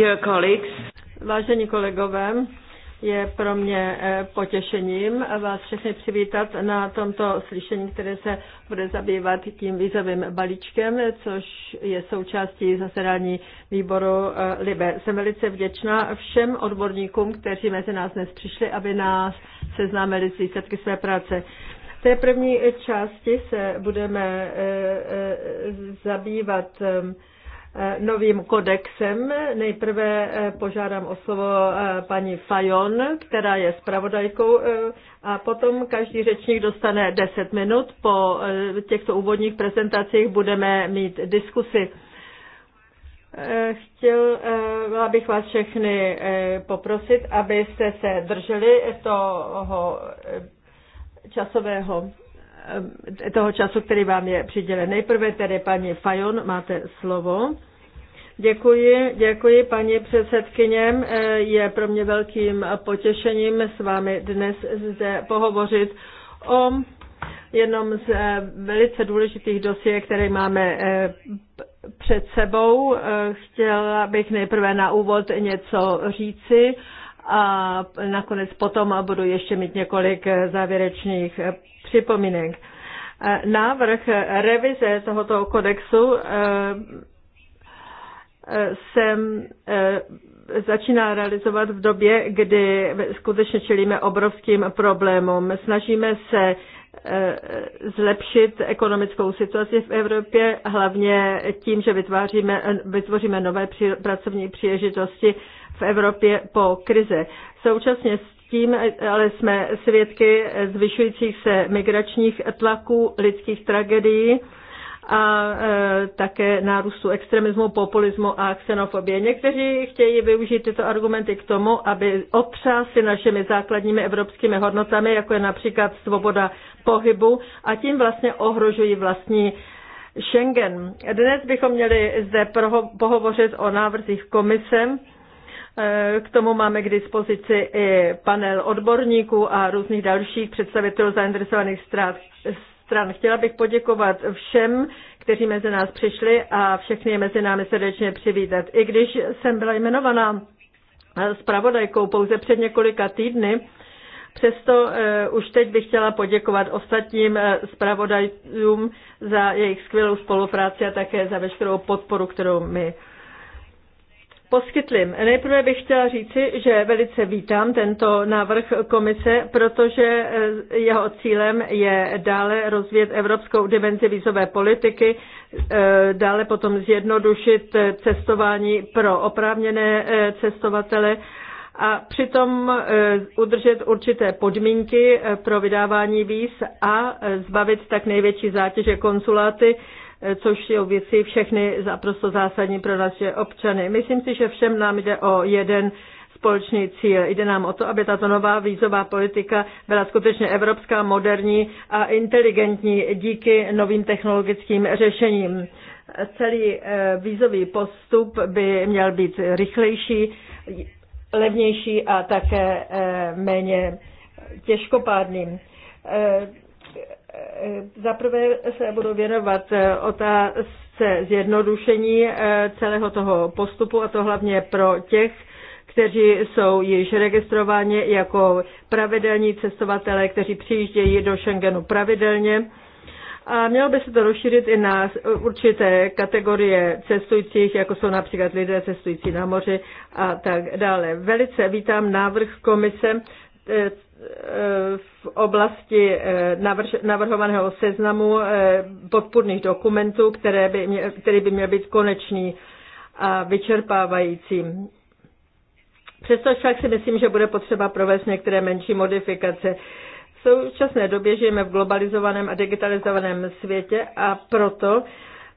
Dear colleagues. Vážení kolegové, je pro mě eh, potěšením vás všechny přivítat na tomto slyšení, které se bude zabývat tím vízovým balíčkem, což je součástí zasedání výboru eh, Libe. Jsem velice vděčná všem odborníkům, kteří mezi nás dnes přišli, aby nás seznámili s výsledky své práce. V té první části se budeme eh, zabývat Eh, novým kodexem. Nejprve eh, požádám o slovo eh, paní Fajon, která je zpravodajkou a potom každý řečník dostane 10 minut. Po těchto úvodních prezentacích budeme mít diskusy. Chtěla bych vás všechny poprosit, abyste se drželi toho časového toho času, který vám je přidělen. Nejprve tedy paní Fajon, máte slovo. Děkuji, děkuji paní předsedkyně. Je pro mě velkým potěšením s vámi dnes zde pohovořit o jednom z eh, velice důležitých dosie, které máme eh, před sebou. Eh, chtěla bych nejprve na úvod něco říci a nakonec potom budu ještě mít několik závěrečných připomínek. Návrh revize tohoto kodexu se eh, začíná realizovat v době, kdy skutečně čelíme obrovským problémům. Snažíme se eh, zlepšit ekonomickou situaci v Evropě, hlavně tím, že vytváříme, vytvoříme nové při, pracovní příležitosti v Evropě po krize. Současně s tím eh, ale jsme svědky zvyšujících se migračních tlaků, lidských tragedií, a e, také nárůstu extremismu, populismu a xenofobie. Někteří chtějí využít tyto argumenty k tomu, aby otřásli našimi základními evropskými hodnotami, jako je například svoboda pohybu a tím vlastně ohrožují vlastní Schengen. Dnes bychom měli zde pohovořit o návrzích komise. E, k tomu máme k dispozici i panel odborníků a různých dalších představitelů zainteresovaných strát, stran. Chtěla bych poděkovat všem, kteří mezi nás přišli a všechny mezi námi srdečně přivítat. I když jsem byla jmenovaná zpravodajkou pouze před několika týdny, Přesto uh, už teď bych chtěla poděkovat ostatním eh, zpravodajům za jejich skvělou spolupráci a také za veškerou podporu, kterou mi poskytli. Nejprve bych chtěla říci, že velice vítám tento návrh komise, protože eh, jeho cílem je dále rozvíjet evropskou dimenzi vízové politiky, eh, dále potom zjednodušit eh, cestování pro oprávněné cestovatele a přitom udržet určité podmínky pro vydávání víz a zbavit tak největší zátěže konsuláty, Eh, což jsou věci všechny naprosto zásadní pro naše občany. Myslím si, že všem nám jde o jeden společný cíl. Jde nám o to, aby tato nová vízová politika byla skutečně evropská, moderní a inteligentní díky novým technologickým řešením. Celý eh, vízový postup by měl být rychlejší, levnější a také eh, méně těžkopádný. Eh, zaprvé se budu věnovat eh, otázce zjednodušení eh, celého toho postupu a to hlavně pro těch, kteří jsou již registrováni jako pravidelní cestovatelé, kteří přijíždějí do Schengenu pravidelně. A mělo by se to rozšířit i na určité kategorie cestujících, jako jsou například lidé cestující na moři a tak dále. Velice vítám návrh komise v oblasti eh, navrhovaného seznamu eh, podpůrných dokumentů, které by mě, který by měl být konečný a vyčerpávající. Přesto však si myslím, že bude potřeba provést některé menší modifikace. V současné době žijeme v globalizovaném a digitalizovaném světě a proto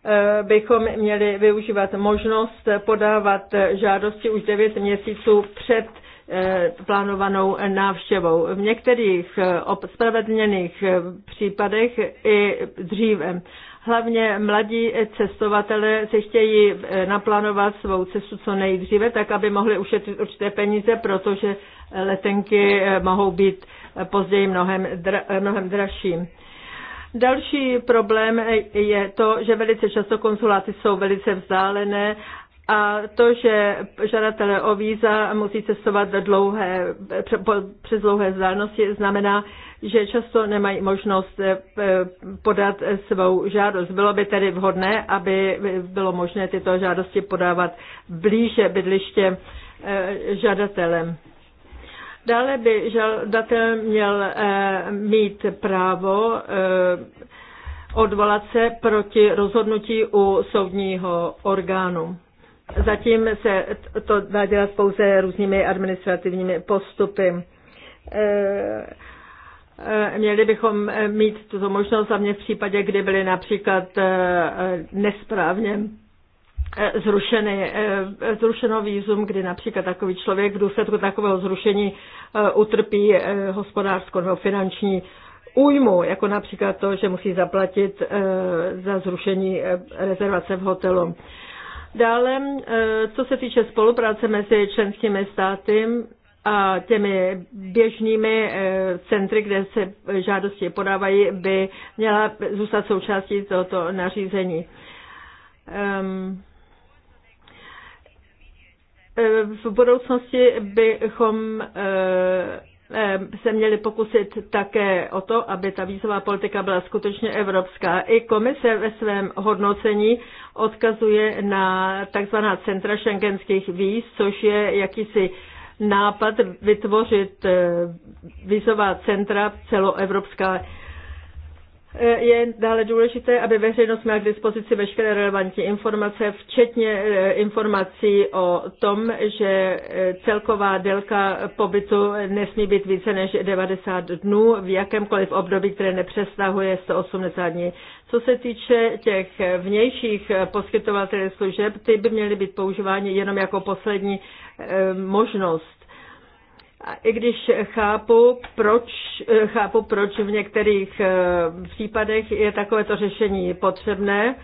eh, bychom měli využívat možnost podávat žádosti už 9 měsíců před Eh, plánovanou návštěvou. V některých eh, spravedlněných eh, případech i dříve. Hlavně mladí cestovatelé se chtějí naplánovat svou cestu co nejdříve, tak aby mohli ušetřit určité peníze, protože letenky mohou být později mnohem, dra, mnohem dražší. Další problém je to, že velice často konzuláty jsou velice vzdálené a to, že žadatelé o víza musí cestovat dlouhé, přes dlouhé vzdálenosti, znamená, že často nemají možnost eh, podat svou žádost. Bylo by tedy vhodné, aby bylo možné tyto žádosti podávat blíže bydliště eh, žadatelem. Dále by žadatel měl eh, mít právo odvolat se proti rozhodnutí u soudního orgánu. Zatím se to dá dělat pouze různými administrativními postupy. Eh, měli bychom eh, mít tuto možnost za mě v případě, kdy byly například eh, nesprávně zrušeny, zrušeno výzum, kdy například takový člověk v důsledku takového zrušení utrpí hospodářskou nebo finanční újmu, jako například to, že musí zaplatit za zrušení rezervace v hotelu. Dále, eh, co se týče spolupráce mezi členskými státy a těmi běžnými eh, centry, kde se žádosti podávají, by měla zůstat součástí tohoto nařízení. Ehm, eh, v budoucnosti bychom Ehm, se měli pokusit také o to, aby ta vízová politika byla skutečně evropská. I komise ve svém hodnocení odkazuje na tzv. centra šengenských víz, což je jakýsi nápad vytvořit eh, vízová centra celoevropská E, je dále důležité, aby veřejnost měla k dispozici veškeré relevantní informace, včetně e, informací o tom, že e, celková délka pobytu nesmí být více než 90 dnů v jakémkoliv období, které nepřesahuje 180 dní. Co se týče těch vnějších poskytovatelů služeb, ty by měly být používány jenom jako poslední možnost a I když chápu proč, chápu, proč v některých eh, případech je takovéto řešení potřebné,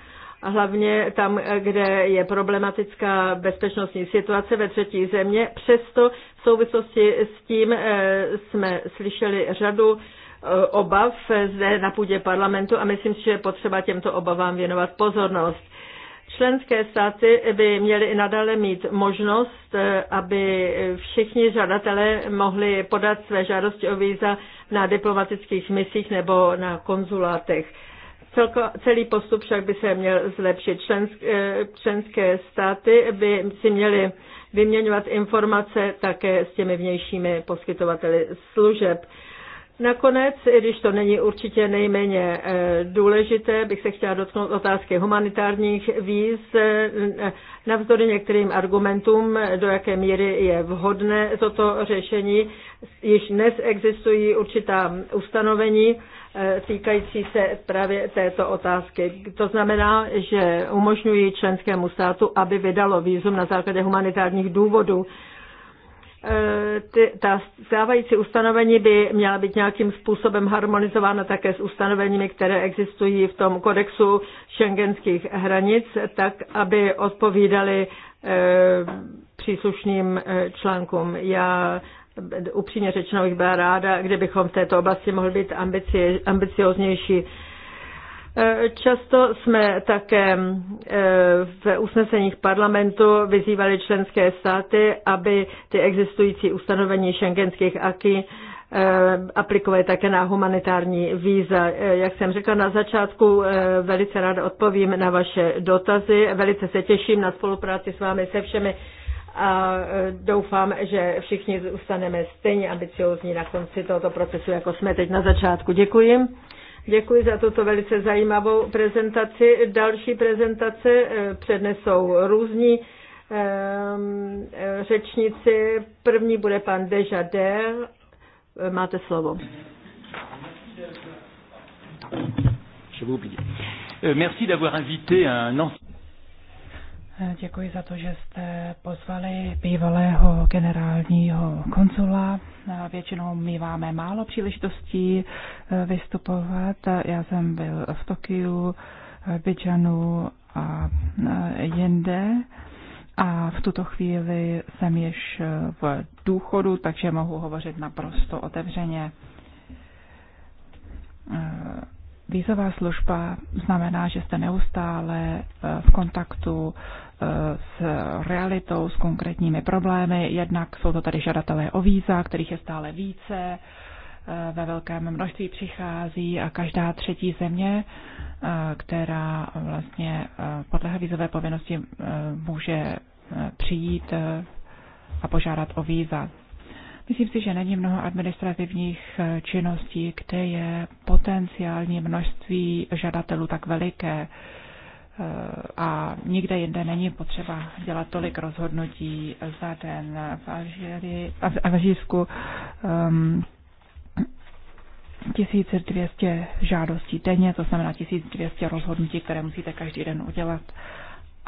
hlavně tam, kde je problematická bezpečnostní situace ve třetí země. Přesto v souvislosti s tím eh, jsme slyšeli řadu eh, obav zde na půdě parlamentu a myslím si, že je potřeba těmto obavám věnovat pozornost. Členské státy by měly i nadále mít možnost, eh, aby všichni žadatelé mohli podat své žádosti o víza na diplomatických misích nebo na konzulátech. Celko, celý postup však by se měl zlepšit. Člensk, eh, členské státy by si měly vyměňovat informace také s těmi vnějšími poskytovateli služeb. Nakonec, i když to není určitě nejméně eh, důležité, bych se chtěla dotknout otázky humanitárních víz. Eh, navzdory některým argumentům, do jaké míry je vhodné toto řešení, již dnes existují určitá ustanovení eh, týkající se právě této otázky. To znamená, že umožňují členskému státu, aby vydalo vízum na základě humanitárních důvodů. Eh, ty, ta stávající ustanovení by měla být nějakým způsobem harmonizována také s ustanoveními, které existují v tom kodexu šengenských hranic, tak aby odpovídali eh, příslušným eh, článkům. Já upřímně řečeno bych byla ráda, kdybychom v této oblasti mohli být ambici, ambicioznější. Eh, často jsme také eh, v usneseních parlamentu vyzývali členské státy, aby ty existující ustanovení šengenských aky eh, aplikovali také na humanitární víza. Jak jsem řekla na začátku, velice rád odpovím na vaše dotazy. Velice se těším na spolupráci s vámi se všemi a doufám, že všichni zůstaneme stejně ambiciozní na konci tohoto procesu, jako jsme teď na začátku. Děkuji. Děkuji za tuto velice zajímavou prezentaci. Další prezentace eh, přednesou různí ehm, řečníci. První bude pan Dejader. Máte slovo. Euh, eh, děkuji za to, že jste pozvali bývalého generálního konzula Eh, většinou míváme málo příležitostí eh, vystupovat. Já jsem byl v Tokiu, Bidžanu a eh, jinde. A v tuto chvíli jsem již v důchodu, takže mohu hovořit naprosto otevřeně. Vízová služba znamená, že jste neustále v kontaktu s realitou, s konkrétními problémy. Jednak jsou to tady žadatelé o víza, kterých je stále více, eh, ve velkém množství přichází a každá třetí země, eh, která vlastně eh, podle vízové povinnosti může přijít a požádat o víza. Myslím si, že není mnoho administrativních činností, kde je potenciální množství žadatelů tak veliké a nikde jinde není potřeba dělat tolik rozhodnutí za den v, Alžíri, v Alžírsku. Um, 1200 žádostí denně, to znamená 1200 rozhodnutí, které musíte každý den udělat.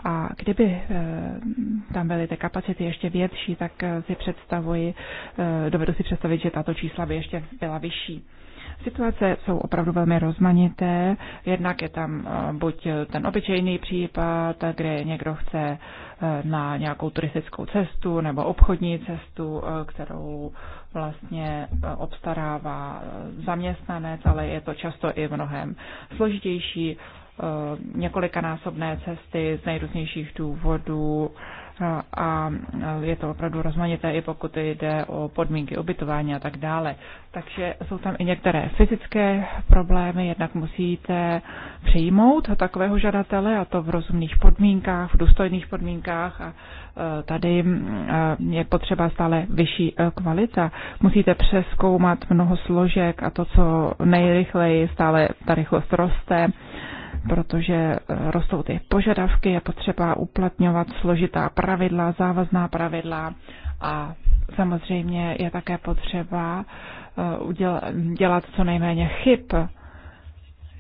A kdyby eh, tam byly ty kapacity ještě větší, tak eh, si představuji, eh, dovedu si představit, že tato čísla by ještě byla vyšší. Situace jsou opravdu velmi rozmanité. Jednak je tam eh, buď ten obyčejný případ, kde někdo chce eh, na nějakou turistickou cestu nebo obchodní cestu, eh, kterou vlastně obstarává zaměstnanec, ale je to často i mnohem složitější několikanásobné cesty z nejrůznějších důvodů a je to opravdu rozmanité, i pokud jde o podmínky ubytování a tak dále. Takže jsou tam i některé fyzické problémy, jednak musíte přijmout takového žadatele a to v rozumných podmínkách, v důstojných podmínkách a e, tady e, je potřeba stále vyšší e, kvalita. Musíte přeskoumat mnoho složek a to, co nejrychleji stále ta rychlost roste protože eh, rostou ty požadavky, je potřeba uplatňovat složitá pravidla, závazná pravidla a samozřejmě je také potřeba eh, dělat co nejméně chyb.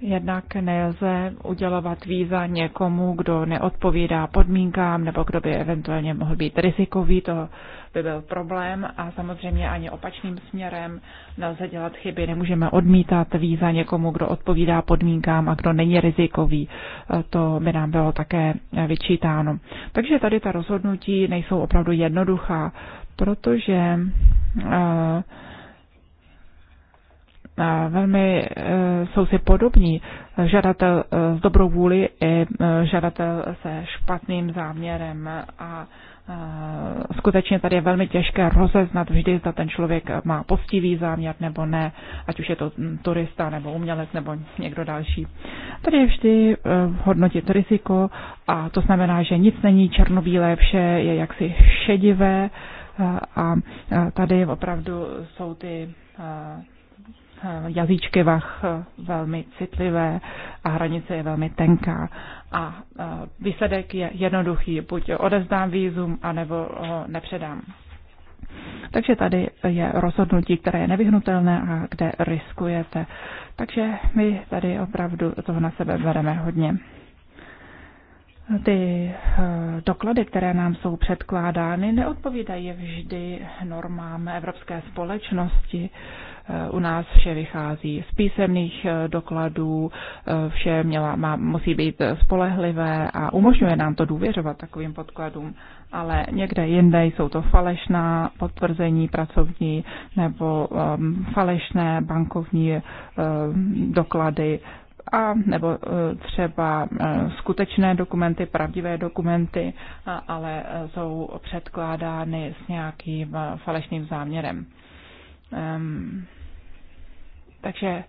Jednak nelze udělovat víza někomu, kdo neodpovídá podmínkám nebo kdo by eventuálně mohl být rizikový. To by byl problém a samozřejmě ani opačným směrem nelze dělat chyby. Nemůžeme odmítat víza někomu, kdo odpovídá podmínkám a kdo není rizikový. To by nám bylo také vyčítáno. Takže tady ta rozhodnutí nejsou opravdu jednoduchá, protože eh, eh, velmi eh, jsou si podobní. Žadatel s dobrou vůli i žadatel se špatným záměrem a Eh, skutečně tady je velmi těžké rozeznat vždy, zda ten člověk má postivý záměr nebo ne, ať už je to mm, turista nebo umělec nebo někdo další. Tady je vždy eh, hodnotit riziko a to znamená, že nic není černobílé, vše je jaksi šedivé eh, a tady opravdu jsou ty Eh, jazyčky vach eh, velmi citlivé a hranice je velmi tenká. A eh, výsledek je jednoduchý, buď odezdám výzum, anebo ho nepředám. Takže tady je rozhodnutí, které je nevyhnutelné a kde riskujete. Takže my tady opravdu toho na sebe bereme hodně. Ty doklady, které nám jsou předkládány, neodpovídají vždy normám evropské společnosti. Eh, u nás vše vychází z písemných eh, dokladů, eh, vše měla, má, musí být spolehlivé a umožňuje nám to důvěřovat takovým podkladům, ale někde jinde jsou to falešná potvrzení pracovní nebo um, falešné bankovní um, doklady a nebo třeba skutečné dokumenty, pravdivé dokumenty, ale jsou předkládány s nějakým falešným záměrem takže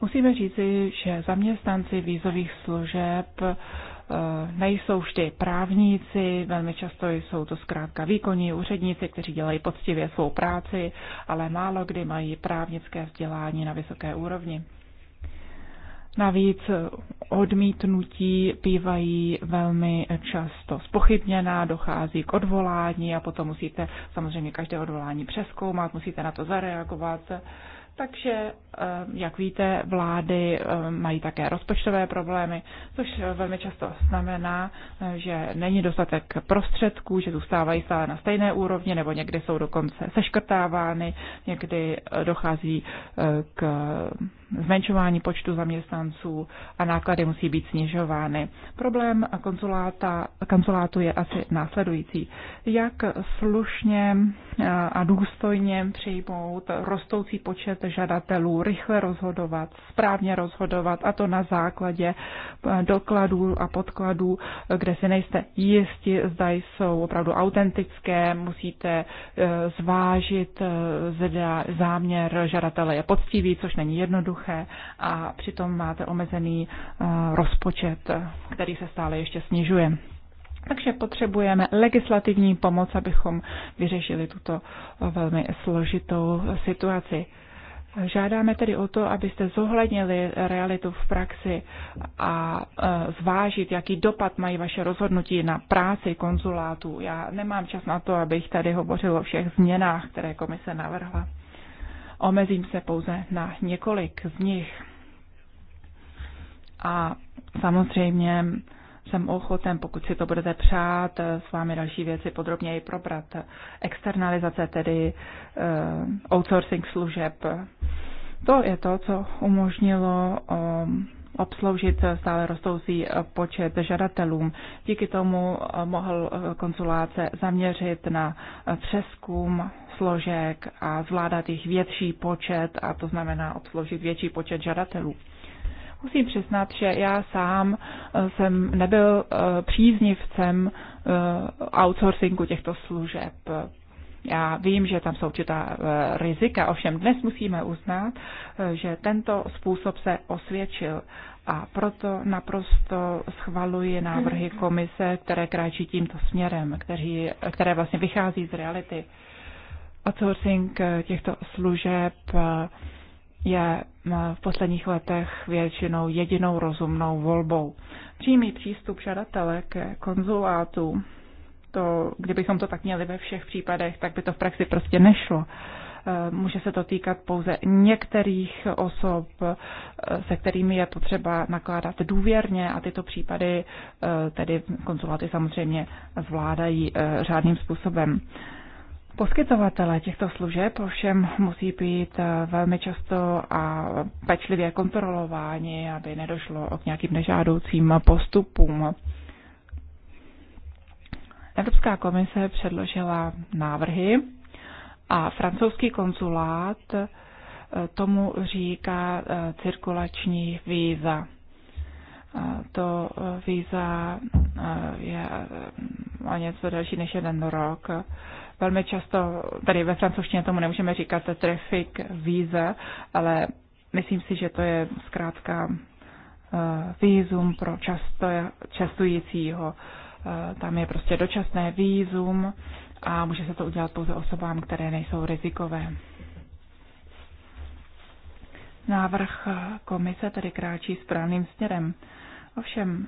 musíme říci, že zaměstnanci vízových služeb eh, nejsou vždy právníci, velmi často jsou to zkrátka výkonní úředníci, kteří dělají poctivě svou práci, ale málo kdy mají právnické vzdělání na vysoké úrovni. Navíc eh, odmítnutí bývají velmi často spochybněná, dochází k odvolání a potom musíte samozřejmě každé odvolání přeskoumat, musíte na to zareagovat takže, eh, jak víte, vlády eh, mají také rozpočtové problémy, což eh, velmi často znamená, že není dostatek prostředků, že zůstávají stále na stejné úrovni, nebo někdy jsou dokonce seškrtávány, někdy dochází k zmenšování počtu zaměstnanců a náklady musí být snižovány. Problém konzuláta, kancelátu je asi následující. Jak slušně a důstojně přijmout rostoucí počet žadatelů, rychle rozhodovat, správně rozhodovat a to na základě dokladů a podkladů, kde si nejste jisti, zda jsou opravdu autentické, musíte e, zvážit, e, zda záměr žadatele je poctivý, což není jednoduché a přitom máte omezený e, rozpočet, který se stále ještě snižuje. Takže potřebujeme legislativní pomoc, abychom vyřešili tuto velmi složitou situaci. Žádáme tedy o to, abyste zohlednili realitu v praxi a e, zvážit, jaký dopad mají vaše rozhodnutí na práci konzulátů. Já nemám čas na to, abych tady hovořil o všech změnách, které komise navrhla. Omezím se pouze na několik z nich. A samozřejmě jsem ochoten, pokud si to budete přát, eh, s vámi další věci podrobněji probrat. Externalizace, tedy eh, outsourcing služeb. To je to, co umožnilo eh, obsloužit stále rostoucí počet žadatelům. Díky tomu mohl konzuláce zaměřit na přeskum složek a zvládat jich větší počet, a to znamená obsloužit větší počet žadatelů. Musím přiznat, že já sám eh, jsem nebyl eh, příznivcem eh, outsourcingu těchto služeb. Já vím, že tam jsou určitá rizika, ovšem dnes musíme uznat, že tento způsob se osvědčil a proto naprosto schvaluji návrhy komise, které kráčí tímto směrem, kteří, které vlastně vychází z reality. Outsourcing těchto služeb je eh, v posledních letech většinou jedinou rozumnou volbou. Přímý přístup žadatele ke konzulátu, to, kdybychom to tak měli ve všech případech, tak by to v praxi prostě nešlo. Eh, může se to týkat pouze některých osob, eh, se kterými je potřeba nakládat důvěrně a tyto případy tedy konzuláty samozřejmě zvládají řádným způsobem. Poskytovatele těchto služeb ovšem musí být eh, velmi často a pečlivě kontrolováni, aby nedošlo k nějakým nežádoucím postupům. Evropská komise předložila návrhy a francouzský konzulát eh, tomu říká eh, cirkulační víza. To víza je o něco delší než jeden rok Velmi často, tady ve francouzštině tomu nemůžeme říkat traffic víze, ale myslím si, že to je zkrátka eh, vízum pro často, častujícího. Eh, tam je prostě dočasné vízum a může se to udělat pouze osobám, které nejsou rizikové. Návrh eh, komise tedy kráčí správným směrem. Ovšem,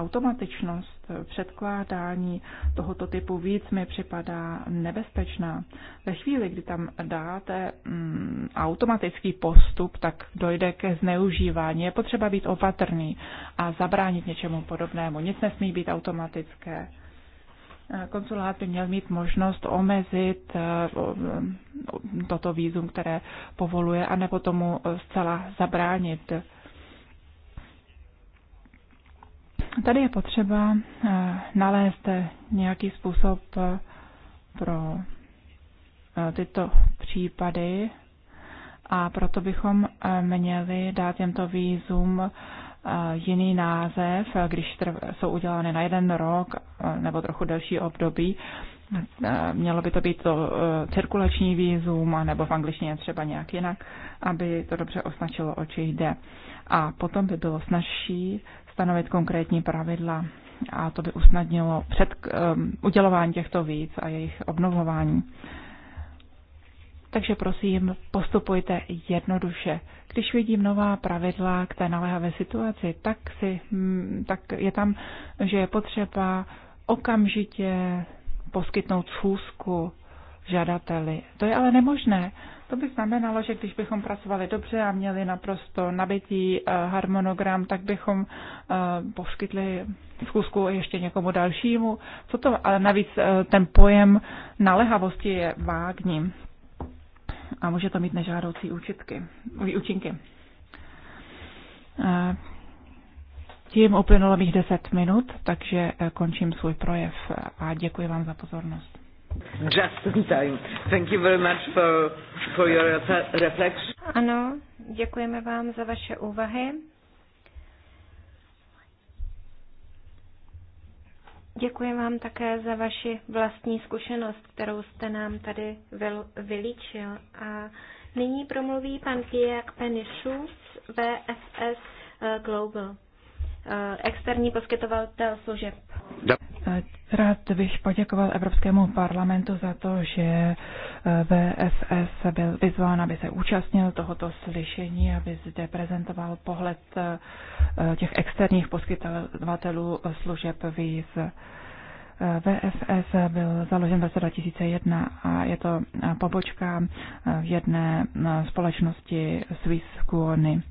automatičnost předkládání tohoto typu víc mi připadá nebezpečná. Ve chvíli, kdy tam dáte mm, automatický postup, tak dojde ke zneužívání. Je potřeba být opatrný a zabránit něčemu podobnému. Nic nesmí být automatické. Eh, konzulát by měl mít možnost omezit eh, mm, toto výzum, které povoluje, anebo tomu eh, zcela zabránit. Tady je potřeba eh, nalézt nějaký způsob eh, pro eh, tyto případy a proto bychom měli dát těmto výzum jiný název, když jsou udělány na jeden rok nebo trochu delší období. Mělo by to být to cirkulační výzum, nebo v angličtině třeba nějak jinak, aby to dobře označilo, o čem jde. A potom by bylo snažší stanovit konkrétní pravidla a to by usnadnilo před um, udělování těchto víc a jejich obnovování. Takže prosím, postupujte jednoduše. Když vidím nová pravidla k té naléhavé situaci, tak, si, mm, tak je tam, že je potřeba okamžitě poskytnout schůzku žadateli. To je ale nemožné. To by znamenalo, že když bychom pracovali dobře a měli naprosto nabitý eh, harmonogram, tak bychom eh, poskytli zkusku ještě někomu dalšímu. Co to, ale navíc eh, ten pojem nalehavosti je vágní a může to mít nežádoucí účitky, účinky. Tím uplynulo mých 10 minut, takže končím svůj projev a děkuji vám za pozornost. Just in time. Thank you very much for, for your reflection. Ano, děkujeme vám za vaše úvahy. Děkuji vám také za vaši vlastní zkušenost, kterou jste nám tady vylíčil. A nyní promluví pan Kijak Penišu z VFS eh, Global, eh, externí poskytovatel služeb. Rád bych poděkoval Evropskému parlamentu za to, že eh, VFS byl vyzván, aby se účastnil tohoto slyšení, aby zde prezentoval pohled eh, těch externích poskytovatelů služeb víz. Eh, VFS byl založen v roce 2001 a je to pobočka v jedné společnosti Swiss Kuony.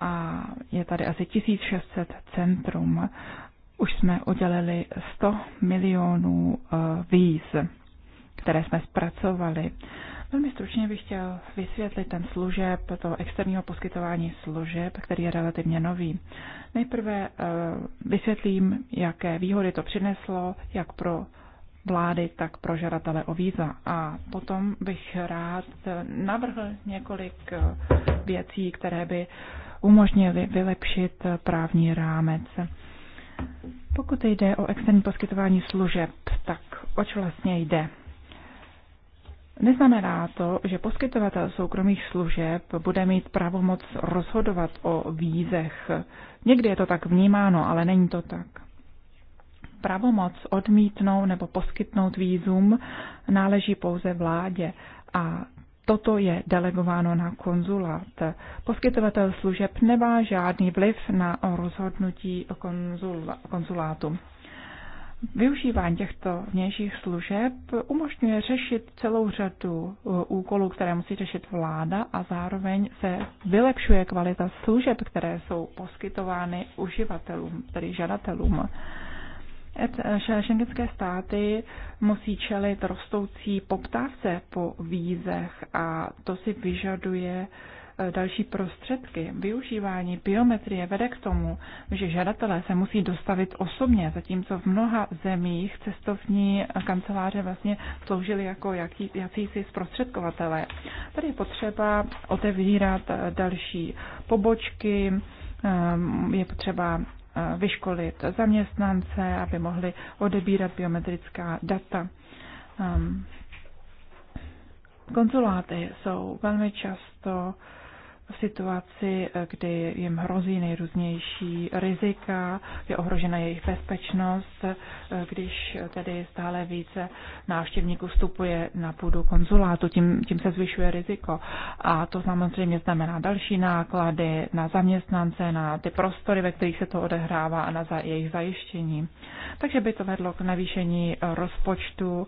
a je tady asi 1600 centrum už jsme udělali 100 milionů eh, víz, které jsme zpracovali. Velmi stručně bych chtěl vysvětlit ten služeb, to externího poskytování služeb, který je relativně nový. Nejprve eh, vysvětlím, jaké výhody to přineslo, jak pro vlády, tak pro žadatele o víza. A potom bych rád navrhl několik eh, věcí, které by umožnily vylepšit právní rámec. Pokud jde o externí poskytování služeb, tak oč vlastně jde? Neznamená to, že poskytovatel soukromých služeb bude mít pravomoc rozhodovat o vízech. Někdy je to tak vnímáno, ale není to tak. Pravomoc odmítnout nebo poskytnout vízum náleží pouze vládě a toto je delegováno na konzulát. Poskytovatel služeb nemá žádný vliv na rozhodnutí konzula, konzulátu. Využívání těchto vnějších služeb umožňuje řešit celou řadu uh, úkolů, které musí řešit vláda a zároveň se vylepšuje kvalita služeb, které jsou poskytovány uživatelům, tedy žadatelům. Eh, šengenské státy musí čelit rostoucí poptávce po vízech a to si vyžaduje eh, další prostředky. Využívání biometrie vede k tomu, že žadatelé se musí dostavit osobně, zatímco v mnoha zemích cestovní kanceláře vlastně sloužily jako jaký, jakýsi zprostředkovatelé. Tady je potřeba otevírat eh, další pobočky, je potřeba Eh, vyškolit zaměstnance, aby mohli odebírat biometrická data. Ehm, konzuláty jsou velmi často v situaci, kdy jim hrozí nejrůznější rizika, je ohrožena jejich bezpečnost, když tedy stále více návštěvníků vstupuje na půdu konzulátu, tím, tím se zvyšuje riziko. A to samozřejmě znamená další náklady na zaměstnance, na ty prostory, ve kterých se to odehrává a na jejich zajištění. Takže by to vedlo k navýšení rozpočtu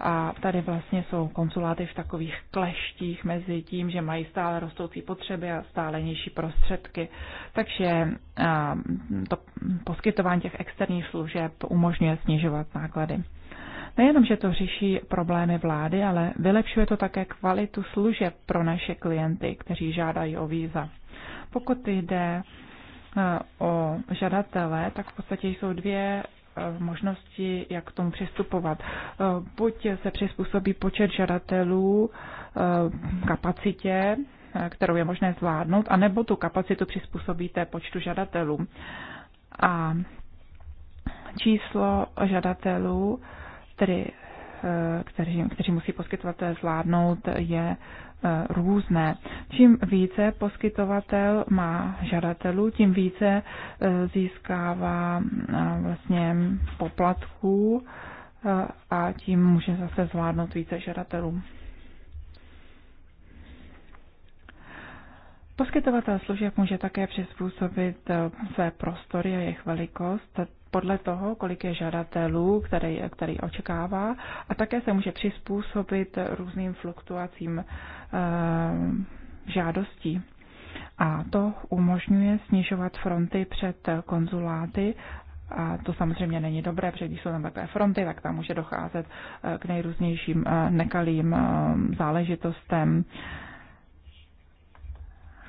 a tady vlastně jsou konzuláty v takových kleštích mezi tím, že mají stále rostoucí potřeby a stále nižší prostředky. Takže to poskytování těch externích služeb umožňuje snižovat náklady. Nejenom, že to řeší problémy vlády, ale vylepšuje to také kvalitu služeb pro naše klienty, kteří žádají o víza. Pokud jde o žadatele, tak v podstatě jsou dvě Eh, možnosti, jak k tomu přistupovat. Eh, buď se přizpůsobí počet žadatelů eh, kapacitě, kterou je možné zvládnout, anebo tu kapacitu přizpůsobíte počtu žadatelů. A číslo žadatelů, tedy kteří, kteří musí poskytovatel zvládnout, je E, různé. Čím více poskytovatel má žadatelů, tím více e, získává e, vlastně poplatků a tím může zase zvládnout více žadatelů. Poskytovatel služeb může také přizpůsobit své prostory a jejich velikost podle toho, kolik je žadatelů, který, který očekává, a také se může přizpůsobit různým fluktuacím eh, žádostí. A to umožňuje snižovat fronty před konzuláty a to samozřejmě není dobré, protože když jsou tam takové fronty, tak tam může docházet eh, k nejrůznějším eh, nekalým záležitostem.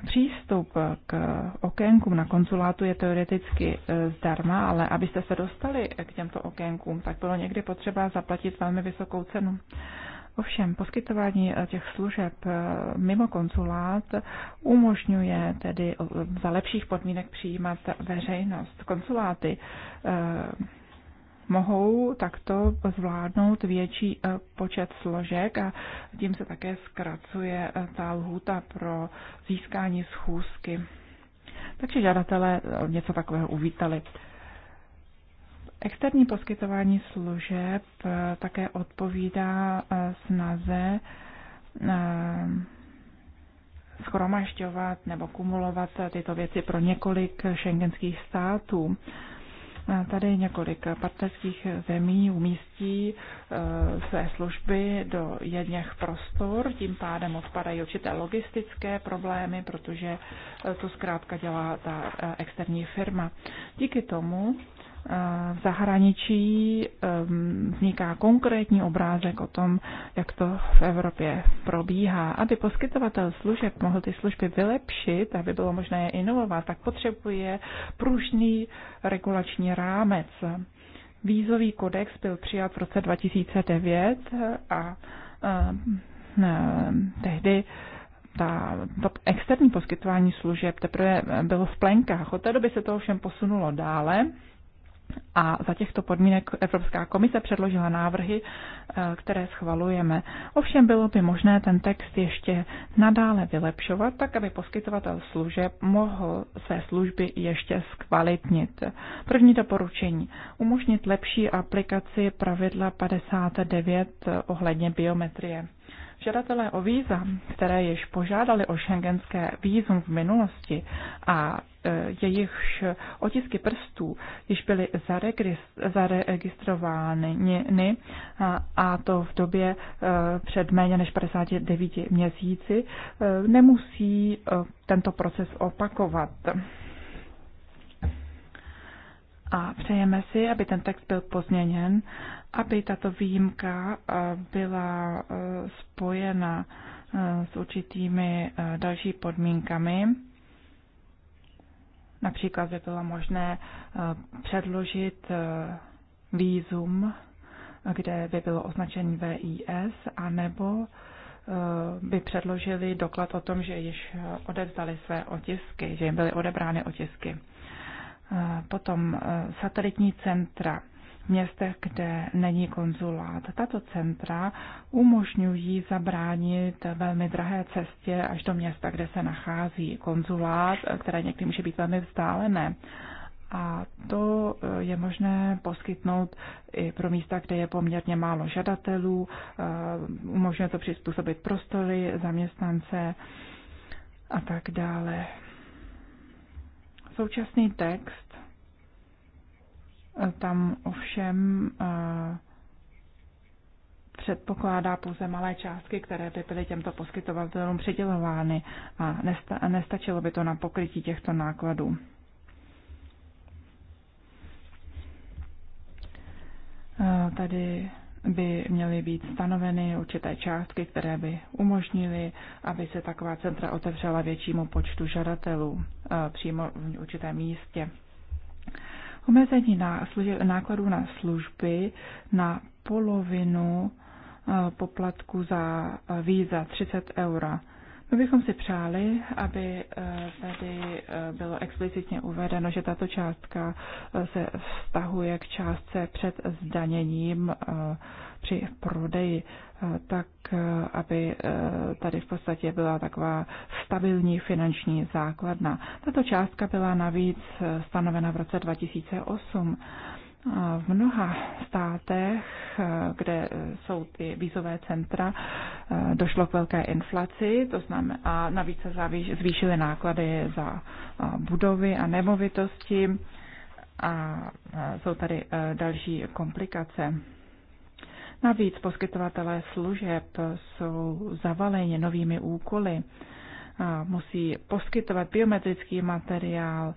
Přístup k okénkům na konzulátu je teoreticky e, zdarma, ale abyste se dostali k těmto okénkům, tak bylo někdy potřeba zaplatit velmi vysokou cenu. Ovšem, poskytování e, těch služeb e, mimo konzulát umožňuje tedy za lepších podmínek přijímat veřejnost. Konzuláty mohou takto zvládnout větší eh, počet složek a tím se také zkracuje eh, ta lhůta pro získání schůzky. Takže žadatelé eh, něco takového uvítali. Externí poskytování služeb také odpovídá snaze schromažďovat nebo kumulovat tyto věci pro několik šengenských států. Tady několik partnerských zemí umístí eh, své služby do jedněch prostor, tím pádem odpadají určité logistické problémy, protože eh, to zkrátka dělá ta eh, externí firma. Díky tomu v zahraničí vzniká konkrétní obrázek o tom, jak to v Evropě probíhá. Aby poskytovatel služeb mohl ty služby vylepšit, aby bylo možné je inovovat, tak potřebuje pružný regulační rámec. Vízový kodex byl přijat v roce 2009 a tehdy ta, to externí poskytování služeb teprve bylo v plenkách. Od té doby se to ovšem posunulo dále a za těchto podmínek Evropská komise předložila návrhy, eh, které schvalujeme. Ovšem bylo by možné ten text ještě nadále vylepšovat, tak aby poskytovatel služeb mohl své služby ještě zkvalitnit. První doporučení. Umožnit lepší aplikaci pravidla 59 eh, ohledně biometrie. Žadatelé o víza, které již požádali o šengenské vízum v minulosti a e, jejichž otisky prstů již byly zaregistrovány a to v době e, před méně než 59 měsíci, e, nemusí tento proces opakovat. A přejeme si, aby ten text byl pozměněn, aby tato výjimka eh, byla eh, spojena eh, s určitými další podmínkami. Například by bylo možné předložit výzum, kde by bylo označení VIS, anebo by předložili doklad o tom, že již odevzdali své otisky, že jim byly odebrány otisky. Potom e, satelitní centra v městech, kde není konzulát. Tato centra umožňují zabránit velmi drahé cestě až do města, kde se nachází konzulát, e, které někdy může být velmi vzdálené. A to e, je možné poskytnout i pro místa, kde je poměrně málo žadatelů, umožňuje to přizpůsobit prostory, zaměstnance a tak dále. Současný text eh, tam ovšem eh, předpokládá pouze malé částky, které by byly těmto poskytovatelům přidělovány a nestačilo by to na pokrytí těchto nákladů. Eh, tady by měly být stanoveny určité částky, které by umožnily, aby se taková centra otevřela většímu počtu žadatelů e, přímo v určitém místě. Omezení na nákladů na služby na polovinu e, poplatku za e, víza 30 eura my bychom si přáli, aby eh, tady eh, bylo explicitně uvedeno, že tato částka eh, se vztahuje k částce před zdaněním při prodeji, tak aby tady v podstatě byla taková stabilní finanční základna. Tato částka byla navíc stanovena v roce 2008 v mnoha státech, eh, kde jsou ty vízové centra, eh, došlo k velké inflaci, to znamená, a navíc se zvýšily náklady za eh, budovy a nemovitosti a jsou tady další komplikace. Navíc poskytovatelé služeb jsou zavaleni novými úkoly musí poskytovat biometrický materiál,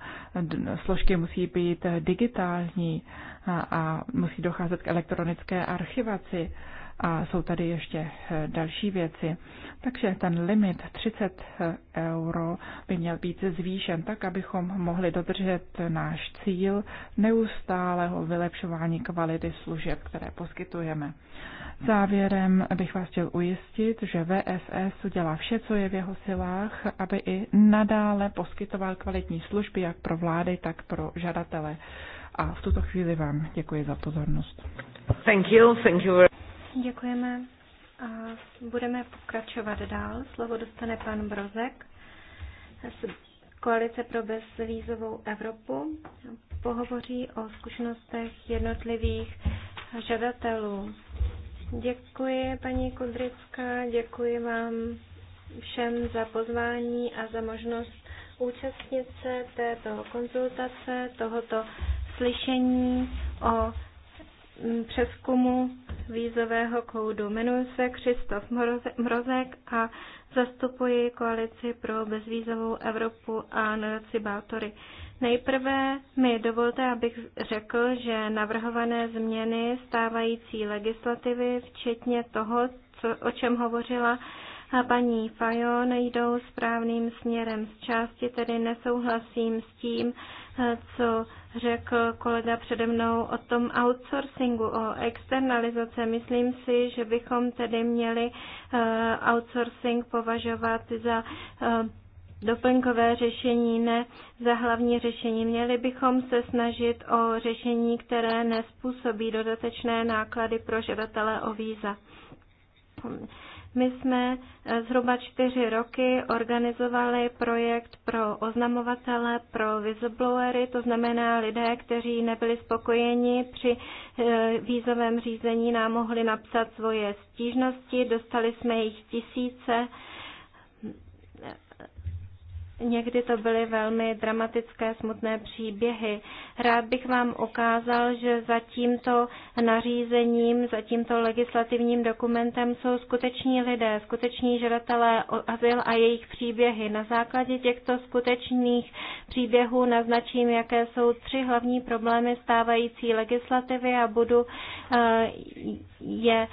složky musí být digitální a, a musí docházet k elektronické archivaci a jsou tady ještě eh, další věci. Takže ten limit 30 eh, euro by měl být zvýšen tak, abychom mohli dodržet náš cíl neustálého vylepšování kvality služeb, které poskytujeme. Závěrem bych vás chtěl ujistit, že VSS udělá vše, co je v jeho silách, aby i nadále poskytoval kvalitní služby jak pro vlády, tak pro žadatele. A v tuto chvíli vám děkuji za pozornost. Thank you, thank you. Děkujeme. A budeme pokračovat dál. Slovo dostane pan Brozek z Koalice pro bezvízovou Evropu. Pohovoří o zkušenostech jednotlivých žadatelů. Děkuji, paní Kudrická, děkuji vám všem za pozvání a za možnost účastnit se této konzultace, tohoto slyšení o mm, přeskumu vízového koudu. Jmenuji se Křistof Mrozek a zastupuji koalici pro bezvízovou Evropu a nadaci Bátory. Nejprve mi dovolte, abych řekl, že navrhované změny stávající legislativy, včetně toho, co, o čem hovořila a paní Fajon jdou správným směrem. Z části tedy nesouhlasím s tím, co řekl kolega přede mnou o tom outsourcingu, o externalizace. Myslím si, že bychom tedy měli eh, outsourcing považovat za eh, doplňkové řešení, ne za hlavní řešení. Měli bychom se snažit o řešení, které nespůsobí dodatečné náklady pro žadatele o víza. My jsme eh, zhruba čtyři roky organizovali projekt pro oznamovatele, pro whistleblowery, to znamená lidé, kteří nebyli spokojeni při eh, vízovém řízení, nám mohli napsat svoje stížnosti, dostali jsme jich tisíce Někdy to byly velmi dramatické, smutné příběhy. Rád bych vám ukázal, že za tímto nařízením, za tímto legislativním dokumentem jsou skuteční lidé, skuteční žadatelé o azyl a jejich příběhy. Na základě těchto skutečných příběhů naznačím, jaké jsou tři hlavní problémy stávající legislativy a budu eh, je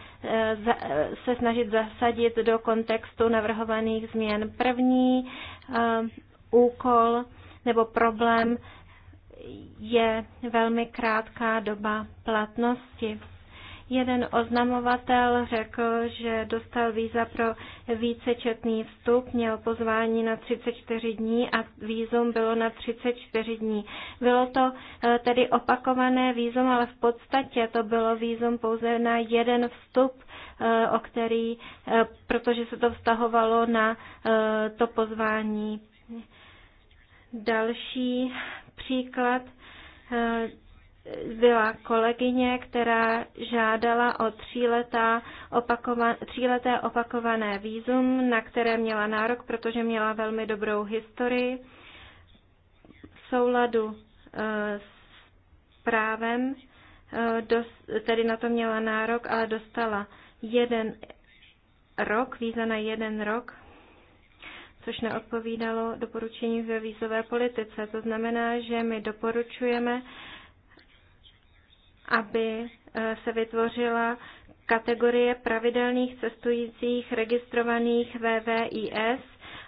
se snažit zasadit do kontextu navrhovaných změn. První eh, úkol nebo problém je velmi krátká doba platnosti. Jeden oznamovatel řekl, že dostal víza pro vícečetný vstup, měl pozvání na 34 dní a vízum bylo na 34 dní. Bylo to eh, tedy opakované vízum, ale v podstatě to bylo vízum pouze na jeden vstup, eh, o který, eh, protože se to vztahovalo na to pozvání. Další příklad byla kolegyně, která žádala o tříletá opakova, tříleté opakované výzum, na které měla nárok, protože měla velmi dobrou historii v souladu e, s právem, e, tedy na to měla nárok, ale dostala jeden rok, víza na jeden rok, což neodpovídalo doporučení ve vízové politice. To znamená, že my doporučujeme, aby eh, se vytvořila kategorie pravidelných cestujících registrovaných VVIS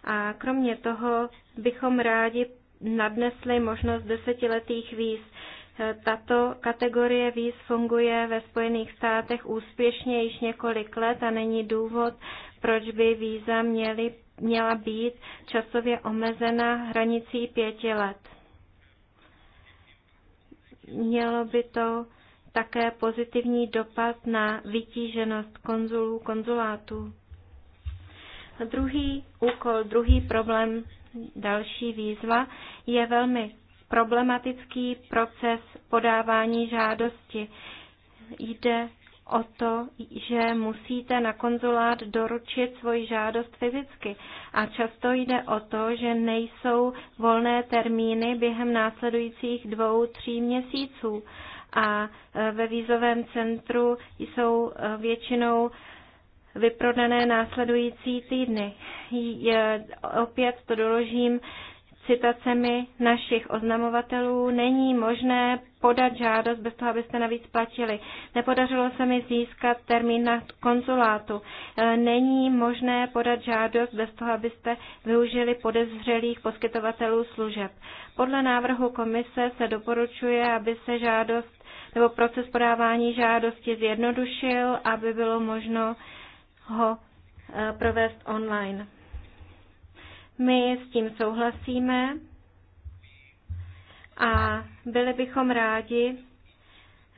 a kromě toho bychom rádi nadnesli možnost desetiletých víz. Eh, tato kategorie víz funguje ve Spojených státech úspěšně již několik let a není důvod, proč by víza měly, měla být časově omezena hranicí pěti let. Mělo by to také pozitivní dopad na vytíženost konzulů, konzulátů. Druhý úkol, druhý problém, další výzva je velmi problematický proces podávání žádosti. Jde o to, že musíte na konzulát doručit svoji žádost fyzicky a často jde o to, že nejsou volné termíny během následujících dvou, tří měsíců a e, ve vízovém centru jsou e, většinou vyprodané následující týdny. Je, opět to doložím citacemi našich oznamovatelů. Není možné podat žádost bez toho, abyste navíc platili. Nepodařilo se mi získat termín na konzulátu. E, není možné podat žádost bez toho, abyste využili podezřelých poskytovatelů služeb. Podle návrhu komise se doporučuje, aby se žádost nebo proces podávání žádosti zjednodušil, aby bylo možno ho e, provést online. My s tím souhlasíme a byli bychom rádi,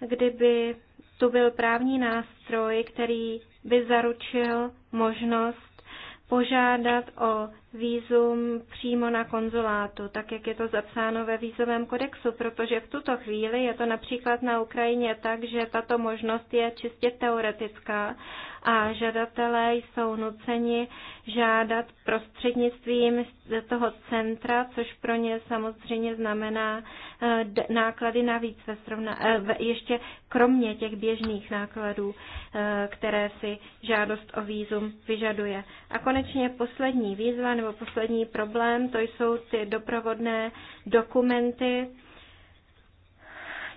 kdyby tu byl právní nástroj, který by zaručil možnost požádat o výzum přímo na konzulátu, tak jak je to zapsáno ve výzovém kodexu, protože v tuto chvíli je to například na Ukrajině tak, že tato možnost je čistě teoretická a žadatelé jsou nuceni žádat prostřednictvím toho centra, což pro ně samozřejmě znamená eh, náklady navíc ve srovna, eh, ještě kromě těch běžných nákladů, eh, které si žádost o výzum vyžaduje. A konečně poslední výzva nebo poslední problém, to jsou ty doprovodné dokumenty.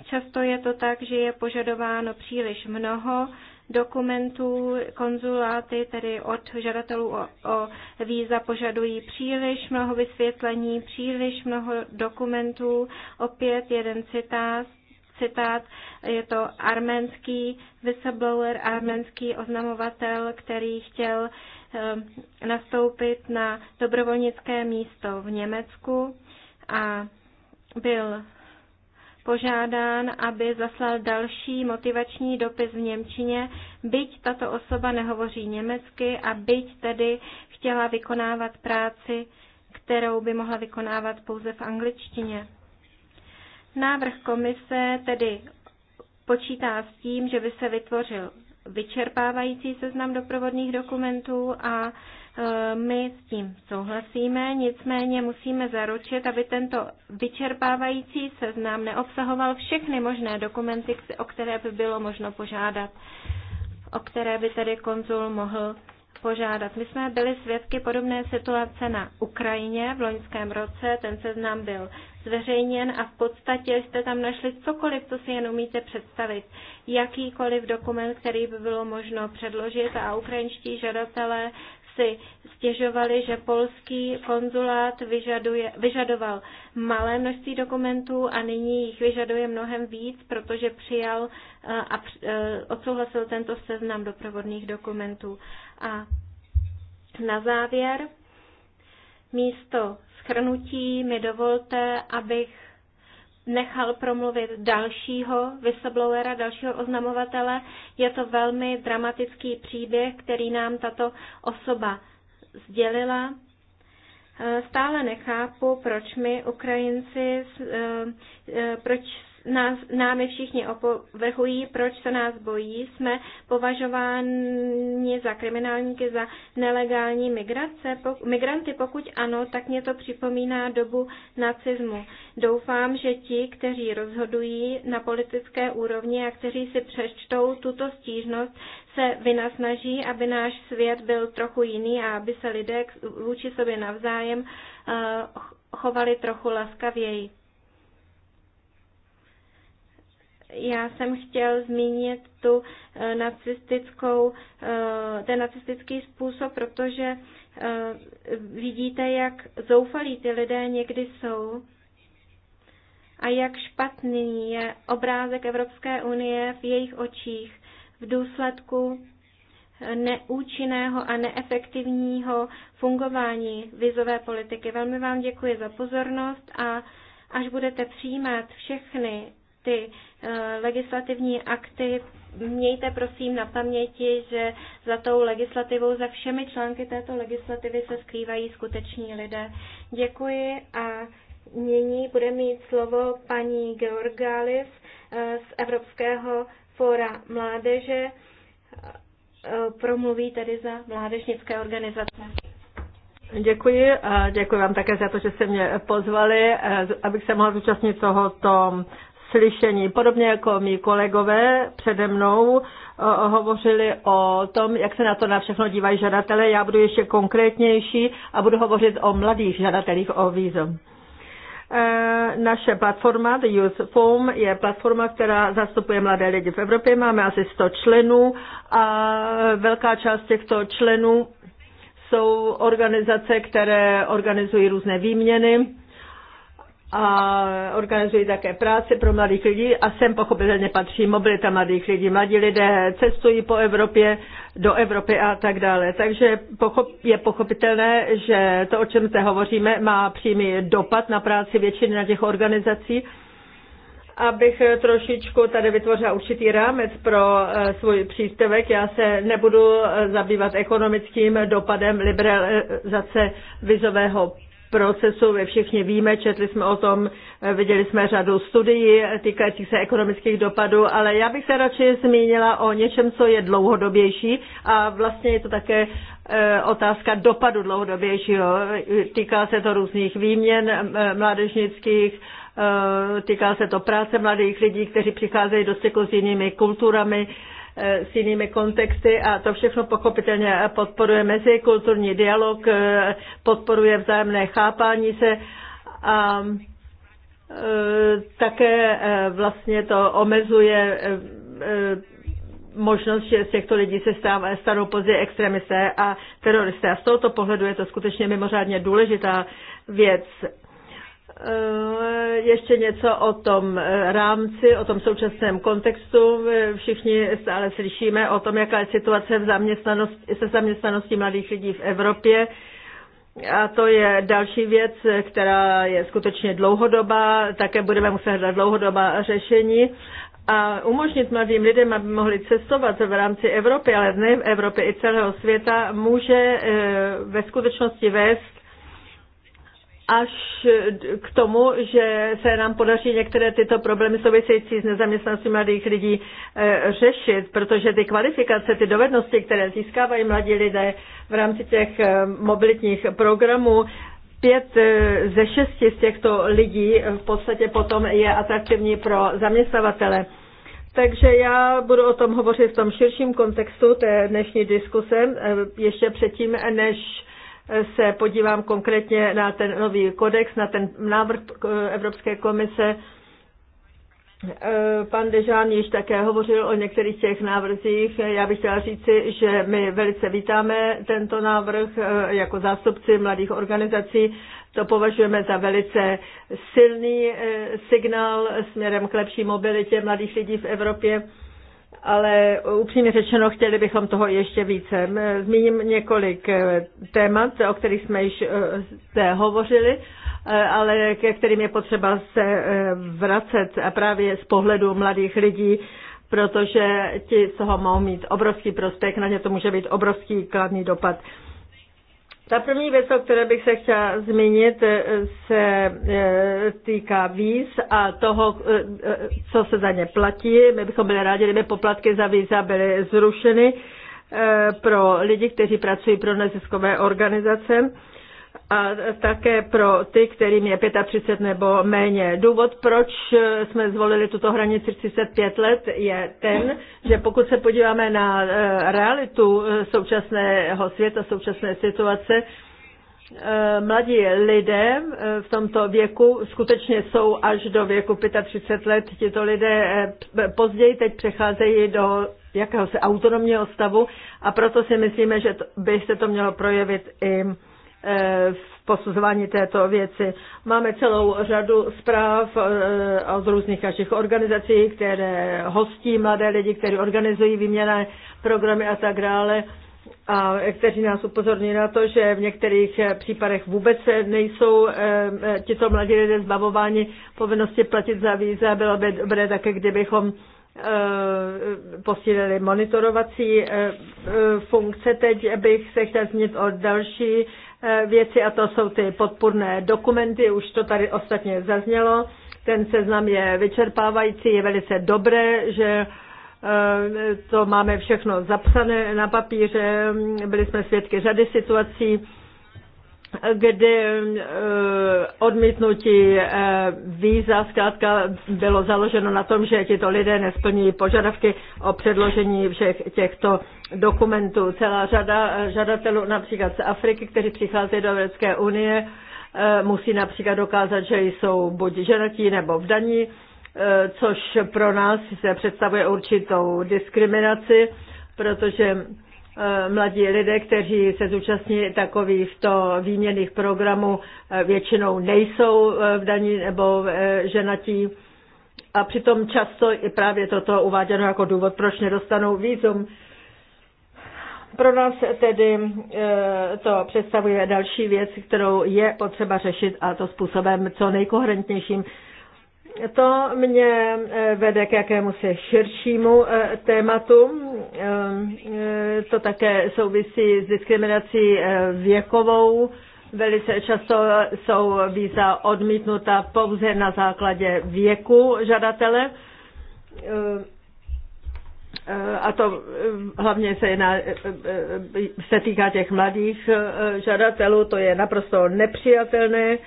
Často je to tak, že je požadováno příliš mnoho dokumentů konzuláty, tedy od žadatelů o, o víza, požadují příliš mnoho vysvětlení, příliš mnoho dokumentů. Opět jeden citát, citát je to arménský whistleblower, arménský oznamovatel, který chtěl Eh, nastoupit na dobrovolnické místo v Německu a byl požádán, aby zaslal další motivační dopis v Němčině, byť tato osoba nehovoří německy a byť tedy chtěla vykonávat práci, kterou by mohla vykonávat pouze v angličtině. Návrh komise tedy počítá s tím, že by se vytvořil vyčerpávající seznam doprovodných dokumentů a e, my s tím souhlasíme, nicméně musíme zaručit, aby tento vyčerpávající seznam neobsahoval všechny možné dokumenty, o které by bylo možno požádat, o které by tedy konzul mohl požádat. My jsme byli svědky podobné situace na Ukrajině v loňském roce, ten seznam byl zveřejněn a v podstatě jste tam našli cokoliv, co si jen umíte představit. Jakýkoliv dokument, který by bylo možno předložit a ukrajinští žadatelé si stěžovali, že polský konzulát vyžaduje, vyžadoval malé množství dokumentů a nyní jich vyžaduje mnohem víc, protože přijal eh, a eh, odsouhlasil tento seznam doprovodných dokumentů. A na závěr místo schrnutí mi dovolte, abych nechal promluvit dalšího whistleblowera, dalšího oznamovatele. Je to velmi dramatický příběh, který nám tato osoba sdělila. Eh, stále nechápu, proč my Ukrajinci, eh, eh, proč nás, námi všichni opovrhují, proč se nás bojí, jsme považováni za kriminálníky, za nelegální migrace, pok, migranty, pokud ano, tak mě to připomíná dobu nacismu. Doufám, že ti, kteří rozhodují na politické úrovni a kteří si přečtou tuto stížnost, se vynasnaží, aby náš svět byl trochu jiný a aby se lidé vůči sobě navzájem eh, chovali trochu laskavěji. já jsem chtěl zmínit tu eh, nacistickou, eh, ten nacistický způsob, protože eh, vidíte, jak zoufalí ty lidé někdy jsou a jak špatný je obrázek Evropské unie v jejich očích v důsledku neúčinného a neefektivního fungování vizové politiky. Velmi vám děkuji za pozornost a až budete přijímat všechny ty eh, legislativní akty mějte prosím na paměti, že za tou legislativou, za všemi články této legislativy se skrývají skuteční lidé. Děkuji a nyní bude mít slovo paní Georgális eh, z Evropského fóra mládeže. Eh, promluví tedy za mládežnické organizace. Děkuji a děkuji vám také za to, že jste mě pozvali, abych se mohla zúčastnit tohoto slyšení. Podobně jako mý kolegové přede mnou eh, hovořili o tom, jak se na to na všechno dívají žadatelé. Já budu ještě konkrétnější a budu hovořit o mladých žadatelích o vízum. Eh, naše platforma The Youth Forum je platforma, která zastupuje mladé lidi v Evropě. Máme asi 100 členů a velká část těchto členů jsou organizace, které organizují různé výměny a organizují také práce pro mladých lidí a sem pochopitelně patří mobilita mladých lidí. Mladí lidé cestují po Evropě, do Evropy a tak dále. Takže je pochopitelné, že to, o čem zde hovoříme, má přímý dopad na práci většiny na těch organizací. Abych trošičku tady vytvořila určitý rámec pro eh, svůj příspěvek, já se nebudu eh, zabývat ekonomickým dopadem liberalizace vizového procesu. Všichni víme, četli jsme o tom, eh, viděli jsme řadu studií týkajících se ekonomických dopadů, ale já bych se radši zmínila o něčem, co je dlouhodobější a vlastně je to také eh, otázka dopadu dlouhodobějšího. Týká se to různých výměn eh, mládežnických, týká se to práce mladých lidí, kteří přicházejí do styku s jinými kulturami, Eh, s jinými kontexty a to všechno pochopitelně podporuje mezikulturní dialog, eh, podporuje vzájemné chápání se a eh, také vlastně to omezuje možnost, že z těchto lidí se stanou později extremisté a teroristé. A z tohoto pohledu je to skutečně mimořádně důležitá věc ještě něco o tom eh, rámci, o tom současném kontextu. Všichni stále slyšíme o tom, jaká je situace v zaměstnanosti, se zaměstnaností mladých lidí v Evropě. A to je další věc, která je skutečně dlouhodobá. Také budeme muset hledat dlouhodobá řešení a umožnit mladým lidem, aby mohli cestovat v rámci Evropy, ale ne v Evropě i celého světa, může eh, ve skutečnosti vést až eh, k tomu, že se nám podaří některé tyto problémy související s nezaměstnaností mladých lidí eh, řešit, protože ty kvalifikace, ty dovednosti, které získávají mladí lidé v rámci těch eh, mobilitních programů, pět ze šesti z těchto lidí v podstatě potom je atraktivní pro zaměstnavatele. Takže já budu o tom hovořit v tom širším kontextu té dnešní diskuse, ještě předtím, než se podívám konkrétně na ten nový kodex, na ten návrh e, Evropské komise, e, Pan Dežán již také hovořil o některých těch návrzích. Já bych chtěla říci, že my velice vítáme tento návrh e, jako zástupci mladých organizací. To považujeme za velice silný signál směrem k lepší mobilitě mladých lidí v Evropě ale upřímně řečeno chtěli bychom toho ještě více. Zmíním několik eh, témat, o kterých jsme již eh, zde hovořili, eh, ale ke kterým je potřeba se vracet a právě z pohledu mladých lidí, protože ti z toho mohou mít obrovský prospěch, na ně to může být obrovský kladný dopad. Ta první věc, o které bych se chtěla zmínit, eh, se eh, týká víz a toho, eh, co se za ně platí. My bychom byli rádi, kdyby poplatky za víza byly zrušeny pro lidi, kteří pracují pro neziskové organizace a také pro ty, kterým je 35 nebo méně. Důvod, proč jsme zvolili tuto hranici 35 let, je ten, že pokud se podíváme na eh, realitu eh, současného světa, současné situace, eh, mladí lidé v tomto věku skutečně jsou až do věku 35 let. Tito lidé později teď přecházejí do jakéhosi autonomního stavu a proto si myslíme, že by se to mělo projevit i Eh, v posuzování této věci. Máme celou řadu zpráv eh, od různých našich organizací, které hostí mladé lidi, kteří organizují výměné programy a tak dále a kteří nás upozorní na to, že v některých případech vůbec nejsou eh, tito mladí lidé zbavováni povinnosti platit za víza. Bylo by dobré také, kdybychom posílili monitorovací funkce. Teď bych se chtěl zmínit o další Eh, věci a to jsou ty podpůrné dokumenty, už to tady ostatně zaznělo. Ten seznam je vyčerpávající, je velice dobré, že eh, to máme všechno zapsané na papíře, byli jsme svědky řady situací, kdy eh, odmítnutí eh, víza zkrátka bylo založeno na tom, že tito lidé nesplní požadavky o předložení všech těchto dokumentů. Celá řada eh, žadatelů například z Afriky, kteří přicházejí do Evropské unie, musí například dokázat, že jsou buď ženatí nebo vdaní, což pro nás se představuje určitou diskriminaci, protože Eh, mladí lidé, kteří se zúčastní takovýchto výměných programů, eh, většinou nejsou eh, v daní nebo ženatí. A přitom často je právě toto uváděno jako důvod, proč nedostanou výzum. Pro nás tedy to představuje další věc, kterou je potřeba řešit a to způsobem co nejkoherentnějším. To mě eh, vede k jakému se širšímu eh, tématu. Eh, to také souvisí s diskriminací věkovou. Velice často jsou víza odmítnuta pouze na základě věku žadatele. A to hlavně se, jedná, se týká těch mladých žadatelů, to je naprosto nepřijatelné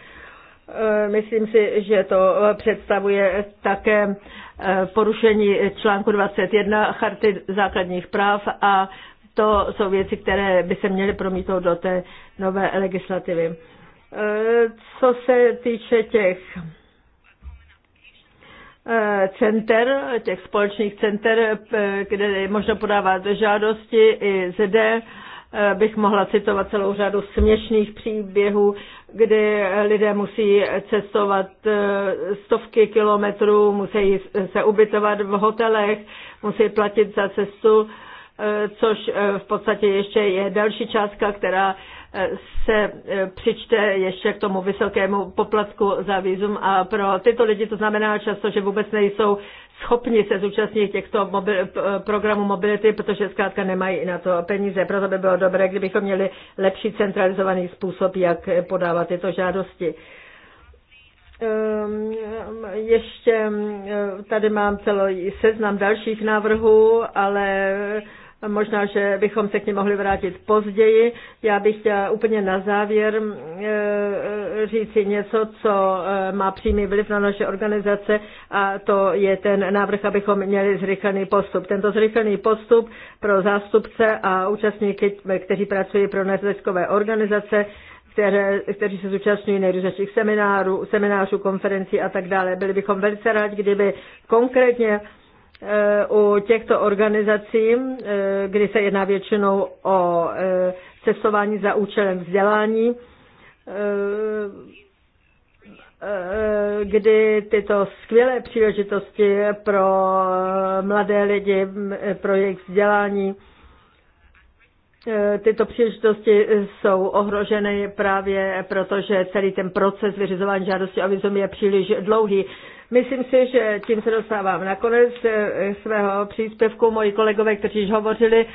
Eh, myslím si, že to eh, představuje také eh, porušení článku 21 Charty základních práv a to jsou věci, které by se měly promítnout do té nové legislativy. Co se týče těch center, těch společných center, kde je možno podávat žádosti i zde, Eh, bych mohla citovat celou řadu směšných příběhů, kdy lidé musí cestovat eh, stovky kilometrů, musí se ubytovat v hotelech, musí platit za cestu, eh, což v podstatě ještě je další částka, která se přičte ještě k tomu vysokému poplatku za výzum a pro tyto lidi to znamená často, že vůbec nejsou schopni se zúčastnit těchto mobil, programů mobility, protože zkrátka nemají na to peníze. Proto by bylo dobré, kdybychom měli lepší centralizovaný způsob, jak podávat tyto žádosti. Ehm, ještě ehm, tady mám celý seznam dalších návrhů, ale Možná, že bychom se k ní mohli vrátit později. Já bych chtěla úplně na závěr eh, eh, říci něco, co eh, má přímý vliv na naše organizace a to je ten návrh, abychom měli zrychlený postup. Tento zrychlený postup pro zástupce a účastníky, kteří pracují pro neziskové organizace, které, kteří se zúčastňují nejrůznějších seminářů, seminářů, konferencí a tak dále. Byli bychom velice rádi, kdyby konkrétně Eh, u těchto organizací, eh, kdy se jedná většinou o eh, cestování za účelem vzdělání, kdy tyto skvělé příležitosti pro mladé lidi, pro jejich vzdělání, tyto příležitosti jsou ohroženy právě proto, že celý ten proces vyřizování žádosti o vizum je příliš dlouhý. Myslím si, že tím se dostávám na konec eh, svého příspěvku. Moji kolegové, kteří již hovořili,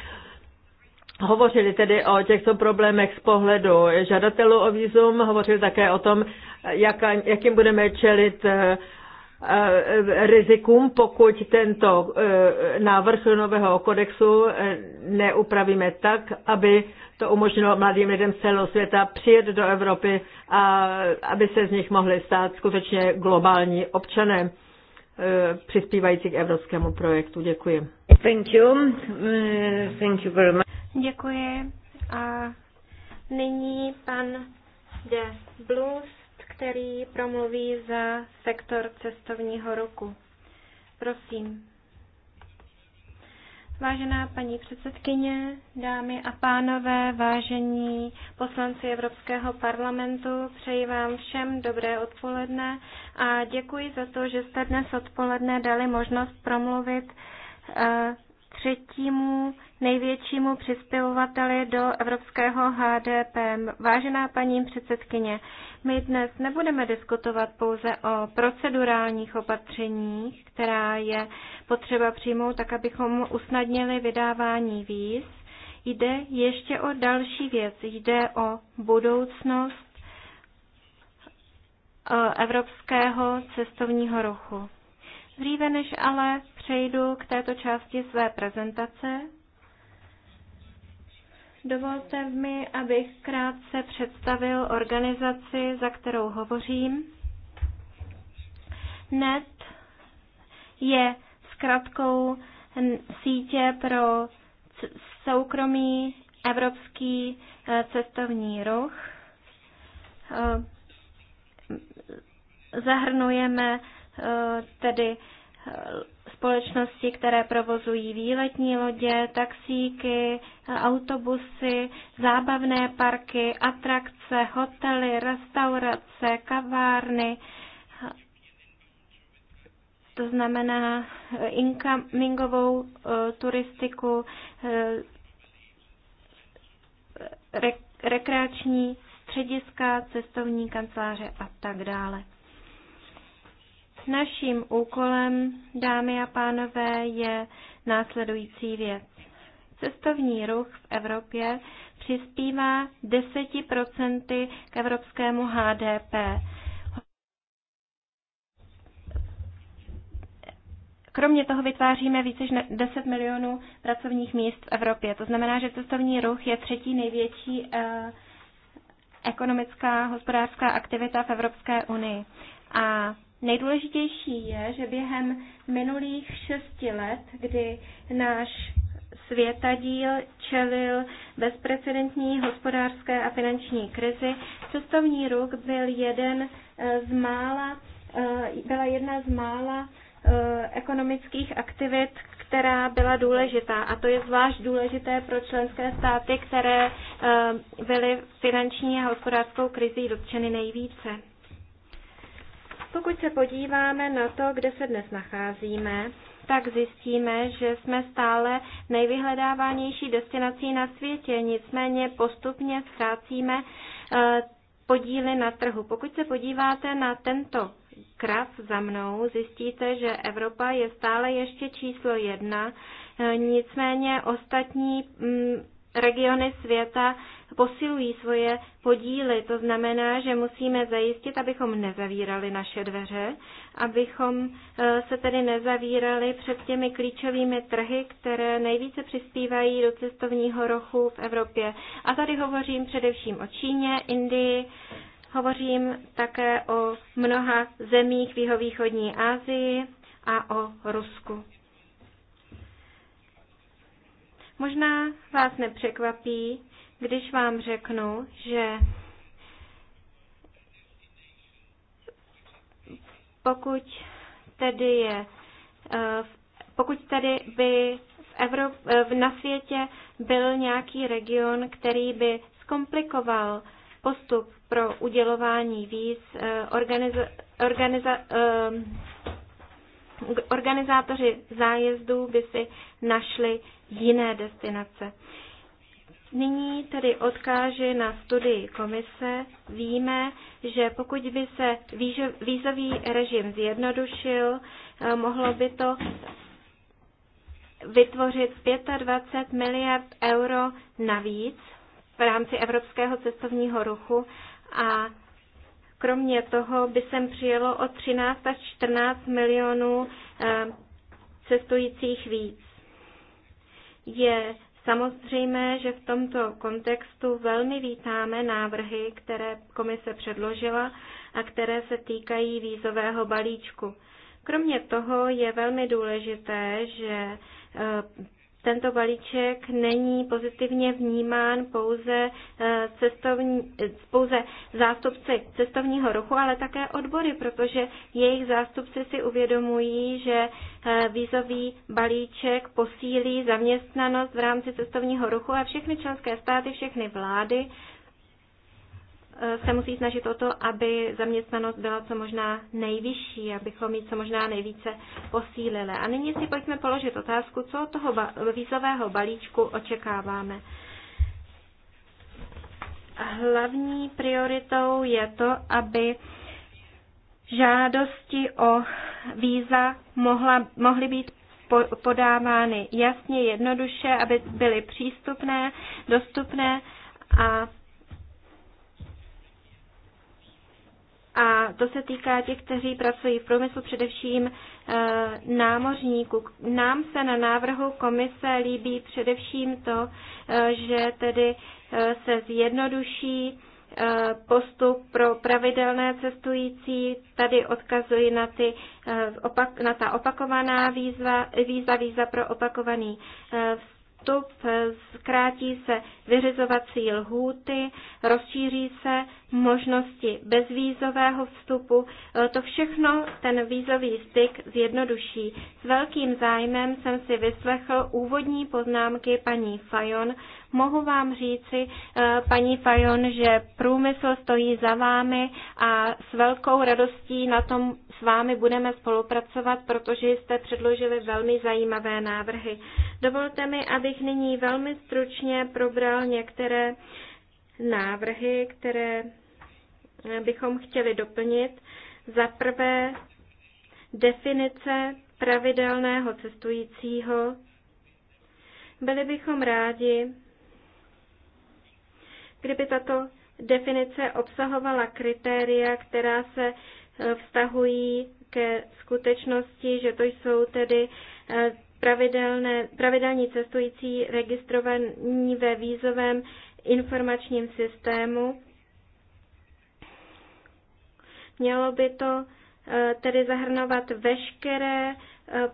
Hovořili tedy o těchto problémech z pohledu žadatelů o výzum, hovořili také o tom, jak, jakým budeme čelit eh, eh, rizikům, pokud tento návrh nového kodexu neupravíme tak, aby to umožnilo mladým lidem z celého světa přijet do Evropy a aby se z nich mohli stát skutečně globální občané eh, přispívající k evropskému projektu. Děkuji. Thank you. Eh, thank you very much. Děkuji. A nyní pan De Blust, který promluví za sektor cestovního roku. Prosím. Vážená paní předsedkyně, dámy a pánové, vážení poslanci Evropského parlamentu, přeji vám všem dobré odpoledne a děkuji za to, že jste dnes odpoledne dali možnost promluvit eh, třetímu největšímu přispěvovateli do evropského HDP. Vážená paní předsedkyně, my dnes nebudeme diskutovat pouze o procedurálních opatřeních, která je potřeba přijmout, tak abychom usnadnili vydávání víz. Jde ještě o další věc. Jde o budoucnost e, evropského cestovního ruchu. Dříve než ale přejdu k této části své prezentace, Dovolte mi, abych krátce představil organizaci, za kterou hovořím. NET je zkratkou sítě pro soukromý evropský eh, cestovní ruch. Eh, zahrnujeme eh, tedy společnosti, které provozují výletní lodě, taxíky, autobusy, zábavné parky, atrakce, hotely, restaurace, kavárny. To znamená eh, incomingovou eh, turistiku, eh, rekreační střediska, cestovní kanceláře a tak dále. Naším úkolem, dámy a pánové, je následující věc. Cestovní ruch v Evropě přispívá 10% k evropskému HDP. Kromě toho vytváříme více než 10 milionů pracovních míst v Evropě. To znamená, že cestovní ruch je třetí největší eh, ekonomická, hospodářská aktivita v Evropské unii. A Nejdůležitější je, že během minulých šesti let, kdy náš světadíl čelil bezprecedentní hospodářské a finanční krizi, cestovní ruch byl jeden eh, z mála, eh, byla jedna z mála eh, ekonomických aktivit, která byla důležitá. A to je zvlášť důležité pro členské státy, které byly finanční a hospodářskou krizí dotčeny nejvíce. Pokud se podíváme na to, kde se dnes nacházíme, tak zjistíme, že jsme stále nejvyhledávanější destinací na světě, nicméně postupně ztrácíme eh, podíly na trhu. Pokud se podíváte na tento graf za mnou, zjistíte, že Evropa je stále ještě číslo jedna, eh, nicméně ostatní mm, regiony světa posilují svoje podíly. To znamená, že musíme zajistit, abychom nezavírali naše dveře, abychom eh, se tedy nezavírali před těmi klíčovými trhy, které nejvíce přispívají do cestovního rochu v Evropě. A tady hovořím především o Číně, Indii, hovořím také o mnoha zemích v jihovýchodní Asii a o Rusku. Možná vás nepřekvapí, když vám řeknu, že pokud tedy je, eh, pokud tady by v Evrop- eh, na světě byl nějaký region, který by zkomplikoval postup pro udělování víz, eh, organiza- organiza- organizátoři zájezdů by si našli jiné destinace. Nyní tedy odkáže na studii komise. Víme, že pokud by se vízový režim zjednodušil, eh, mohlo by to vytvořit 25 miliard euro navíc v rámci evropského cestovního ruchu a kromě toho by sem přijelo o 13 až 14 milionů eh, cestujících víc. Je Samozřejmé, že v tomto kontextu velmi vítáme návrhy, které komise předložila a které se týkají vízového balíčku. Kromě toho je velmi důležité, že eh, tento balíček není pozitivně vnímán pouze, eh, cestovní, pouze zástupci cestovního ruchu, ale také odbory, protože jejich zástupci si uvědomují, že eh, vízový balíček posílí zaměstnanost v rámci cestovního ruchu a všechny členské státy, všechny vlády se musí snažit o to, aby zaměstnanost byla co možná nejvyšší, abychom ji co možná nejvíce posílili. A nyní si pojďme položit otázku, co od toho vízového balíčku očekáváme. Hlavní prioritou je to, aby žádosti o víza mohla, mohly být podávány jasně, jednoduše, aby byly přístupné, dostupné a A to se týká těch, kteří pracují v průmyslu, především eh, námořníků. Nám se na návrhu komise líbí především to, eh, že tedy eh, se zjednoduší postup pro pravidelné cestující. Tady odkazuji na, ty, opak, na ta opakovaná výzva výzva výzva pro opakovaný vstup postup, eh, zkrátí se vyřizovací lhůty, rozšíří se možnosti bezvízového vstupu. Eh, to všechno ten vízový styk zjednoduší. S velkým zájmem jsem si vyslechl úvodní poznámky paní Fajon. Mohu vám říci, eh, paní Fajon, že průmysl stojí za vámi a s velkou radostí na tom s vámi budeme spolupracovat, protože jste předložili velmi zajímavé návrhy. Dovolte mi, abych nyní velmi stručně probral některé návrhy, které bychom chtěli doplnit. Za prvé definice pravidelného cestujícího. Byli bychom rádi, kdyby tato definice obsahovala kritéria, která se Eh, vztahují ke skutečnosti, že to jsou tedy eh, pravidelné, pravidelní cestující registrovaní ve vízovém informačním systému. Mělo by to eh, tedy zahrnovat veškeré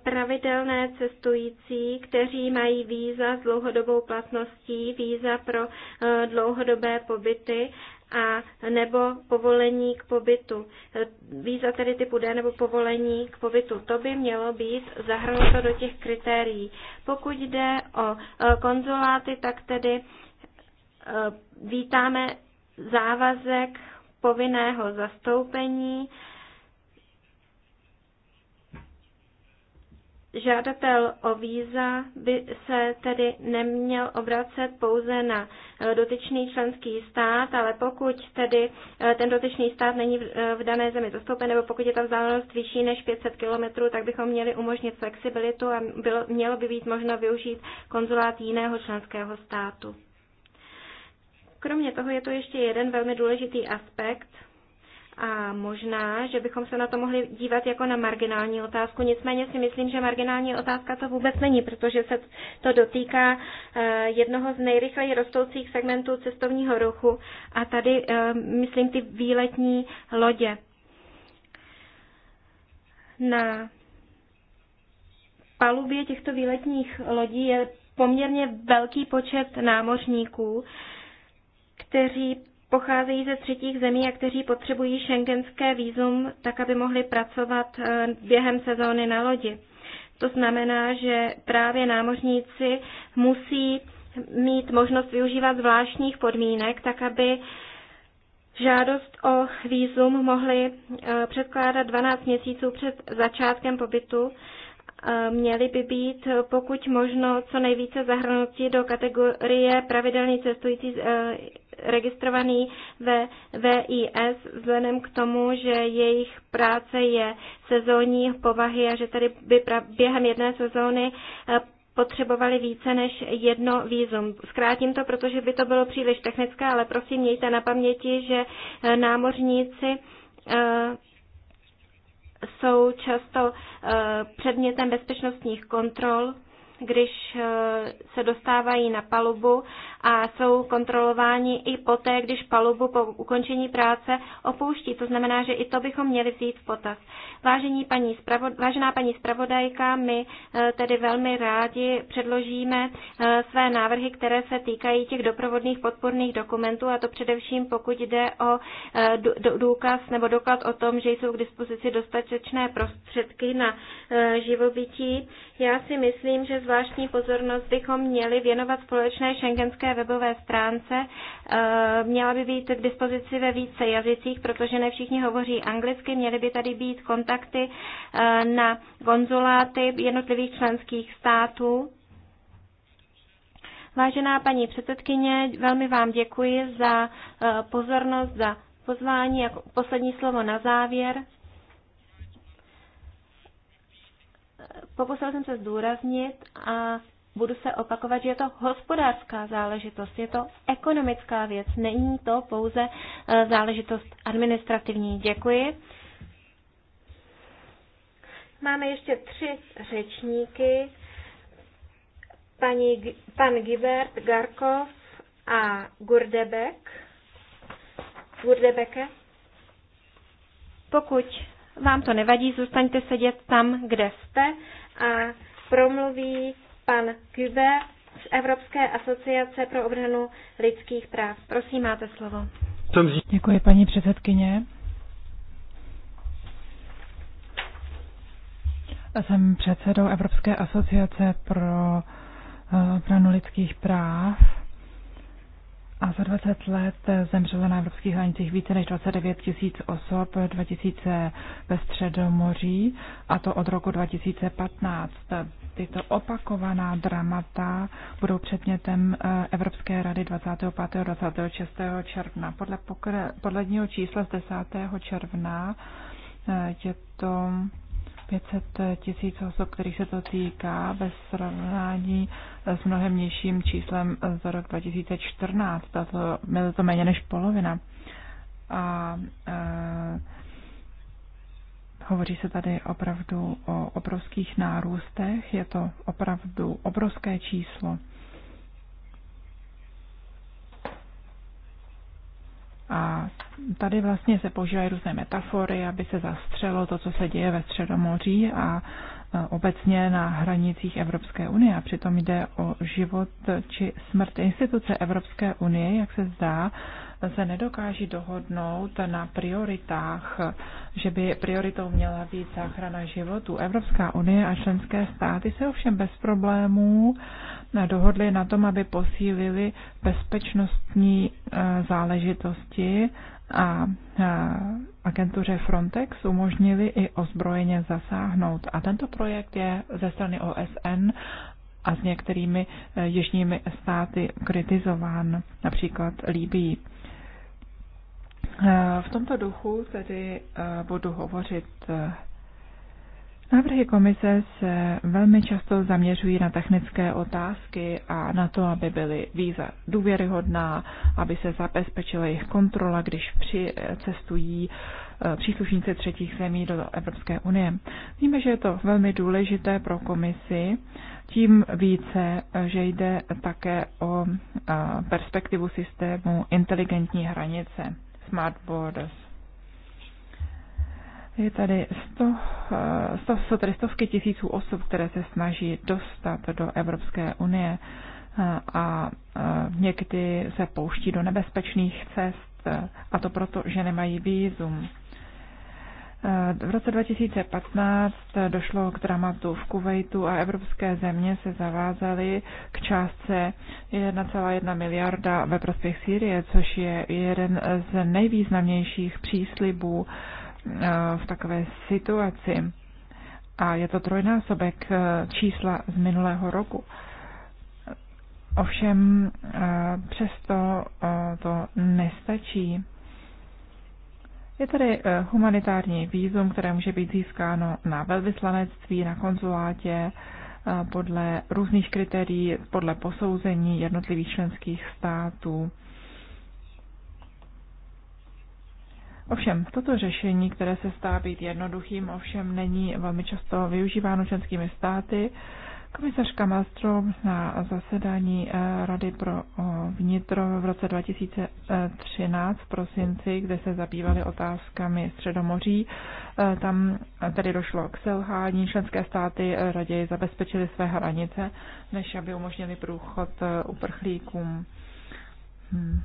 pravidelné cestující, kteří mají víza s dlouhodobou platností, víza pro dlouhodobé pobyty a nebo povolení k pobytu. Víza tedy typu D nebo povolení k pobytu. To by mělo být zahrnuto do těch kritérií. Pokud jde o e, konzuláty, tak tedy e, vítáme závazek povinného zastoupení Žádatel o víza by se tedy neměl obracet pouze na eh, dotyčný členský stát, ale pokud tedy eh, ten dotyčný stát není eh, v dané zemi zastoupen, nebo pokud je ta vzdálenost vyšší než 500 km, tak bychom měli umožnit flexibilitu a bylo, mělo by být možno využít konzulát jiného členského státu. Kromě toho je to ještě jeden velmi důležitý aspekt, a možná, že bychom se na to mohli dívat jako na marginální otázku, nicméně si myslím, že marginální otázka to vůbec není, protože se to dotýká eh, jednoho z nejrychleji rostoucích segmentů cestovního ruchu a tady eh, myslím ty výletní lodě. Na palubě těchto výletních lodí je poměrně velký počet námořníků, kteří pocházejí ze třetích zemí a kteří potřebují šengenské výzum, tak aby mohli pracovat eh, během sezóny na lodi. To znamená, že právě námořníci musí mít možnost využívat zvláštních podmínek, tak aby žádost o výzum mohli eh, předkládat 12 měsíců před začátkem pobytu. Eh, Měli by být pokud možno co nejvíce zahrnuti do kategorie pravidelní cestující registrovaný ve VIS vzhledem k tomu, že jejich práce je sezónní povahy a že tady by během jedné sezóny eh, potřebovali více než jedno výzum. Zkrátím to, protože by to bylo příliš technické, ale prosím mějte na paměti, že eh, námořníci eh, jsou často předmětem bezpečnostních kontrol když eh, se dostávají na palubu a jsou kontrolováni i poté, když palubu po ukončení práce opouští. To znamená, že i to bychom měli vzít v potaz. Vážení paní spravo, vážená paní zpravodajka, my eh, tedy velmi rádi předložíme eh, své návrhy, které se týkají těch doprovodných podporných dokumentů, a to především pokud jde o důkaz nebo doklad o tom, že jsou k dispozici dostatečné prostředky na Eh, živobytí. Já si myslím, že zvláštní pozornost bychom měli věnovat společné šengenské webové stránce. Eh, měla by být k dispozici ve více jazycích, protože ne všichni hovoří anglicky. Měly by tady být kontakty eh, na konzuláty jednotlivých členských států. Vážená paní předsedkyně, velmi vám děkuji za pozornost, za pozvání. Jako poslední slovo na závěr. pokusil jsem se zdůraznit a budu se opakovat, že je to hospodářská záležitost, je to ekonomická věc, není to pouze e, záležitost administrativní. Děkuji. Máme ještě tři řečníky. Paní, pan Gibert, Garkov a Gurdebek. Gurdebeke. Pokud vám to nevadí, zůstaňte sedět tam, kde jste. A promluví pan Kübe z Evropské asociace pro obranu lidských práv. Prosím, máte slovo. Děkuji, paní předsedkyně. Jsem předsedou Evropské asociace pro eh, obranu lidských práv a za 20 let zemřelo na evropských hranicích více než 29 tisíc osob, 2 ve středomoří, a to od roku 2015. Tyto opakovaná dramata budou předmětem eh, Evropské rady 25. a 26. června. Podle podledního čísla z 10. června eh, je to 500 tisíc osob, kterých se to týká, ve srovnání s mnohem nižším číslem za rok 2014. Tato, je to méně než polovina. A a e, hovoří se tady opravdu o obrovských nárůstech. Je to opravdu obrovské číslo. A tady vlastně se používají různé metafory, aby se zastřelo to, co se děje ve Středomoří a e, obecně na hranicích Evropské unie. A přitom jde o život či smrt instituce Evropské unie, jak se zdá, se nedokáží dohodnout na prioritách, že by prioritou měla být záchrana životů. Evropská unie a členské státy se ovšem bez problémů dohodly na tom, aby posílili bezpečnostní e, záležitosti a e, agentuře Frontex umožnili i ozbrojeně zasáhnout. A tento projekt je ze strany OSN a s některými e, jižními státy kritizován, například Líbí. Eh, v tomto duchu tedy eh, budu hovořit. Eh, návrhy komise se velmi často zaměřují na technické otázky a na to, aby byly víza důvěryhodná, aby se zabezpečila jejich kontrola, když při cestují příslušníci třetích zemí do Evropské unie. Víme, že je to velmi důležité pro komisi, tím více, že jde také o perspektivu systému inteligentní hranice. Smart Borders. Je tady 100, 100, eh, jsou tady stovky tisíců osob, které se snaží dostat do Evropské unie eh, a eh, někdy se pouští do nebezpečných cest a to proto, že nemají výzum. V roce 2015 došlo k dramatu v Kuwaitu a evropské země se zavázaly k částce 1,1 miliarda ve prospěch Sýrie, což je jeden z nejvýznamnějších příslibů eh, v takové situaci. A je to trojnásobek eh, čísla z minulého roku. Ovšem eh, přesto to nestačí je tady eh, humanitární výzum, které může být získáno na velvyslanectví, na konzulátě, eh, podle různých kritérií, podle posouzení jednotlivých členských států. Ovšem, toto řešení, které se stává být jednoduchým, ovšem není velmi často využíváno členskými státy, Komisařka Malmström na zasedání eh, Rady pro vnitro v roce 2013 v prosinci, kde se zabývaly otázkami Středomoří, eh, tam tedy došlo k selhání. Členské státy eh, raději zabezpečily své hranice, než aby umožnili průchod uprchlíkům. Hmm.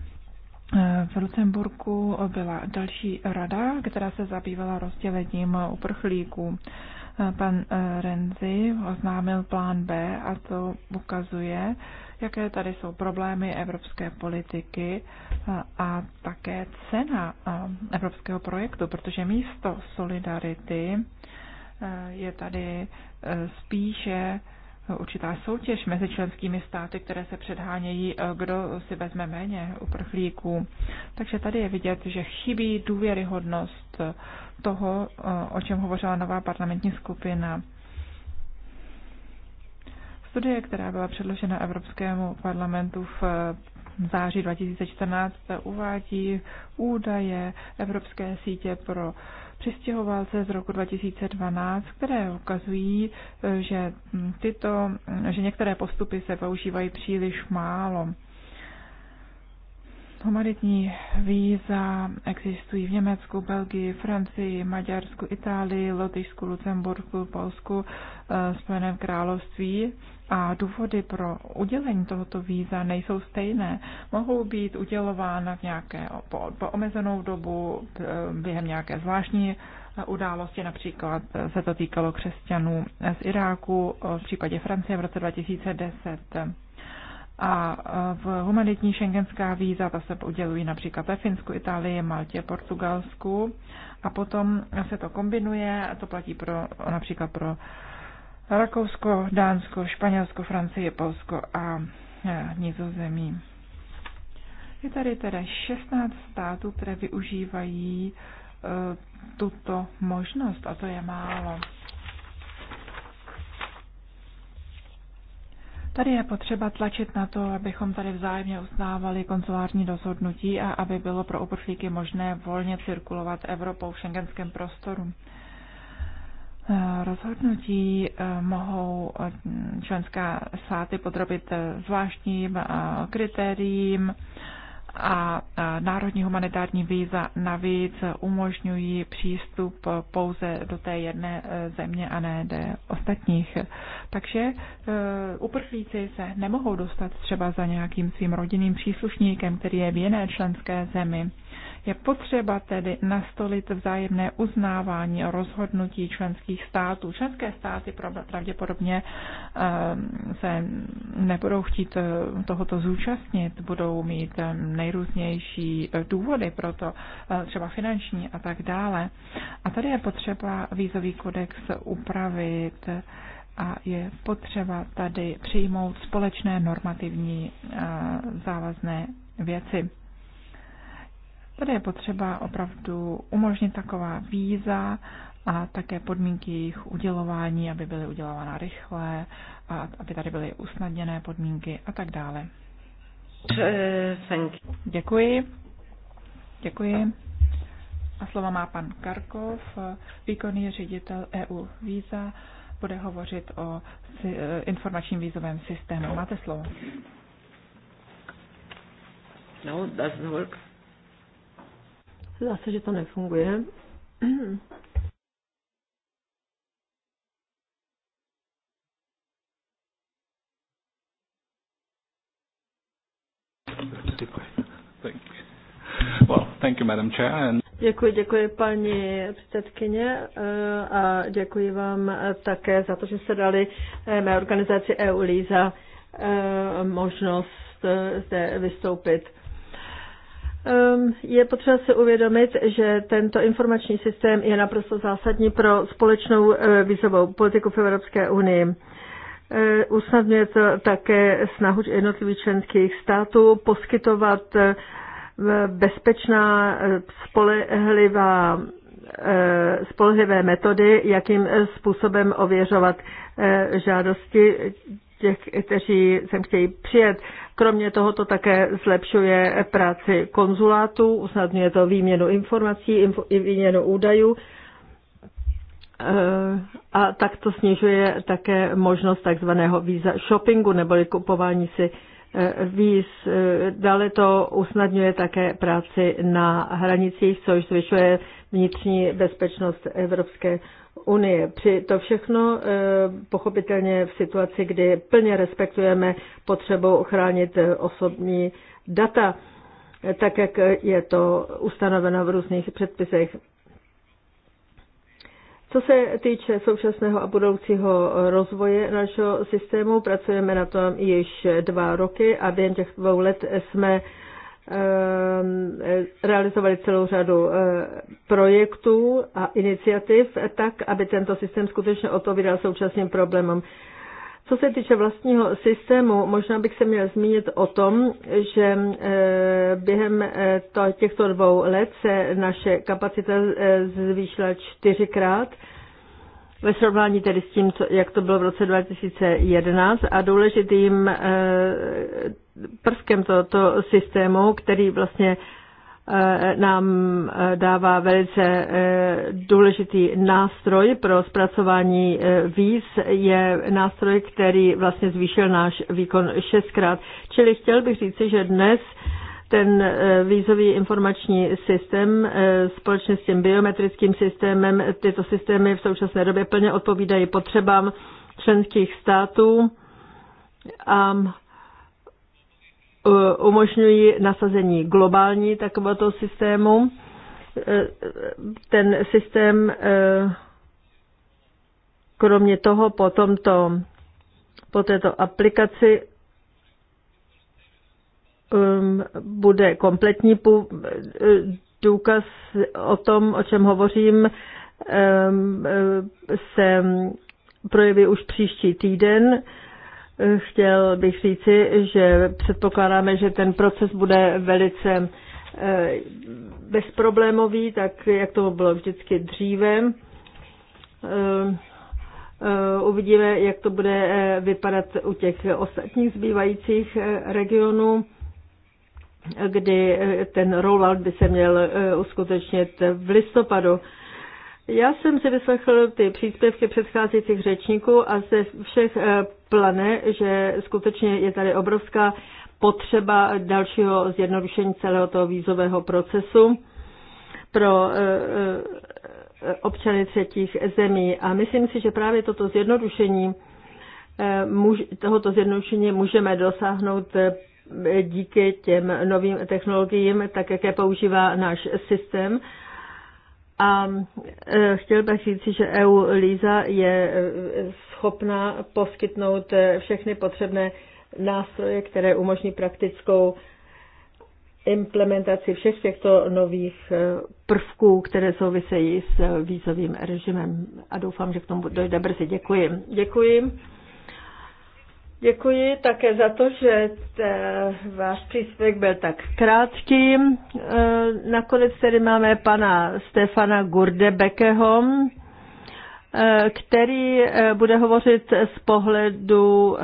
V Lucemburku byla další rada, která se zabývala rozdělením uprchlíků. Pan eh, Renzi oznámil plán B a to ukazuje, jaké tady jsou problémy evropské politiky eh, a také cena eh, evropského projektu, protože místo solidarity je tady spíše určitá soutěž mezi členskými státy, které se předhánějí, eh, kdo si vezme méně uprchlíků. Takže tady je vidět, že chybí důvěryhodnost toho, eh, o čem hovořila nová parlamentní skupina. Studie, která byla předložena Evropskému parlamentu v eh, září 2014, uvádí údaje Evropské sítě pro přistěhovalce z roku 2012, které ukazují, eh, že, mm, tyto, že některé postupy se používají příliš málo. Humanitní víza existují v Německu, Belgii, Francii, Maďarsku, Itálii, Lotyšsku, Lucembursku, Polsku, eh, Spojeném království a důvody pro udělení tohoto víza nejsou stejné. Mohou být udělována v nějaké, po, po omezenou dobu eh, během nějaké zvláštní eh, události, například se to týkalo křesťanů z Iráku v případě Francie v roce 2010. A e, v humanitní šengenská víza, ta se udělují například ve Finsku, Itálii, Maltě, Portugalsku. A potom se to kombinuje, a to platí pro, například pro Rakousko, Dánsko, Španělsko, Francii, Polsko a e, Nizozemí. Je tady tedy 16 států, které využívají e, tuto možnost a to je málo. Tady je potřeba tlačit na to, abychom tady vzájemně uznávali konzulární rozhodnutí a aby bylo pro uprchlíky možné volně cirkulovat Evropou v šengenském prostoru. Eh, rozhodnutí eh, mohou eh, členská státy podrobit zvláštním kritériím a národní humanitární víza navíc umožňují přístup pouze do té jedné e, země a ne do ostatních. Takže e, uprchlíci se nemohou dostat třeba za nějakým svým rodinným příslušníkem, který je v jiné členské zemi. Je potřeba tedy nastolit vzájemné uznávání rozhodnutí členských států. Členské státy pravděpodobně ehm, se nebudou chtít ehm, tohoto zúčastnit, budou mít ehm, nejrůznější eh, důvody pro to, eh, třeba finanční a tak dále. A tady je potřeba vízový kodex upravit a je potřeba tady přijmout společné normativní eh, závazné věci. Tady je potřeba opravdu umožnit taková víza a také podmínky jejich udělování, aby byly udělována rychle, a aby tady byly usnadněné podmínky a tak dále. Eh, Děkuji. Děkuji. A slova má pan Karkov, výkonný ředitel EU Víza, bude hovořit o eh, informačním vízovém systému. Máte slovo. No, doesn't work. Zdá se, že to nefunguje. Děkuji, děkuji paní předsedkyně eh, a děkuji vám také za to, že se dali eh, mé organizaci EU Líza eh, možnost zde vystoupit. Ehm, je potřeba si uvědomit, že tento informační systém je naprosto zásadní pro společnou eh, vízovou politiku v Evropské unii. Eh, usnadňuje to také snahu jednotlivých členských států poskytovat eh, bezpečná, spolehlivá spolehlivé metody, jakým způsobem ověřovat žádosti těch, kteří sem chtějí přijet. Kromě toho to také zlepšuje práci konzulátu, usnadňuje to výměnu informací i výměnu údajů eh, a tak to snižuje také možnost takzvaného víza shoppingu neboli kupování si eh, víz. Eh, dále to usnadňuje také práci na hranicích, což zvyšuje vnitřní bezpečnost Evropské unie. Při to všechno eh, pochopitelně v situaci, kdy plně respektujeme potřebu ochránit eh, osobní data, eh, tak jak je to ustanoveno v různých předpisech. Co se týče současného a budoucího rozvoje našeho systému, pracujeme na tom již dva roky a během těch dvou let jsme Eh, realizovali celou řadu eh, projektů a iniciativ tak, aby tento systém skutečně odpovídal současným problémům. Co se týče vlastního systému, možná bych se měl zmínit o tom, že eh, během těchto dvou let se naše kapacita zvýšila čtyřikrát ve srovnání tedy s tím, co, jak to bylo v roce 2011 a důležitým e, prvkem tohoto systému, který vlastně e, nám eh, dává velice e, důležitý nástroj pro zpracování e, víz, je nástroj, který vlastně zvýšil náš výkon šestkrát. Čili chtěl bych říci, že dnes e, ten eh, vízový informační systém eh, společně s tím biometrickým systémem, tyto systémy v současné době plně odpovídají potřebám členských států a eh, umožňují nasazení globální takovéto systému. Ten systém kromě toho po, tomto, po této aplikaci Um, bude kompletní důkaz o tom, o čem hovořím, um, se projeví už příští týden. Chtěl bych říci, že předpokládáme, že ten proces bude velice eh, bezproblémový, tak jak to bylo vždycky dříve. Eh, eh, uvidíme, jak to bude vypadat u těch ostatních zbývajících regionů kdy eh, ten rollout by se měl eh, uskutečnit v listopadu. Já jsem si vyslechl ty příspěvky předcházejících řečníků a ze všech eh, plane, že skutečně je tady obrovská potřeba dalšího zjednodušení celého toho vízového procesu pro občany třetích zemí. A myslím si, že právě toto zjednodušení tohoto zjednodušení můžeme dosáhnout díky těm novým technologiím, tak jak je používá náš systém. A e, chtěl bych říct, že EU Líza je e, schopná poskytnout e, všechny potřebné nástroje, které umožní praktickou implementaci všech těchto nových prvků, které souvisejí s vízovým režimem. A doufám, že k tomu dojde brzy. Děkuji. Děkuji. Děkuji také za to, že váš příspěvek byl tak krátký. E, nakonec tady máme pana Stefana Gurdebekeho, e, který e, bude hovořit z pohledu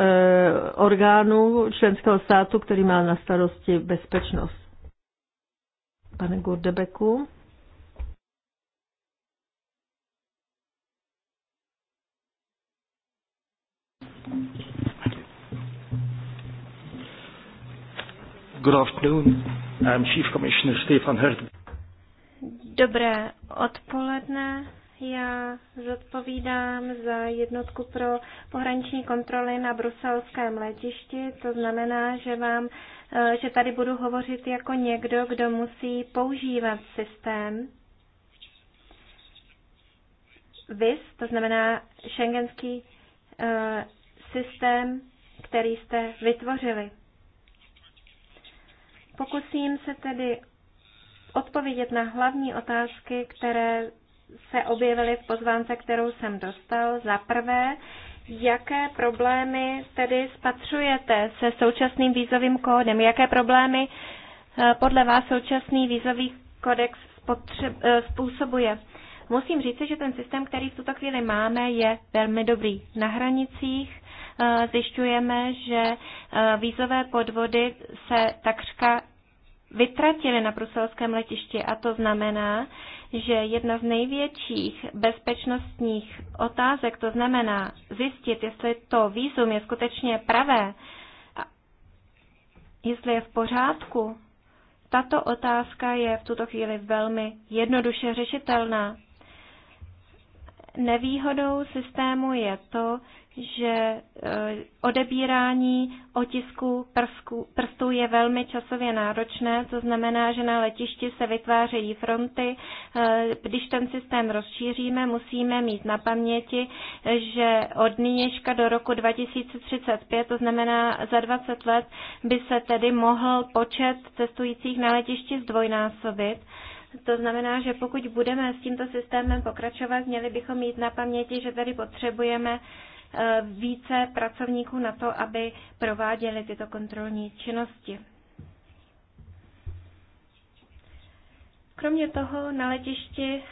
orgánů členského státu, který má na starosti bezpečnost. Pane Gurdebeku. Thank you. Good afternoon. I'm Chief Commissioner Stefan Hert. Dobré odpoledne. Já zodpovídám za jednotku pro pohraniční kontroly na bruselském letišti. To znamená, že vám, eh, že tady budu hovořit jako někdo, kdo musí používat systém VIS, to znamená šengenský eh, systém, který jste vytvořili. Pokusím se tedy odpovědět na hlavní otázky, které se objevily v pozvánce, kterou jsem dostal. Za prvé, jaké problémy tedy spatřujete se současným vízovým kódem? Jaké problémy eh, podle vás současný vízový kodex eh, způsobuje? Musím říct, že ten systém, který v tuto chvíli máme, je velmi dobrý. Na hranicích Eh, zjišťujeme, že eh, vízové podvody se takřka vytratily na bruselském letišti a to znamená, že jedna z největších bezpečnostních otázek, to znamená zjistit, jestli to výzum je skutečně pravé, jestli je v pořádku, tato otázka je v tuto chvíli velmi jednoduše řešitelná. Nevýhodou systému je to, že e, odebírání otisku prsku, prstů je velmi časově náročné, to znamená, že na letišti se vytvářejí fronty. E, když ten systém rozšíříme, musíme mít na paměti, že od nynějška do roku 2035, to znamená za 20 let, by se tedy mohl počet cestujících na letišti zdvojnásobit. To znamená, že pokud budeme s tímto systémem pokračovat, měli bychom mít na paměti, že tady potřebujeme e, více pracovníků na to, aby prováděli tyto kontrolní činnosti. Kromě toho na letišti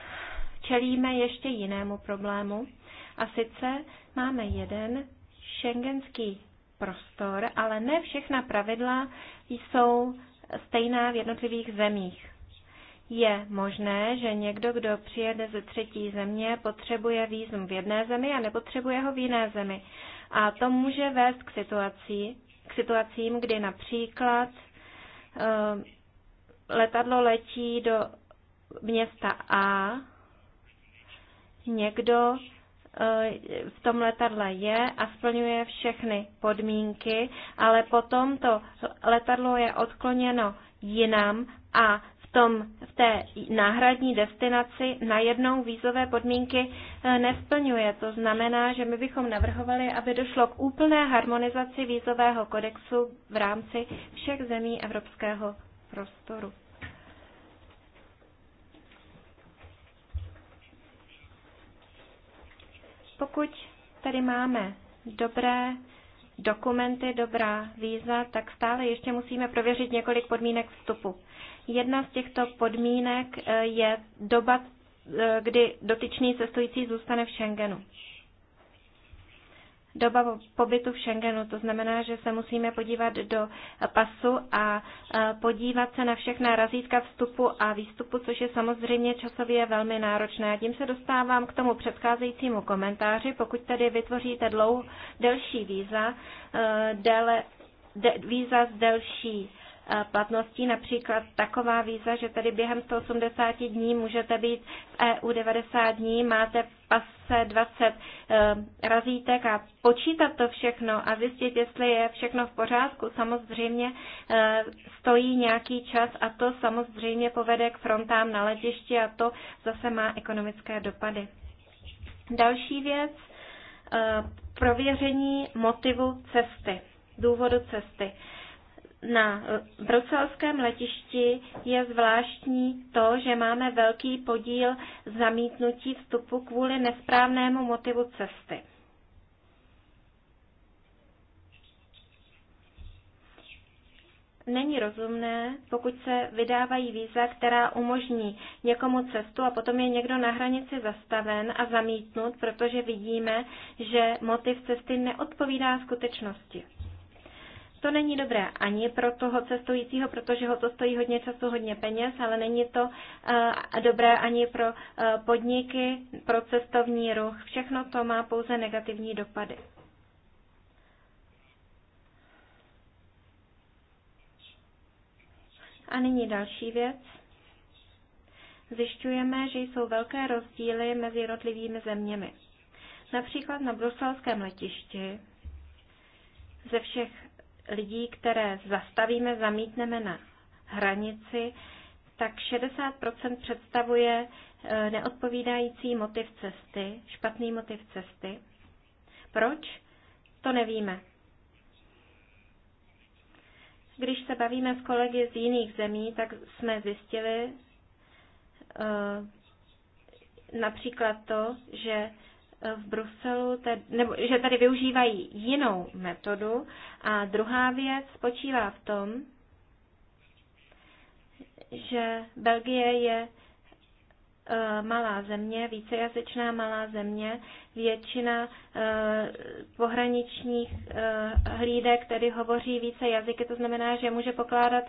čelíme ještě jinému problému. A sice máme jeden šengenský prostor, ale ne všechna pravidla jsou stejná v jednotlivých zemích. Je možné, že někdo, kdo přijede ze třetí země, potřebuje výzum v jedné zemi a nepotřebuje ho v jiné zemi. A to může vést k, situací, k situacím, kdy například eh, letadlo letí do města A, někdo eh, v tom letadle je a splňuje všechny podmínky, ale potom to letadlo je odkloněno jinam a v, tom, v té náhradní destinaci najednou vízové podmínky eh, nesplňuje. To znamená, že my bychom navrhovali, aby došlo k úplné harmonizaci vízového kodexu v rámci všech zemí evropského prostoru. Pokud tady máme dobré dokumenty, dobrá víza, tak stále ještě musíme prověřit několik podmínek vstupu. Jedna z těchto podmínek eh, je doba, eh, kdy dotyčný cestující zůstane v Schengenu. Doba pobytu v Schengenu, to znamená, že se musíme podívat do pasu a eh, podívat se na všechna razítka vstupu a výstupu, což je samozřejmě časově velmi náročné. A tím se dostávám k tomu předcházejícímu komentáři. Pokud tedy vytvoříte dlouho, delší víza, dele, de, víza s delší Eh, platností, například taková víza, že tedy během 180 dní můžete být v EU 90 dní, máte v pase 20 eh, razítek a počítat to všechno a zjistit, jestli je všechno v pořádku, samozřejmě eh, stojí nějaký čas a to samozřejmě povede k frontám na letišti a to zase má ekonomické dopady. Další věc, prověření motivu cesty, důvodu cesty na eh, bruselském letišti je zvláštní to, že máme velký podíl zamítnutí vstupu kvůli nesprávnému motivu cesty. Není rozumné, pokud se vydávají víza, která umožní někomu cestu a potom je někdo na hranici zastaven a zamítnut, protože vidíme, že motiv cesty neodpovídá skutečnosti. To není dobré ani pro toho cestujícího, protože ho to stojí hodně času, hodně peněz, ale není to eh, dobré ani pro eh, podniky, pro cestovní ruch. Všechno to má pouze negativní dopady. A nyní další věc. Zjišťujeme, že jsou velké rozdíly mezi jednotlivými zeměmi. Například na bruselském letišti ze všech lidí, které zastavíme, zamítneme na hranici, tak 60 představuje e, neodpovídající motiv cesty, špatný motiv cesty. Proč? To nevíme. Když se bavíme s kolegy z jiných zemí, tak jsme zjistili e, například to, že v Bruselu, nebo že tady využívají jinou metodu. A druhá věc spočívá v tom, že Belgie je e, malá země, vícejazyčná malá země. Většina e, pohraničních e, hlídek tedy hovoří více jazyky, to znamená, že může pokládat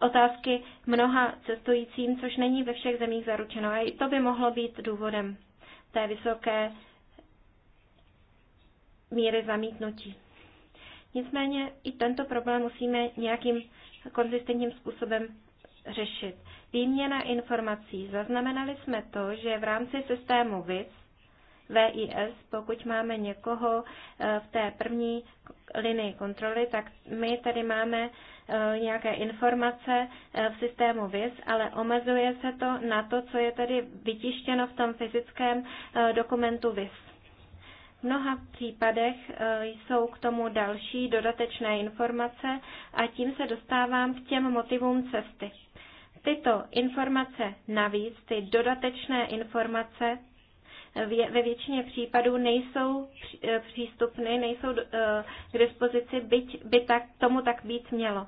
otázky mnoha cestujícím, což není ve všech zemích zaručeno. A i to by mohlo být důvodem té vysoké míry zamítnutí. Nicméně i tento problém musíme nějakým konzistentním způsobem řešit. Výměna informací. Zaznamenali jsme to, že v rámci systému VIS, VIS, pokud máme někoho eh, v té první linii kontroly, tak my tady máme Eh, nějaké informace eh, v systému VIS, ale omezuje se to na to, co je tedy vytištěno v tom fyzickém eh, dokumentu VIS. V mnoha případech jsou k tomu další dodatečné informace a tím se dostávám k těm motivům cesty. Tyto informace navíc, ty dodatečné informace, ve většině případů nejsou přístupny, nejsou k dispozici, byť by tak, tomu tak být mělo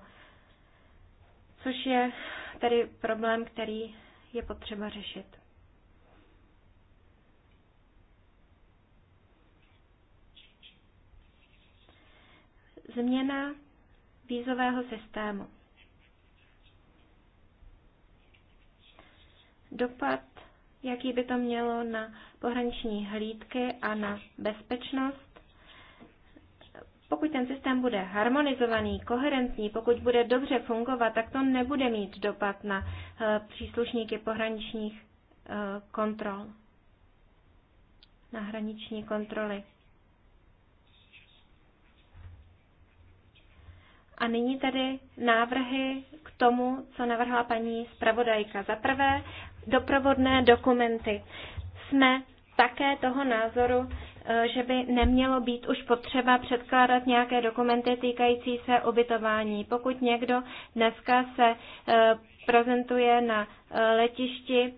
což je tedy problém, který je potřeba řešit. Změna vízového systému. Dopad, jaký by to mělo na pohraniční hlídky a na bezpečnost pokud ten systém bude harmonizovaný, koherentní, pokud bude dobře fungovat, tak to nebude mít dopad na eh, příslušníky pohraničních eh, kontrol, na hraniční kontroly. A nyní tady návrhy k tomu, co navrhla paní zpravodajka. Za prvé, doprovodné dokumenty. Jsme také toho názoru, Eh, že by nemělo být už potřeba předkládat nějaké dokumenty týkající se ubytování. Pokud někdo dneska se eh, prezentuje na eh, letišti,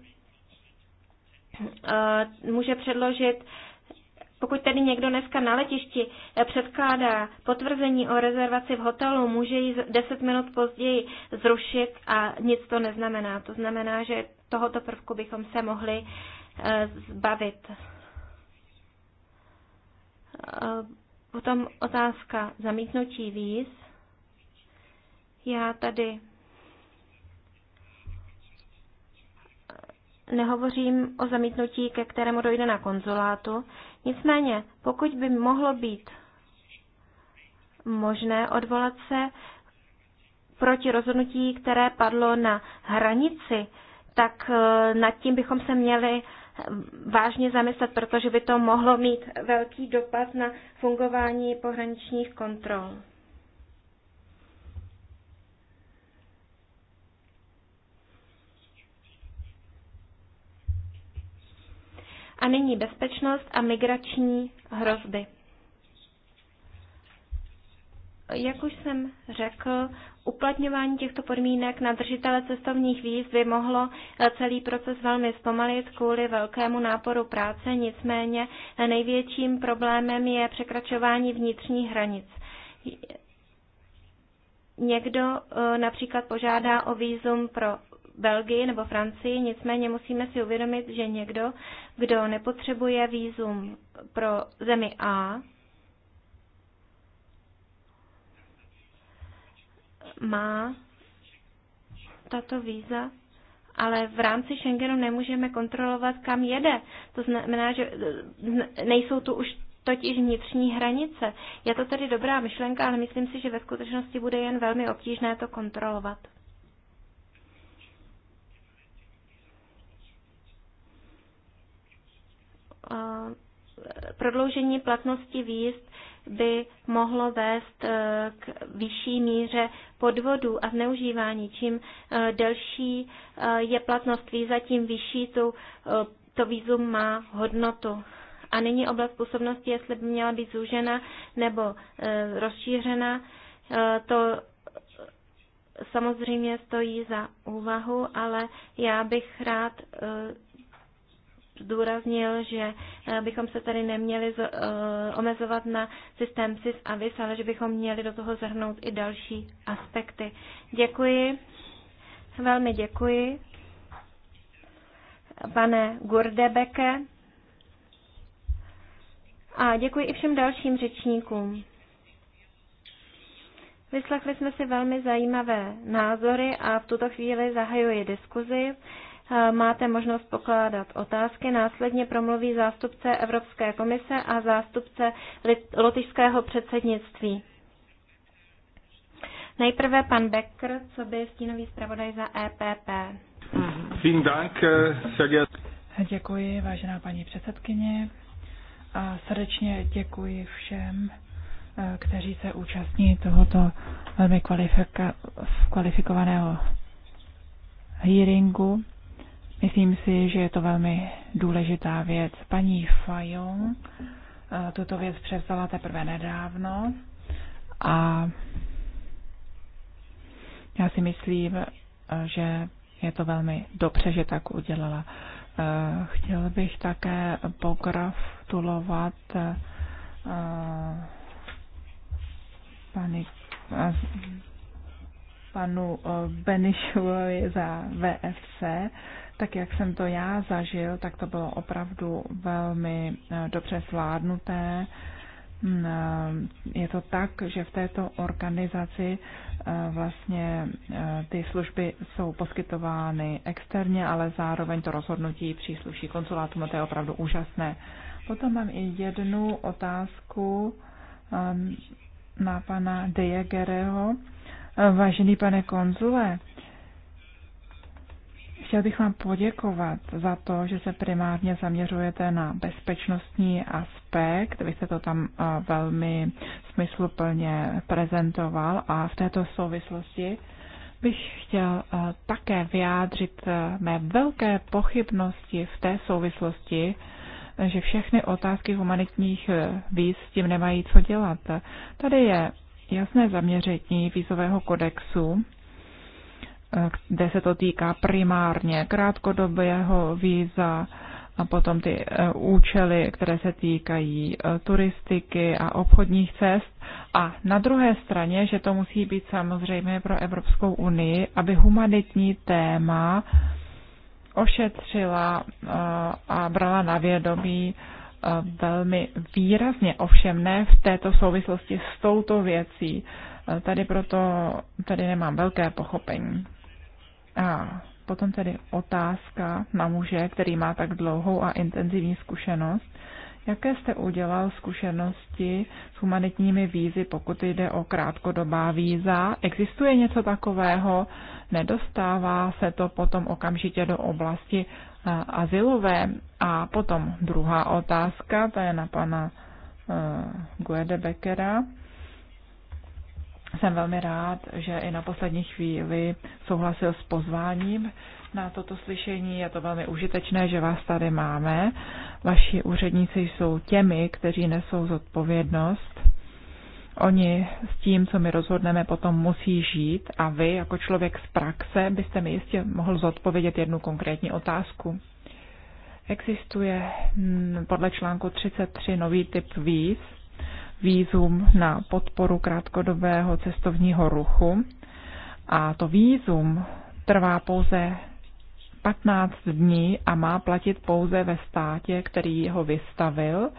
může předložit pokud tedy někdo dneska na letišti předkládá potvrzení o rezervaci v hotelu, může ji 10 minut později zrušit a nic to neznamená. To znamená, že tohoto prvku bychom se mohli zbavit. Eh, potom otázka zamítnutí víz. Já tady nehovořím o zamítnutí, ke kterému dojde na konzulátu. Nicméně, pokud by mohlo být možné odvolat se proti rozhodnutí, které padlo na hranici, tak eh, nad tím bychom se měli vážně zamyslet, protože by to mohlo mít velký dopad na fungování pohraničních kontrol. A nyní bezpečnost a migrační hrozby jak už jsem řekl, uplatňování těchto podmínek na držitele cestovních víz by mohlo eh, celý proces velmi zpomalit kvůli velkému náporu práce, nicméně eh, největším problémem je překračování vnitřních hranic. Někdo eh, například požádá o výzum pro Belgii nebo Francii, nicméně musíme si uvědomit, že někdo, kdo nepotřebuje výzum pro zemi A, má tato víza, ale v rámci Schengenu nemůžeme kontrolovat, kam jede. To znamená, že eh, nejsou tu už totiž vnitřní hranice. Je to tedy dobrá myšlenka, ale myslím si, že ve skutečnosti bude jen velmi obtížné to kontrolovat. Eh, prodloužení platnosti výjezd by mohlo vést eh, k vyšší míře podvodů a zneužívání. Čím eh, delší eh, je platnost víza, tím vyšší tu, to vízum má hodnotu. A nyní oblast působnosti, jestli by měla být zúžena nebo rozšířena, to samozřejmě stojí za úvahu, ale já bych rád zdůraznil, že eh, bychom se tady neměli eh, omezovat na systém SIS a VIS, ale že bychom měli do toho zahrnout i další aspekty. Děkuji, velmi děkuji, pane Gurdebeke. A děkuji i všem dalším řečníkům. Vyslechli jsme si velmi zajímavé názory a v tuto chvíli zahajuji diskuzi. Eh, máte možnost pokládat otázky. Následně promluví zástupce Evropské komise a zástupce lotyšského předsednictví. Nejprve pan Becker, co by stínový zpravodaj za EPP. Eh, děkuji, vážená paní předsedkyně. A srdečně děkuji všem, eh, kteří se účastní tohoto velmi kvalifika- kvalifikovaného hearingu. Myslím si, že je to velmi důležitá věc. Paní Fajon eh, tuto věc převzala teprve nedávno a já si myslím, eh, že je to velmi dobře, že tak udělala. Eh, chtěl bych také pogratulovat paní panu eh, Benišovi za VFC, tak jak jsem to já zažil, tak to bylo opravdu velmi eh, dobře zvládnuté. Mm, eh, je to tak, že v této organizaci vlastně ty služby jsou poskytovány externě, ale zároveň to rozhodnutí přísluší konzulátům a to je opravdu úžasné. Potom mám i jednu otázku ehm, na pana Dejegereho Vážený pane konzule, chtěl bych vám poděkovat za to, že se primárně zaměřujete na bezpečnostní aspekt. Vy jste to tam eh, velmi smysluplně prezentoval a v této souvislosti bych chtěl eh, také vyjádřit eh, mé velké pochybnosti v té souvislosti, že všechny otázky humanitních víz s tím nemají co dělat. Tady je jasné zaměření vízového kodexu, kde se to týká primárně krátkodobého víza a potom ty eh, účely, které se týkají eh, turistiky a obchodních cest. A na druhé straně, že to musí být samozřejmě pro Evropskou unii, aby humanitní téma ošetřila eh, a brala na vědomí velmi výrazně, ovšem ne v této souvislosti s touto věcí. Tady proto tady nemám velké pochopení. A potom tedy otázka na muže, který má tak dlouhou a intenzivní zkušenost. Jaké jste udělal zkušenosti s humanitními vízy, pokud jde o krátkodobá víza? Existuje něco takového? Nedostává se to potom okamžitě do oblasti azylové. A potom druhá otázka, ta je na pana eh, Guede Beckera. Jsem velmi rád, že i na poslední chvíli souhlasil s pozváním na toto slyšení. Je to velmi užitečné, že vás tady máme. Vaši úředníci jsou těmi, kteří nesou zodpovědnost Oni s tím, co my rozhodneme, potom musí žít a vy, jako člověk z praxe, byste mi jistě mohl zodpovědět jednu konkrétní otázku. Existuje mm, podle článku 33 nový typ víz, výzum na podporu krátkodobého cestovního ruchu a to výzum trvá pouze 15 dní a má platit pouze ve státě, který ho vystavil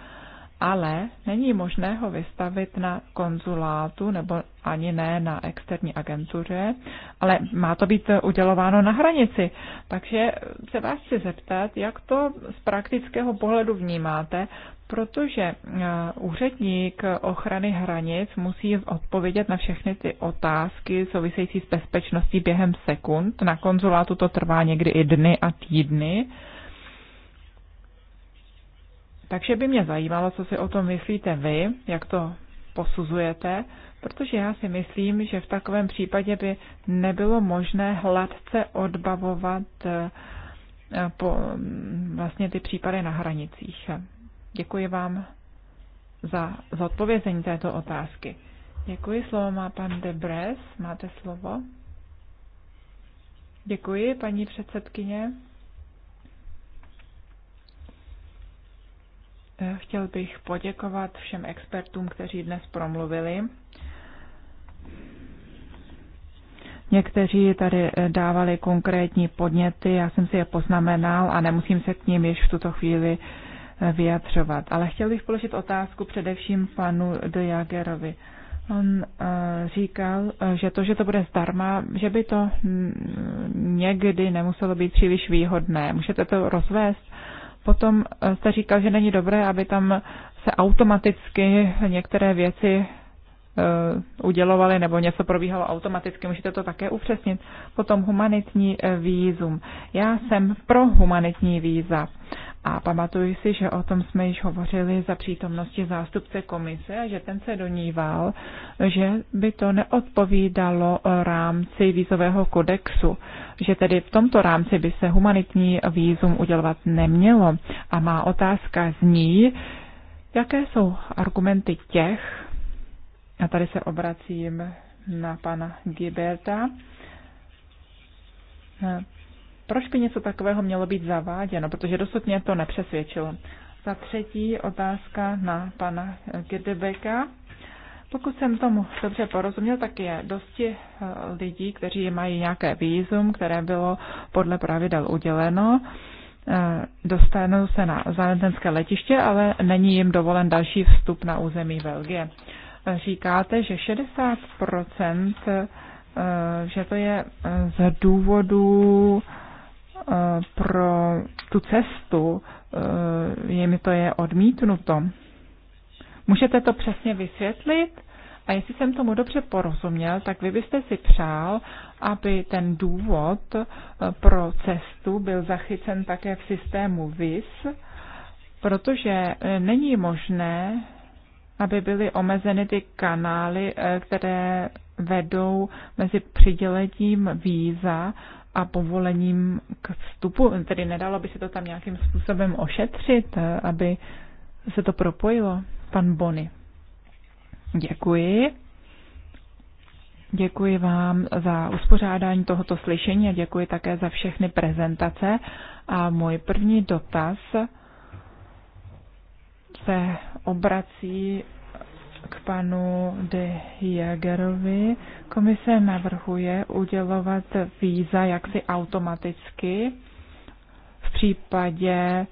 ale není možné ho vystavit na konzulátu nebo ani ne na externí agentuře, ale má to být udělováno na hranici. Takže se vás chci zeptat, jak to z praktického pohledu vnímáte, protože eh, úředník ochrany hranic musí odpovědět na všechny ty otázky související s bezpečností během sekund. Na konzulátu to trvá někdy i dny a týdny. Takže by mě zajímalo, co si o tom myslíte vy, jak to posuzujete, protože já si myslím, že v takovém případě by nebylo možné hladce odbavovat eh, po, vlastně ty případy na hranicích. Děkuji vám za zodpovězení této otázky. Děkuji, slovo má pan Debres, máte slovo. Děkuji, paní předsedkyně. Chtěl bych poděkovat všem expertům, kteří dnes promluvili. Někteří tady eh, dávali konkrétní podněty, já jsem si je poznamenal a nemusím se k ním již v tuto chvíli eh, vyjadřovat. Ale chtěl bych položit otázku především panu de Jagerovi. On eh, říkal, že to, že to bude zdarma, že by to mm, někdy nemuselo být příliš výhodné. Můžete to rozvést? Potom eh, jste říkal, že není dobré, aby tam se automaticky některé věci Eh, udělovali nebo něco probíhalo automaticky. Můžete to také upřesnit. Potom humanitní eh, výzum. Já jsem pro humanitní víza. A pamatuju si, že o tom jsme již hovořili za přítomnosti zástupce komise a že ten se doníval, že by to neodpovídalo rámci vízového kodexu, že tedy v tomto rámci by se humanitní výzum udělovat nemělo. A má otázka zní, jaké jsou argumenty těch, a tady se obracím na pana Giberta. Proč by něco takového mělo být zaváděno? Protože dosud mě to nepřesvědčilo. Za třetí otázka na pana Girdebeka. Pokud jsem tomu dobře porozuměl, tak je dosti eh, lidí, kteří mají nějaké výzum, které bylo podle pravidel uděleno, eh, dostanou se na záletenské letiště, ale není jim dovolen další vstup na území Belgie říkáte, že 60 eh, že to je eh, z důvodu eh, pro tu cestu, je mi to je odmítnuto. Můžete to přesně vysvětlit? A jestli jsem tomu dobře porozuměl, tak vy byste si přál, aby ten důvod pro cestu byl zachycen také v systému VIS, protože není možné aby byly omezeny ty kanály, eh, které vedou mezi přidělením víza a povolením k vstupu. Tedy nedalo by se to tam nějakým způsobem ošetřit, eh, aby se to propojilo? Pan Bony. Děkuji. Děkuji vám za uspořádání tohoto slyšení a děkuji také za všechny prezentace. A můj první dotaz se obrací k panu de Jagerovi. Komise navrhuje udělovat víza jaksi automaticky v případě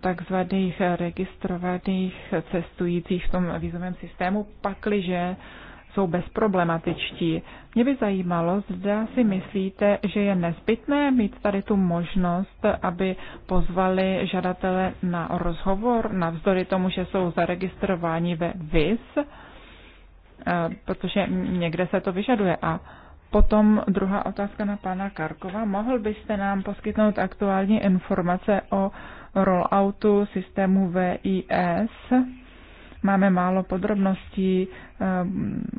takzvaných registrovaných cestujících v tom vízovém systému, pakliže jsou bezproblematičtí. Mě by zajímalo, zda si myslíte, že je nezbytné mít tady tu možnost, aby pozvali žadatele na rozhovor, navzdory tomu, že jsou zaregistrováni ve VIS, eh, protože někde se to vyžaduje. A potom druhá otázka na pana Karkova. Mohl byste nám poskytnout aktuální informace o rolloutu systému VIS? máme málo podrobností, eh,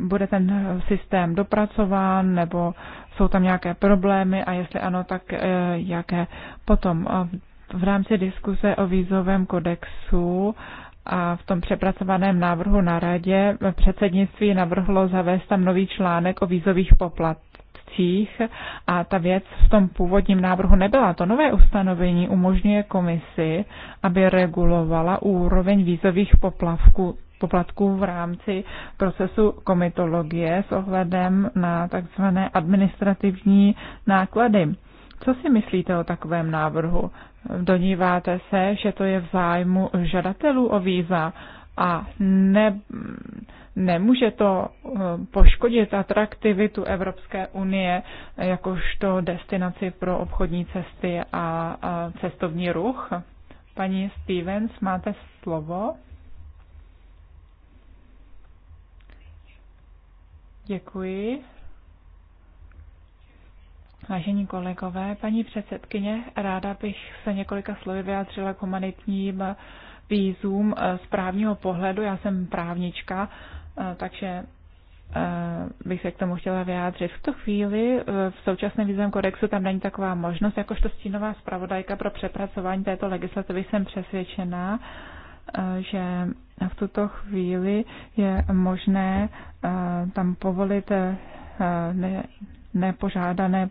bude ten systém dopracován nebo jsou tam nějaké problémy a jestli ano, tak eh, jaké potom. Eh, v rámci diskuse o vízovém kodexu a v tom přepracovaném návrhu na radě předsednictví navrhlo zavést tam nový článek o vízových poplat, obcích a ta věc v tom původním návrhu nebyla. To nové ustanovení umožňuje komisi, aby regulovala úroveň výzových poplavků poplatků v rámci procesu komitologie s ohledem na tzv. administrativní náklady. Co si myslíte o takovém návrhu? Doníváte se, že to je v zájmu žadatelů o víza? a ne, nemůže to eh, poškodit atraktivitu Evropské unie jakožto destinaci pro obchodní cesty a, a cestovní ruch. Paní Stevens, máte slovo. Děkuji. Vážení kolegové, paní předsedkyně, ráda bych se několika slovy vyjádřila k humanitním vízům eh, z právního pohledu. Já jsem právnička, eh, takže eh, bych se k tomu chtěla vyjádřit. V tu chvíli v současném vízovém kodexu tam není taková možnost, jakožto stínová zpravodajka pro přepracování této legislativy jsem přesvědčená, že v tuto chvíli je možné tam povolit nepožádané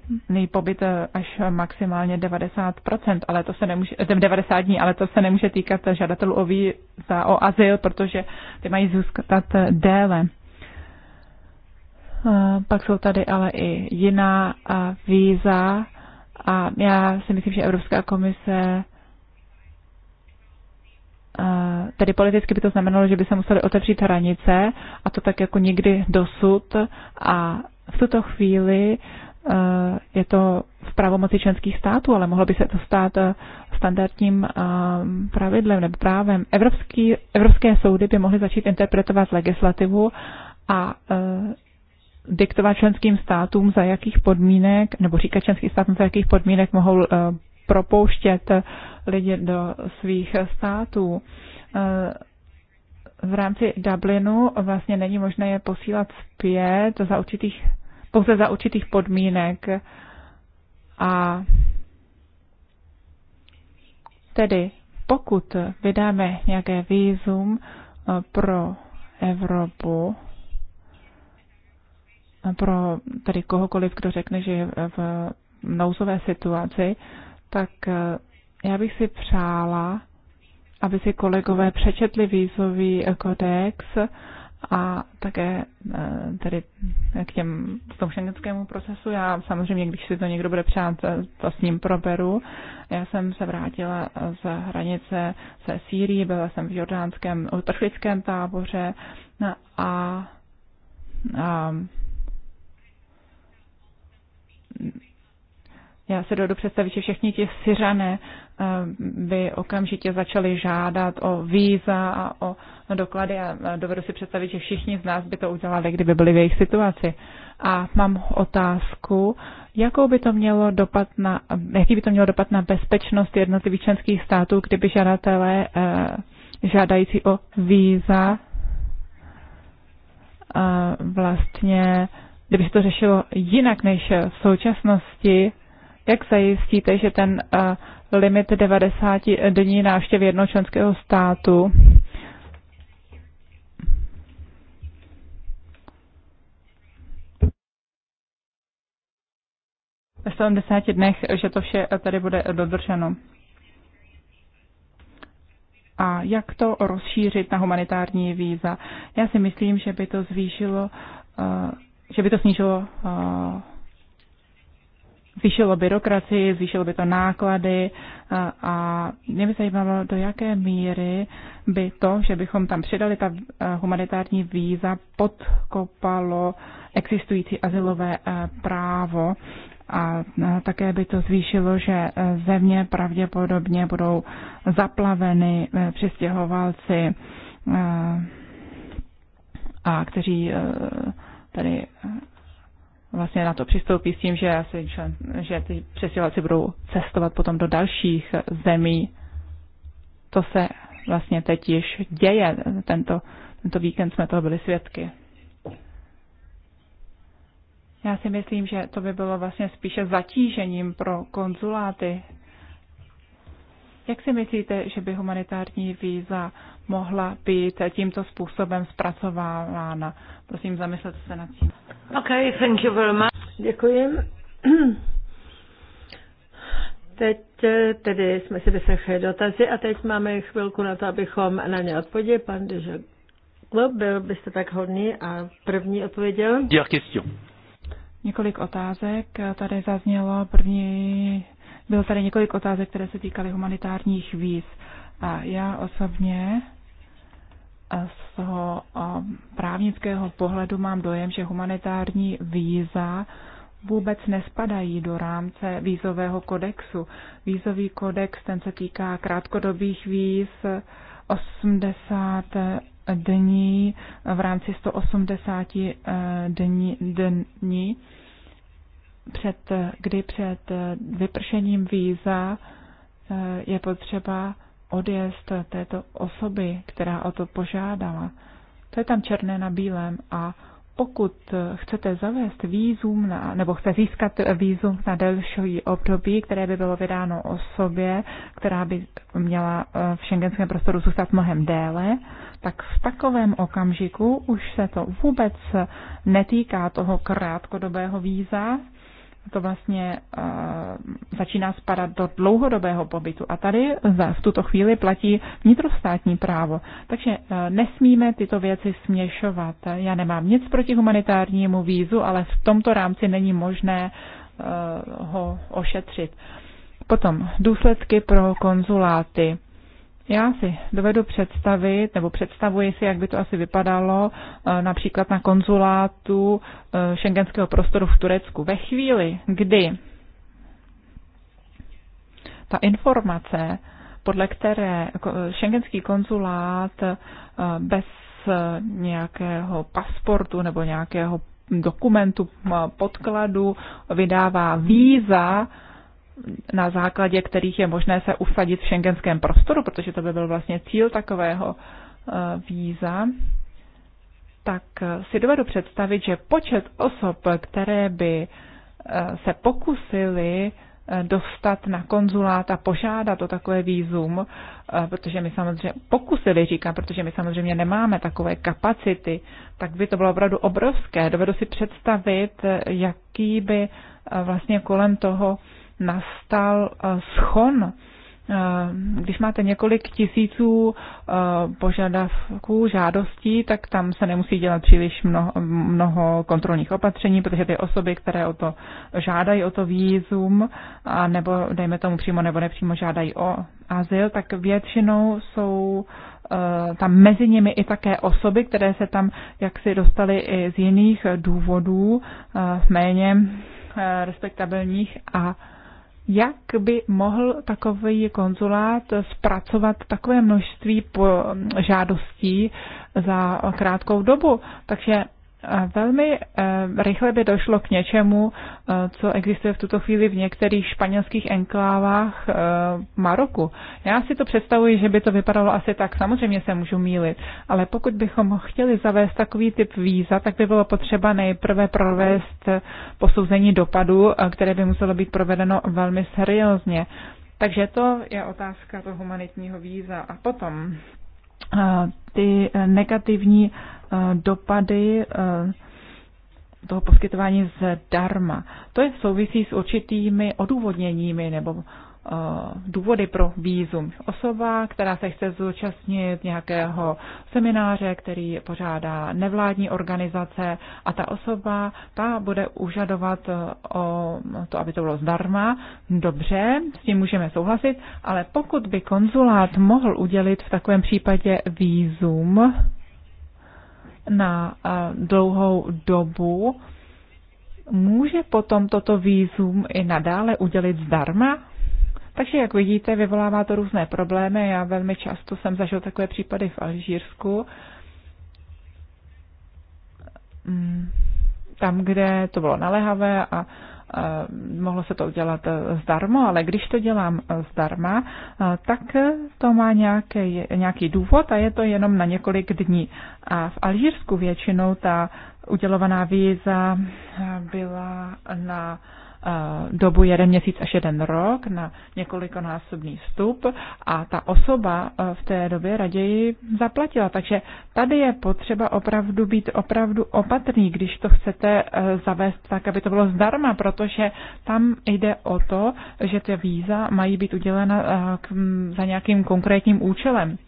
pobyt eh, až maximálně 90 ale to se nemůže, 90 eh, dní, ale to se nemůže týkat žadatelů o víza, o azyl, protože ty mají zůstat eh, déle. Pak jsou tady ale i jiná víza a já si myslím, že Evropská komise tedy politicky by to znamenalo, že by se museli otevřít hranice a to tak jako nikdy dosud a v tuto chvíli eh, je to v pravomoci členských států, ale mohlo by se to stát eh, standardním eh, pravidlem nebo právem. Evropský, evropské soudy by mohly začít interpretovat legislativu a diktovat členským státům, za jakých podmínek, nebo říkat členským státům, za jakých podmínek mohou propouštět lidi do svých států v rámci Dublinu vlastně není možné je posílat zpět za určitých, pouze za určitých podmínek. A tedy pokud vydáme nějaké výzum eh, pro Evropu, eh, pro tedy kohokoliv, kdo řekne, že je v nouzové situaci, tak eh, já bych si přála, aby si kolegové přečetli výzový kodex a také e, tedy k, těm, k tomu šengenskému procesu. Já samozřejmě, když si to někdo bude přát, e, to s ním proberu. Já jsem se vrátila z hranice se Sýrií, byla jsem v jordánském utrchlickém táboře no a, a já se dodu představit, že všichni ti Syřané eh, by okamžitě začali žádat o víza a o doklady a eh, dovedu si představit, že všichni z nás by to udělali, kdyby byli v jejich situaci. A mám otázku, jakou by to mělo dopad na, eh, jaký by to mělo dopad na bezpečnost jednotlivých členských států, kdyby žadatelé žádající o víza vlastně, kdyby se to řešilo jinak než v současnosti, jak zajistíte, že ten eh, limit 90 dní návštěv jednočlenského státu v 70 dnech, že to vše eh, tady bude dodrženo. A jak to rozšířit na humanitární víza? Já si myslím, že by to zvýšilo, eh, že by to snížilo zvýšilo byrokracii, zvýšilo by to náklady a, a mě by zajímalo, do jaké míry by to, že bychom tam přidali ta eh, humanitární víza, podkopalo existující asilové eh, právo a eh, také by to zvýšilo, že země pravděpodobně budou zaplaveny přistěhovalci a kteří tady vlastně na to přistoupí s tím, že, asi, že ty přestěhovalci budou cestovat potom do dalších zemí. To se vlastně teď již děje. Tento, tento víkend jsme toho byli svědky. Já si myslím, že to by bylo vlastně spíše zatížením pro konzuláty. Jak si myslíte, že by humanitární víza mohla být tímto způsobem zpracována? Prosím, zamyslete se nad tím. Okay, thank you very much. Děkuji. Teď eh, tedy jsme si vyslechli dotazy a teď máme chvilku na to, abychom na ně odpověděli. Pan Klub, byl byste tak hodný a první odpověděl? Několik otázek. Tady zaznělo první, bylo tady několik otázek, které se týkaly humanitárních víz. A já osobně z toho právnického pohledu mám dojem, že humanitární víza vůbec nespadají do rámce vízového kodexu. Vízový kodex ten se týká krátkodobých víz 80 dní v rámci 180 eh, dní, dní před, kdy před eh, vypršením víza eh, je potřeba odjezd této osoby, která o to požádala. To je tam černé na bílém a pokud chcete zavést výzum na, nebo chce získat výzum na delší období, které by bylo vydáno osobě, která by měla eh, v šengenském prostoru zůstat mnohem déle, tak v takovém okamžiku už se to vůbec netýká toho krátkodobého víza. To vlastně eh, začíná spadat do dlouhodobého pobytu. A tady v tuto chvíli platí vnitrostátní právo. Takže eh, nesmíme tyto věci směšovat. Já nemám nic proti humanitárnímu vízu, ale v tomto rámci není možné eh, ho ošetřit. Potom důsledky pro konzuláty. Já si dovedu představit, nebo představuji si, jak by to asi vypadalo eh, například na konzulátu šengenského prostoru v Turecku. Ve chvíli, kdy ta informace, podle které šengenský konzulát eh, bez eh, nějakého pasportu nebo nějakého dokumentu, eh, podkladu vydává víza, na základě kterých je možné se usadit v šengenském prostoru, protože to by byl vlastně cíl takového víza, tak si dovedu představit, že počet osob, které by se pokusili Eh, dostat na konzulát a požádat o takové výzum, eh, protože my samozřejmě, pokusili říkám, protože my samozřejmě nemáme takové kapacity, tak by to bylo opravdu obrovské. Dovedu si představit, eh, jaký by vlastně kolem toho nastal schon Eh, když máte několik tisíců eh, požadavků, žádostí, tak tam se nemusí dělat příliš mnoho, mnoho kontrolních opatření, protože ty osoby, které o to žádají o to výzum, a nebo dejme tomu přímo nebo nepřímo žádají o azyl, tak většinou jsou eh, tam mezi nimi i také osoby, které se tam jaksi dostaly i z jiných důvodů, méně respektabilních a jak by mohl takový konzulát zpracovat takové množství mm, žádostí za krátkou dobu. Takže Velmi eh, rychle by došlo k něčemu, eh, co existuje v tuto chvíli v některých španělských enklávách eh, v Maroku. Já si to představuji, že by to vypadalo asi tak. Samozřejmě se můžu mýlit, ale pokud bychom chtěli zavést takový typ víza, tak by bylo potřeba nejprve provést posouzení dopadu, které by muselo být provedeno velmi seriózně. Takže to je otázka toho humanitního víza. A potom ty negativní uh, Eh, dopady eh, toho poskytování zdarma. To je souvisí s určitými odůvodněními nebo eh, důvody pro výzum. Osoba, která se chce zúčastnit nějakého semináře, který pořádá nevládní organizace a ta osoba, ta bude užadovat o to, aby to bylo zdarma. Dobře, s tím můžeme souhlasit, ale pokud by konzulát mohl udělit v takovém případě výzum, na dlouhou dobu, může potom toto výzum i nadále udělit zdarma? Takže, jak vidíte, vyvolává to různé problémy. Já velmi často jsem zažil takové případy v Alžírsku, mm, tam, kde to bylo naléhavé a Eh, mohlo se to udělat eh, zdarma, ale když to dělám eh, zdarma, tak to má nějaký, nějaký důvod a je to jenom na několik dní. A v Alžírsku většinou ta udělovaná víza byla na Eh, dobu jeden měsíc až jeden rok na několikonásobný vstup a ta osoba eh, v té době raději zaplatila. Takže tady je potřeba opravdu být opravdu opatrný, když to chcete eh, zavést tak, aby to bylo zdarma, protože tam jde o to, že ty víza mají být udělena za nějakým konkrétním účelem.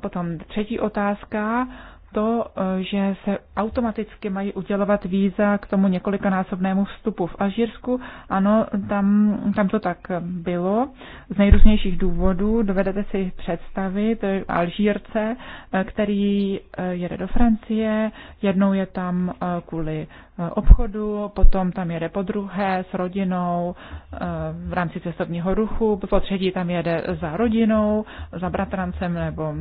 Potom třetí otázka, to, eh, že se automaticky mají udělovat víza k tomu několikanásobnému vstupu v Alžírsku. Ano, tam, tam to tak bylo. Z nejrůznějších důvodů dovedete si představit Alžírce, eh, který eh, jede do Francie, jednou je tam kvůli obchodu, potom tam jede po druhé s rodinou eh, v rámci cestovního ruchu, po třetí tam jede za rodinou, za bratrancem nebo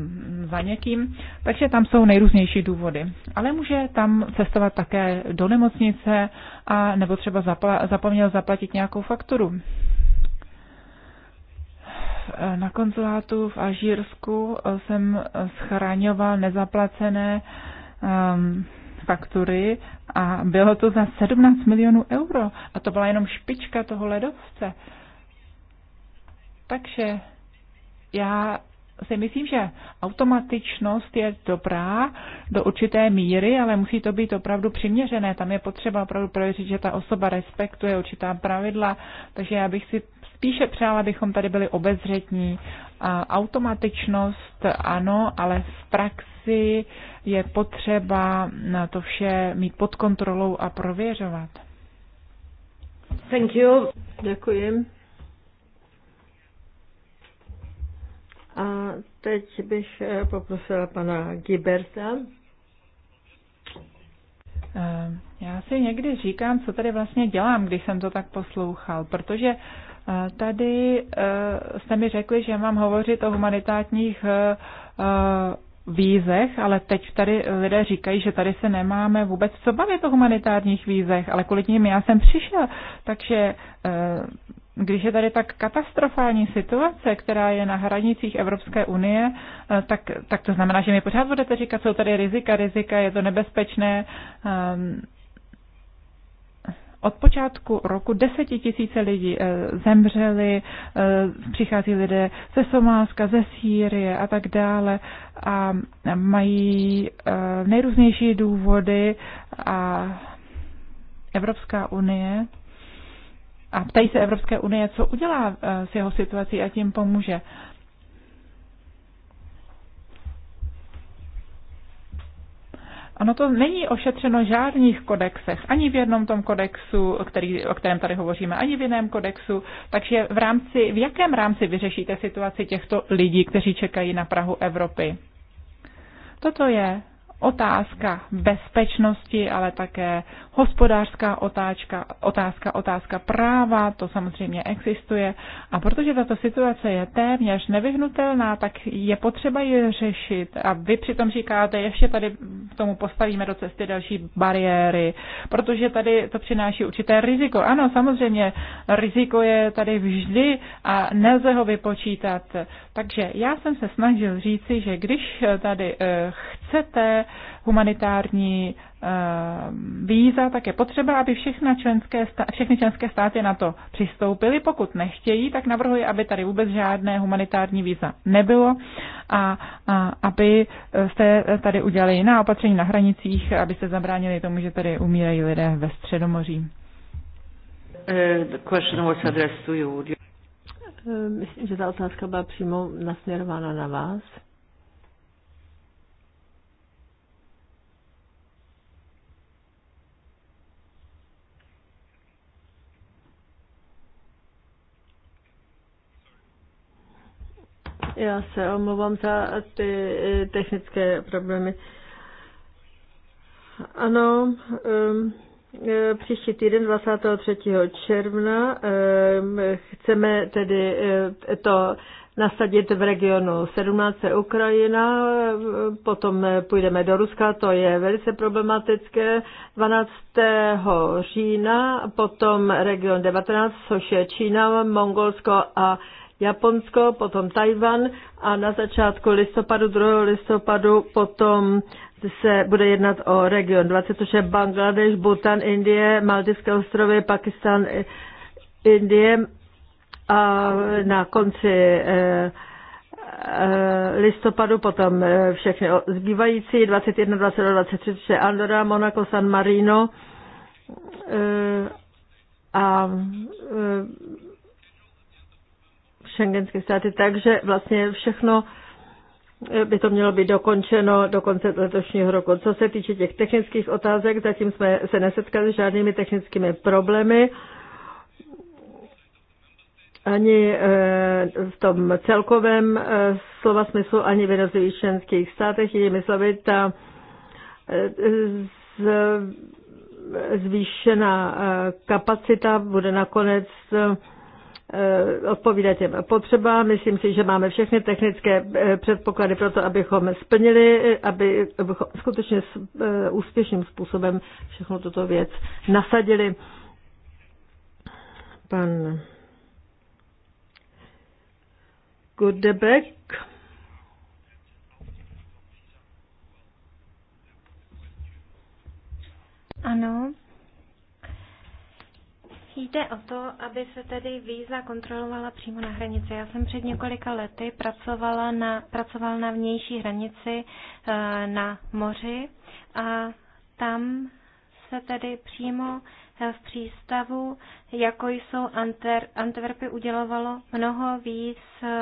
za někým. Takže tam jsou nejrůznější důvody. Ale může tam cestovat také do nemocnice a nebo třeba zapla- zapomněl zaplatit nějakou fakturu. Eh, na konzulátu v Alžírsku eh, jsem schraňoval nezaplacené um, faktury a bylo to za 17 milionů euro a to byla jenom špička toho ledovce. Takže já si myslím, že automatičnost je dobrá do určité míry, ale musí to být opravdu přiměřené. Tam je potřeba opravdu prověřit, že ta osoba respektuje určitá pravidla, takže já bych si Spíše přála bychom tady byli obezřetní. Automatičnost ano, ale v praxi je potřeba na to vše mít pod kontrolou a prověřovat. Thank you. Děkuji. A teď bych eh, poprosila pana Giberta. Eh, já si někdy říkám, co tady vlastně dělám, když jsem to tak poslouchal, protože Tady e, jste mi řekli, že mám hovořit o humanitátních e, e, vízech, ale teď tady lidé říkají, že tady se nemáme vůbec co bavit o humanitárních vízech, ale kvůli tím já jsem přišel. Takže když je tady tak katastrofální situace, která je na hranicích Evropské unie, tak, tak to znamená, že mi pořád budete říkat, jsou tady rizika, rizika, je to nebezpečné. Ehm, od počátku roku desetitisíce lidí eh, zemřeli, eh, přichází lidé ze Somálska, ze Sýrie a tak dále a mají eh, nejrůznější důvody a Evropská unie a ptají se Evropské unie, co udělá s jeho situací a tím pomůže. Ono to není ošetřeno v žádných kodexech, ani v jednom tom kodexu, který, o kterém tady hovoříme, ani v jiném kodexu. Takže v, rámci, v jakém rámci vyřešíte situaci těchto lidí, kteří čekají na Prahu Evropy? Toto je otázka bezpečnosti, ale také hospodářská otáčka, otázka, otázka práva, to samozřejmě existuje. A protože tato situace je téměř nevyhnutelná, tak je potřeba ji řešit. A vy přitom říkáte, ještě tady tomu postavíme do cesty další bariéry, protože tady to přináší určité riziko. Ano, samozřejmě, riziko je tady vždy a nelze ho vypočítat. Takže já jsem se snažil říci, že když tady eh, chcete humanitární eh, víza, tak je potřeba, aby všechna členské, všechny členské státy na to přistoupily. Pokud nechtějí, tak navrhuji, aby tady vůbec žádné humanitární víza nebylo a, a aby jste tady udělali jiná opatření na hranicích, aby se zabránili tomu, že tady umírají lidé ve Středomoří. Eh, the question was addressed to you. Eh, myslím, že ta otázka byla přímo nasměrována na vás. Já se omlouvám za ty eh, technické problémy. Ano, um, E, příští týden 23. června e, chceme tedy e, to nasadit v regionu 17. Ukrajina, potom půjdeme do Ruska, to je velice problematické, 12. října, potom region 19, což je Čína, Mongolsko a Japonsko, potom Tajvan a na začátku listopadu, 2. listopadu, potom se bude jednat o region 20, což je Bangladeš, Bhutan, Indie, Maldivské ostrovy, Pakistan, Indie a na konci eh, eh, listopadu potom eh, všechny zbývající 21, 22, 23, což je Andorra, Monaco, San Marino a šengenské státy. Takže vlastně všechno by to mělo být dokončeno do konce letošního roku. Co se týče těch technických otázek, zatím jsme se nesetkali s žádnými technickými problémy. Ani eh, v tom celkovém eh, slova smyslu, ani v jednotlivých členských státech, jinými slovy, ta eh, zvýšená kapacita bude nakonec Eh, odpovídat těm potřebám. Myslím si, že máme všechny technické eh, předpoklady pro to, abychom splnili, eh, aby, abychom skutečně úspěšným způsobem všechno tuto věc nasadili. Pan Gudebek. Ano, Jde o to, aby se tedy víza kontrolovala přímo na hranici. Já jsem před několika lety pracovala na, pracovala na vnější hranici eh, na moři a tam se tedy přímo eh, v přístavu, jako jsou Anter, Antwerpy, udělovalo mnoho víz,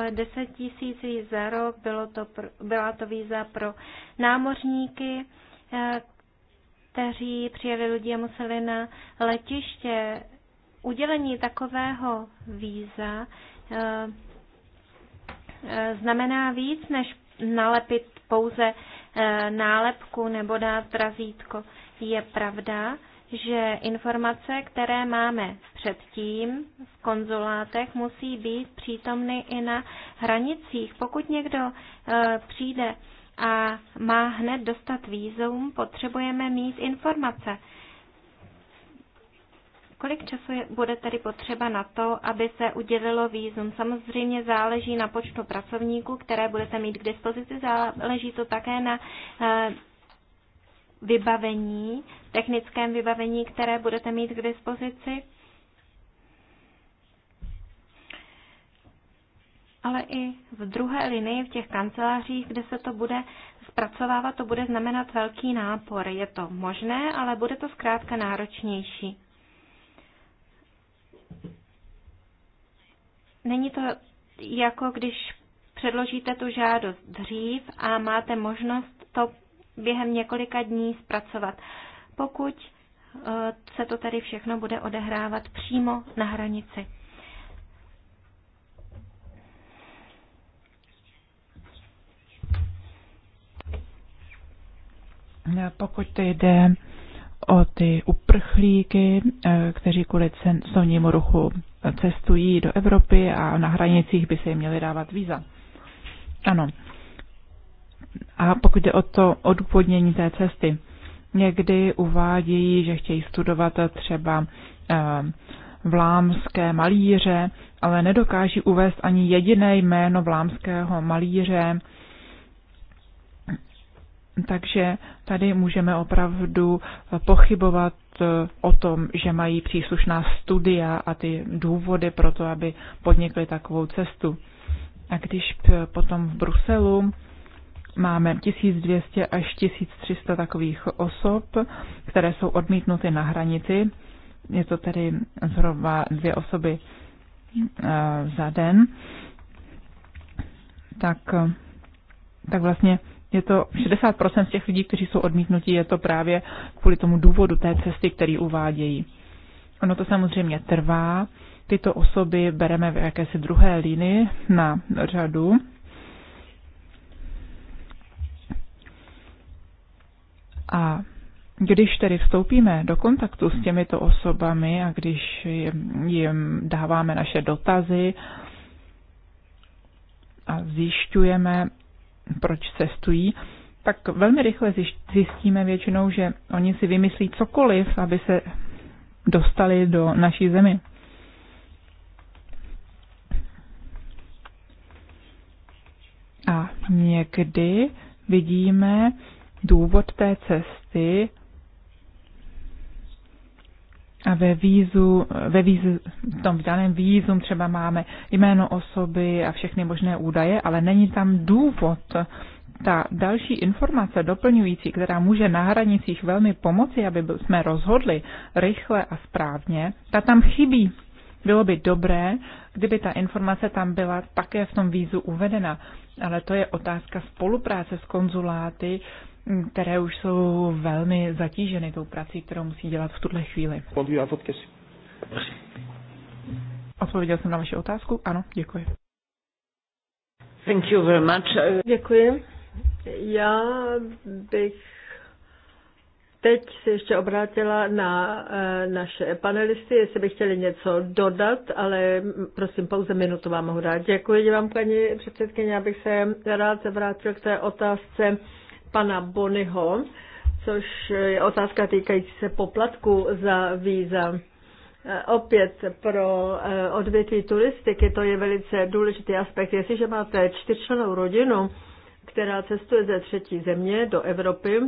10 eh, tisíc víz za rok, bylo to byla to víza pro námořníky, kteří přijeli lidi a museli na letiště udělení takového víza eh, eh, znamená víc, než nalepit pouze eh, nálepku nebo dát razítko. Je pravda, že informace, které máme předtím v konzulátech, musí být přítomny i na hranicích. Pokud někdo přijde a má hned dostat vízum, potřebujeme mít informace. Kolik času je, bude tedy potřeba na to, aby se udělilo výzum? Samozřejmě záleží na počtu pracovníků, které budete mít k dispozici, záleží to také na eh, vybavení, technickém vybavení, které budete mít k dispozici. ale i v druhé linii, v těch kancelářích, kde se to bude zpracovávat, to bude znamenat velký nápor. Je to možné, ale bude to zkrátka náročnější. Není to jako když předložíte tu žádost dřív a máte možnost to během několika dní zpracovat. Pokud eh, se to tady všechno bude odehrávat přímo na hranici. Pokud jde o ty uprchlíky, eh, kteří kvůli cestovnímu ruchu cestují do Evropy a na hranicích by se jim měly dávat víza. Ano. A pokud jde o to odůvodnění té cesty, někdy uvádějí, že chtějí studovat třeba eh, vlámské malíře, ale nedokáží uvést ani jediné jméno vlámského malíře, takže tady můžeme opravdu pochybovat eh, o tom, že mají příslušná studia a ty důvody pro to, aby podnikli takovou cestu. A když potom v Bruselu máme 1200 až 1300 takových osob, které jsou odmítnuty na hranici, je to tedy zhruba dvě osoby eh, za den, tak, eh, tak vlastně je to 60% z těch lidí, kteří jsou odmítnutí, je to právě kvůli tomu důvodu té cesty, který uvádějí. Ono to samozřejmě trvá. Tyto osoby bereme v jakési druhé linii na řadu. A když tedy vstoupíme do kontaktu s těmito osobami a když jim dáváme naše dotazy a zjišťujeme, proč cestují, tak velmi rychle zjistíme většinou, že oni si vymyslí cokoliv, aby se dostali do naší zemi. A někdy vidíme důvod té cesty a ve vízu, ve vízu, v tom daném vízu třeba máme jméno osoby a všechny možné údaje, ale není tam důvod. Ta další informace doplňující, která může na hranicích velmi pomoci, aby jsme rozhodli rychle a správně, ta tam chybí. Bylo by dobré, kdyby ta informace tam byla také v tom vízu uvedena, ale to je otázka spolupráce s konzuláty, Mm, které už jsou velmi zatíženy tou prací, kterou musí dělat v tuhle chvíli. Odpověděl jsem na vaši otázku? Ano, děkuji. Thank you very much. Děkuji. Já bych teď se ještě obrátila na eh, naše panelisty, jestli by chtěli něco dodat, ale prosím, pouze minutu vám mohu dát. Děkuji vám, paní předsedkyně, abych se rád vrátil k té otázce pana Bonyho, což je otázka týkající se poplatku za víza. E, opět pro e, odvětví turistiky to je velice důležitý aspekt. Jestliže máte čtyřčlenou rodinu, která cestuje ze třetí země do Evropy,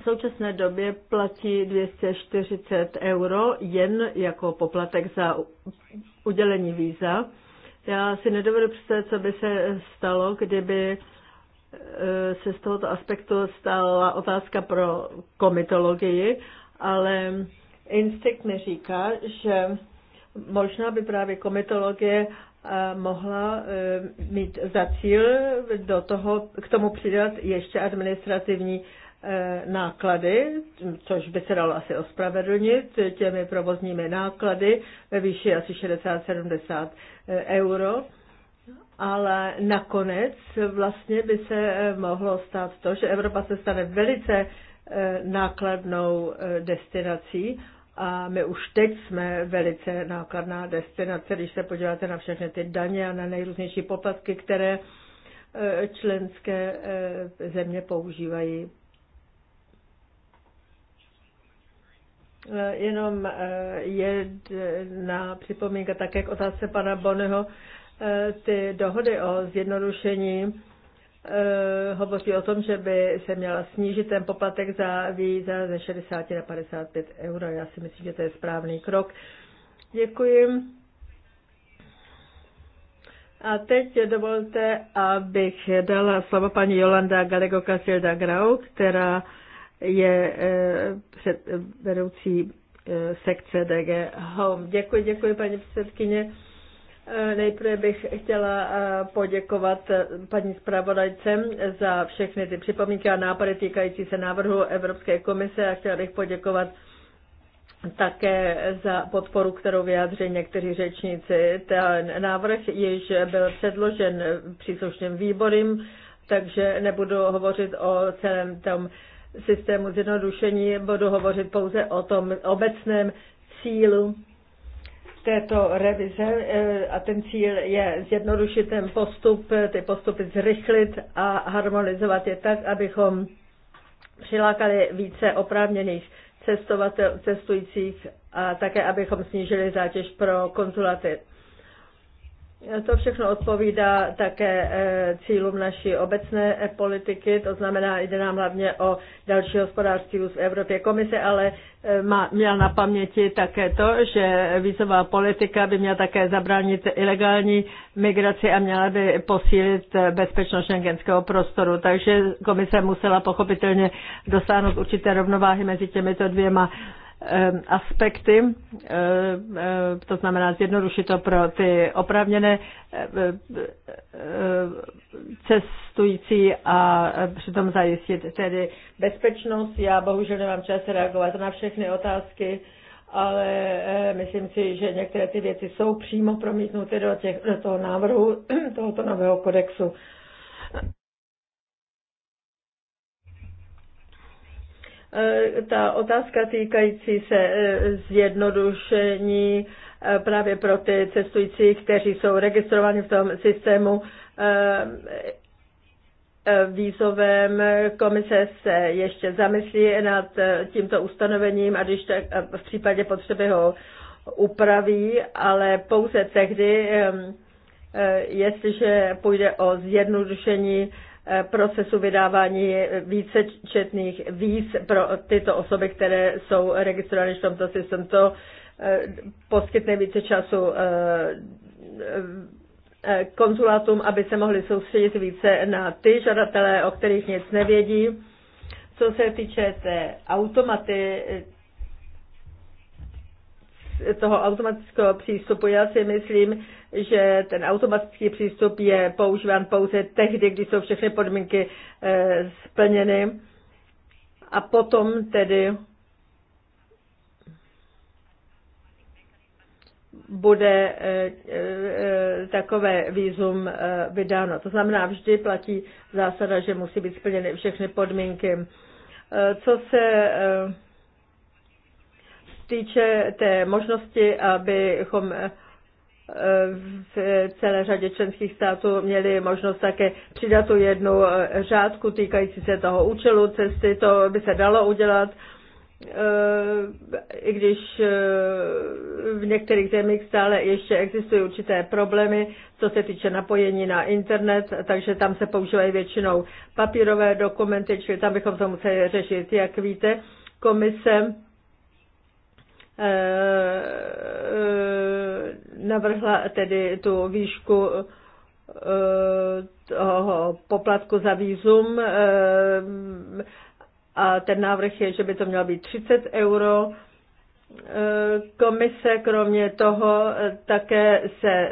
v současné době platí 240 euro jen jako poplatek za udělení víza. Já si nedovedu představit, co by se stalo, kdyby Eh, se z tohoto aspektu stala otázka pro komitologii, ale instinkt mi říká, že možná by právě komitologie eh, mohla eh, mít za cíl do toho, k tomu přidat ještě administrativní náklady, což by se dalo asi ospravedlnit těmi provozními náklady ve výši asi 60-70 euro ale nakonec vlastně by se eh, mohlo stát to, že Evropa se stane velice eh, nákladnou eh, destinací a my už teď jsme velice nákladná destinace, když se podíváte na všechny ty daně a na nejrůznější poplatky, které členské země používají. Jenom jedna připomínka také k otázce pana Boneho ty dohody o zjednodušení eh, hovoří o tom, že by se měla snížit ten poplatek za víza ze 60 na 55 euro. Já si myslím, že to je správný krok. Děkuji. A teď dovolte, abych dala slovo paní Jolanda Galego Casilda Grau, která je eh, před, vedoucí eh, sekce DG Home. Děkuji, děkuji paní předsedkyně. Eh, nejprve bych chtěla eh, poděkovat eh, paní zpravodajce za všechny ty připomínky a nápady týkající se návrhu Evropské komise a chtěla bych poděkovat také za podporu, kterou vyjádří někteří řečníci. Ten návrh již byl předložen příslušným výborem, takže nebudu hovořit o celém tom systému zjednodušení, budu hovořit pouze o tom obecném cílu této revize eh, a ten cíl je zjednodušit ten postup, eh, ty postupy zrychlit a harmonizovat je tak, abychom přilákali více oprávněných cestovatel, cestujících a také, abychom snížili zátěž pro konzulaty. To všechno odpovídá také e, cílům naší obecné e, politiky, to znamená, jde nám hlavně o další hospodářský růst v Evropě. Komise ale e, má, měla na paměti také to, že vízová politika by měla také zabránit ilegální migraci a měla by posílit bezpečnost šengenského prostoru. Takže komise musela pochopitelně dosáhnout určité rovnováhy mezi těmito dvěma Ehm, aspekty, ehm, ehm, to znamená zjednodušit to pro ty oprávněné cestující a přitom zajistit tedy bezpečnost. Já bohužel nemám čas reagovat na všechny otázky, ale myslím si, že některé ty věci jsou přímo promítnuty do, těch, do toho návrhu tohoto nového kodexu. Eh, ta otázka týkající se eh, zjednodušení eh, právě pro ty cestující, kteří jsou registrováni v tom systému výzovém komise se ještě zamyslí nad tímto ustanovením a když tak v případě potřeby ho upraví, ale pouze tehdy, jestliže půjde o zjednodušení Eh, procesu vydávání vícečetných víz pro tyto osoby, které jsou registrovány v tomto systému. To eh, poskytne více času eh, konzulátům, aby se mohli soustředit více na ty žadatelé, o kterých nic nevědí. Co se týče té automaty, toho automatického přístupu, já si myslím, že ten automatický přístup je používán pouze tehdy, kdy jsou všechny podmínky eh, splněny a potom tedy bude eh, eh, takové výzum vydáno. To znamená, vždy platí zásada, že musí být splněny všechny podmínky. Co se týče té možnosti, abychom v celé řadě členských států měli možnost také přidat tu jednu eh, řádku týkající se toho účelu cesty, to by se dalo udělat, eh, i když eh, v některých zemích stále ještě existují určité problémy, co se týče napojení na internet, takže tam se používají většinou papírové dokumenty, čili tam bychom to museli řešit, jak víte, komise Eh, eh, navrhla tedy tu výšku eh, toho poplatku za výzum a ten návrh je, že by to mělo být 30 euro. Komise kromě toho také se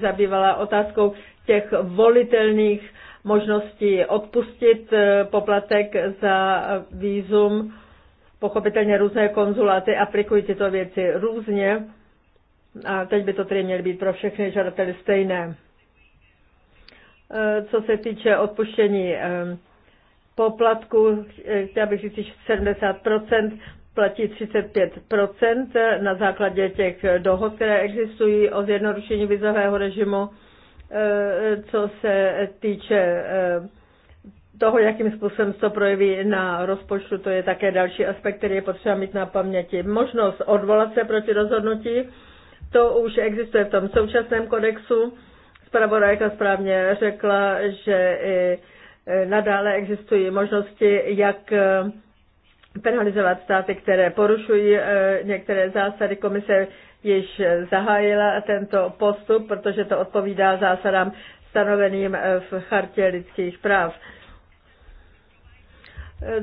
zabývala otázkou těch volitelných možností odpustit poplatek za výzum Pochopitelně různé konzuláty aplikují tyto věci různě a teď by to tedy měly být pro všechny žadatele stejné. E, co se týče odpuštění e, poplatku, chtěla bych říct, že 70% platí 35% na základě těch dohod, které existují o zjednodušení vizového režimu. E, co se týče toho, jakým způsobem se to projeví na rozpočtu, to je také další aspekt, který je potřeba mít na paměti. Možnost odvolat se proti rozhodnutí, to už existuje v tom současném kodexu. Spravodajka správně řekla, že i e, nadále existují možnosti, jak e, penalizovat státy, které porušují e, některé zásady. Komise již zahájila tento postup, protože to odpovídá zásadám stanoveným v chartě lidských práv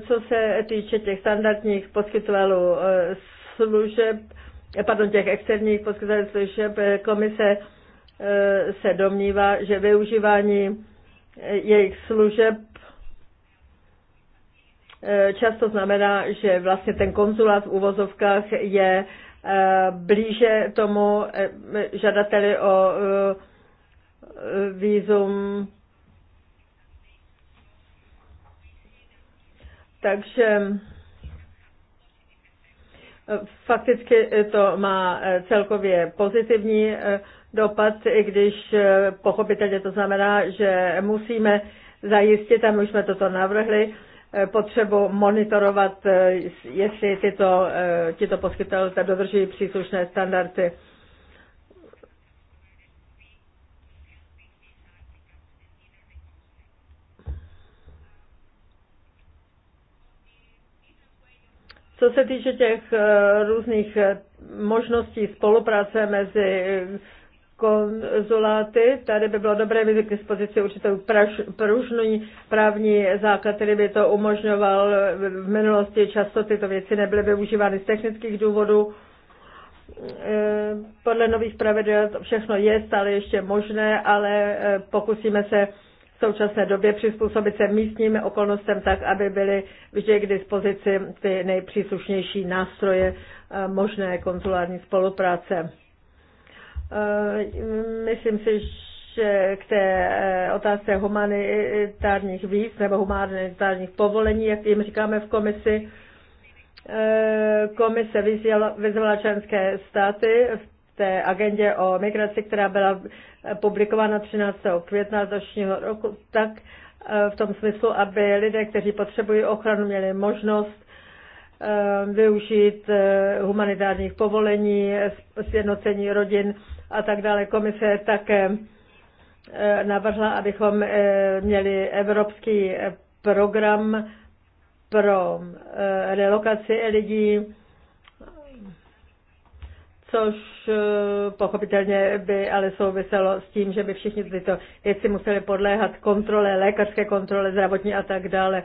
co se týče těch standardních poskytovalů eh, služeb, eh, pardon, těch externích poskytovatelů služeb, eh, komise se domnívá, že využívání jejich služeb často znamená, že vlastně ten konzulát v uvozovkách je blíže tomu žadateli o výzum Takže eh, fakticky eh, to má eh, celkově pozitivní dopad, i když pochopitelně to znamená, že musíme zajistit, a my už jsme toto navrhli, potřebu monitorovat, jestli tyto, tyto poskytovatelé dodržují příslušné standardy. Co se týče těch eh, různých eh, možností spolupráce mezi eh, konzuláty, tady by bylo dobré mít k dispozici určitou pružný právní základ, který by to umožňoval. V minulosti často tyto věci nebyly využívány z technických důvodů. Podle nových pravidel to všechno je stále ještě možné, ale pokusíme se v současné době přizpůsobit se místním okolnostem tak, aby byly vždy k dispozici ty nejpříslušnější nástroje eh, možné konzulární spolupráce. Eh, myslím si, že k té eh, otázce humanitárních víz nebo humanitárních povolení, jak jim říkáme v komisi, komise vyzvala členské státy v té agendě o migraci, která byla eh, publikována 13. května letošního roku, tak eh, v tom smyslu, aby lidé, kteří potřebují ochranu, měli možnost eh, využít humanitárních povolení, sjednocení rodin a tak dále. Komise také navrhla, abychom měli evropský program pro relokaci lidí což eh, pochopitelně by ale souviselo s tím, že by všichni tyto věci museli podléhat kontrole, lékařské kontrole, zdravotní a tak dále.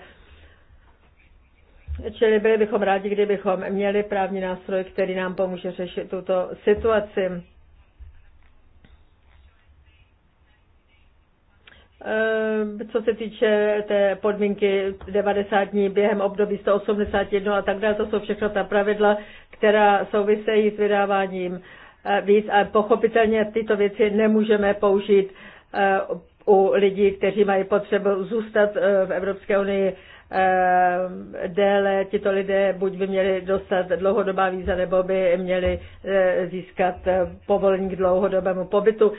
Čili byli bychom rádi, kdybychom měli právní nástroj, který nám pomůže řešit tuto situaci. Eh, co se týče té podmínky 90 dní během období 181 a tak dále, to jsou všechno ta pravidla, která souvisejí s vydáváním eh, víc a pochopitelně tyto věci nemůžeme použít eh, u lidí, kteří mají potřebu zůstat v Evropské unii déle. Tito lidé buď by měli dostat dlouhodobá víza, nebo by měli získat povolení k dlouhodobému pobytu.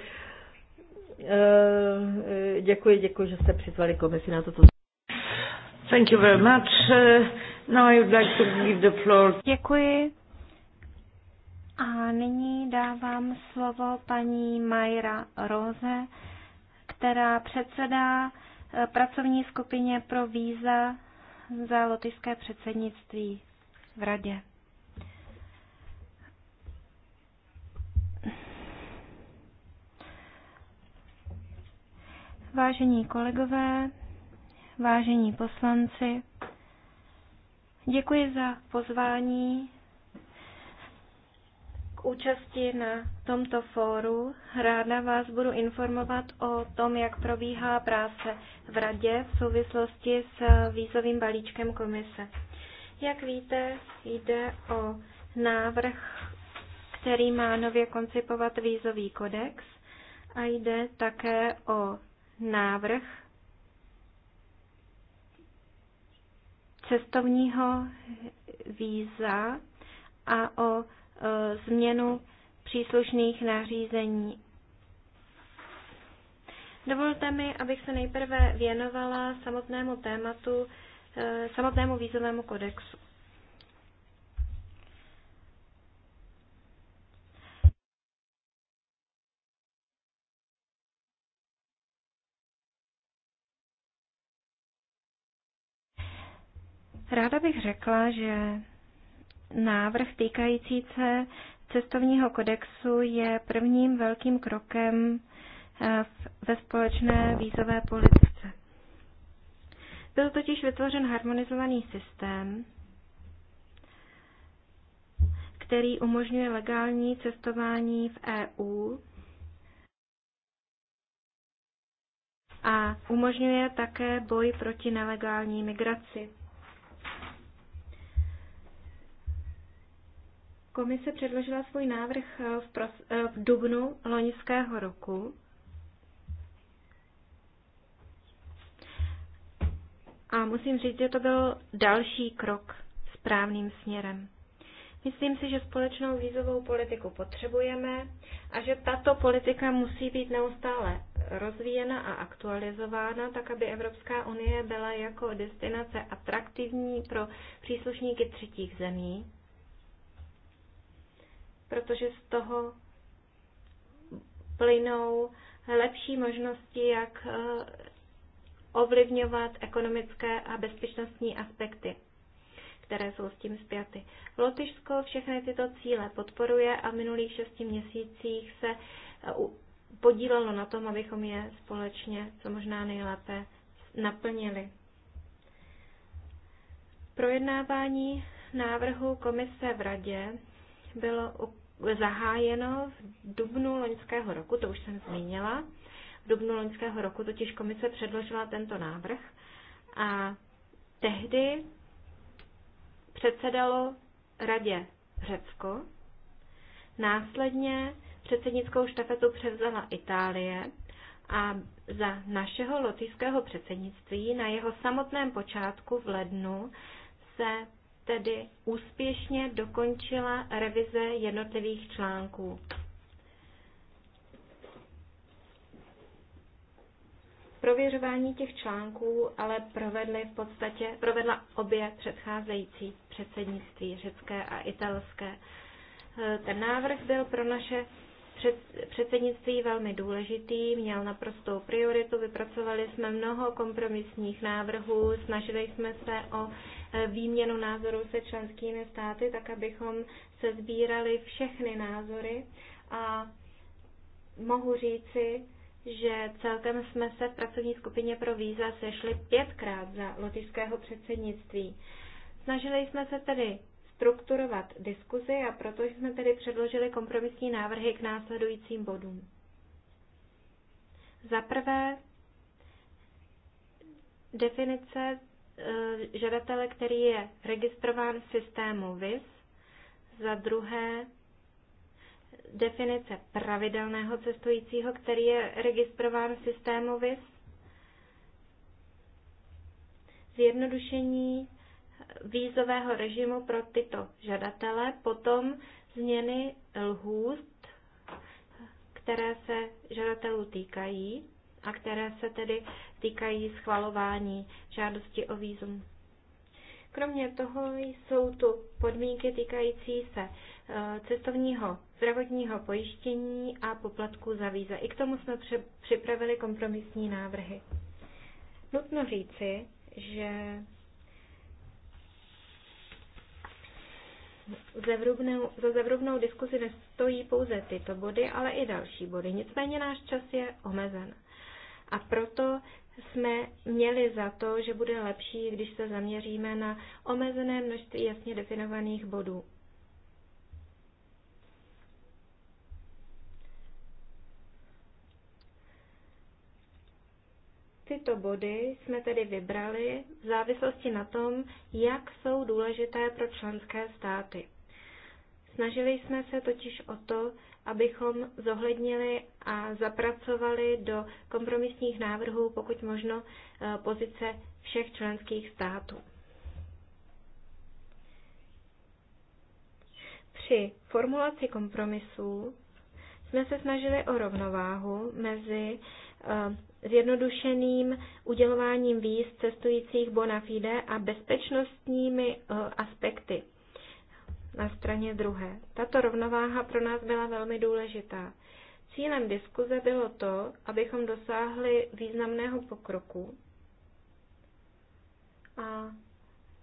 Eh, děkuji, děkuji, že jste přizvali komisi na toto. Thank you very much. Eh, now I would like to give the floor. Děkuji. A nyní dávám slovo paní Majra Roze, která předsedá eh, pracovní skupině pro víza za lotyšské předsednictví v Radě. Vážení kolegové, vážení poslanci, děkuji za pozvání k účasti na tomto fóru. Ráda vás budu informovat o tom, jak probíhá práce v Radě v souvislosti s výzovým balíčkem komise. Jak víte, jde o návrh, který má nově koncipovat výzový kodex a jde také o návrh cestovního víza a o e, změnu příslušných nařízení. Dovolte mi, abych se nejprve věnovala samotnému tématu, e, samotnému vízovému kodexu. Ráda bych řekla, že návrh týkající se cestovního kodexu je prvním velkým krokem eh, ve společné vízové politice. Byl totiž vytvořen harmonizovaný systém, který umožňuje legální cestování v EU a umožňuje také boj proti nelegální migraci. Komise předložila svůj návrh eh, v, pros- eh, v dubnu loňského roku. A musím říct, že to byl další krok správným směrem. Myslím si, že společnou vízovou politiku potřebujeme a že tato politika musí být neustále rozvíjena a aktualizována, tak aby Evropská unie byla jako destinace atraktivní pro příslušníky třetích zemí, protože z toho plynou lepší možnosti, jak eh, ovlivňovat ekonomické a bezpečnostní aspekty, které jsou s tím zpěty. Lotyšsko všechny tyto cíle podporuje a v minulých šesti měsících se eh, podílelo na tom, abychom je společně co možná nejlépe naplnili. Projednávání návrhu komise v radě bylo zahájeno v dubnu loňského roku, to už jsem zmínila. V dubnu loňského roku totiž komise předložila tento návrh a tehdy předsedalo radě Řecko. Následně předsednickou štafetu převzala Itálie a za našeho lotyšského předsednictví na jeho samotném počátku v lednu se tedy úspěšně dokončila revize jednotlivých článků. Prověřování těch článků ale provedly v podstatě, provedla obě předcházející předsednictví, řecké a italské. Ten návrh byl pro naše před, předsednictví velmi důležitý, měl naprostou prioritu, vypracovali jsme mnoho kompromisních návrhů, snažili jsme se o e, výměnu názorů se členskými státy, tak abychom se sbírali všechny názory a mohu říci, že celkem jsme se v pracovní skupině pro víza sešli pětkrát za lotyšského předsednictví. Snažili jsme se tedy strukturovat diskuzi a proto jsme tedy předložili kompromisní návrhy k následujícím bodům. Za prvé, definice eh, žadatele, který je registrován v systému VIS. Za druhé, definice pravidelného cestujícího, který je registrován v systému VIS. Zjednodušení vízového režimu pro tyto žadatele, potom změny lhůst, které se žadatelů týkají a které se tedy týkají schvalování žádosti o vízum. Kromě toho jsou tu podmínky týkající se eh, cestovního zdravotního pojištění a poplatku za víza. I k tomu jsme připravili kompromisní návrhy. Nutno říci, že zevrubnou, za zevrubnou diskusi nestojí pouze tyto body, ale i další body. Nicméně náš čas je omezen. A proto jsme měli za to, že bude lepší, když se zaměříme na omezené množství jasně definovaných bodů. Tyto body jsme tedy vybrali v závislosti na tom, jak jsou důležité pro členské státy. Snažili jsme se totiž o to, abychom zohlednili a zapracovali do kompromisních návrhů pokud možno eh, pozice všech členských států. Při formulaci kompromisů jsme se snažili o rovnováhu mezi eh, zjednodušeným udělováním víz cestujících bona fide a bezpečnostními eh, aspekty na straně druhé. Tato rovnováha pro nás byla velmi důležitá. Cílem diskuze bylo to, abychom dosáhli významného pokroku a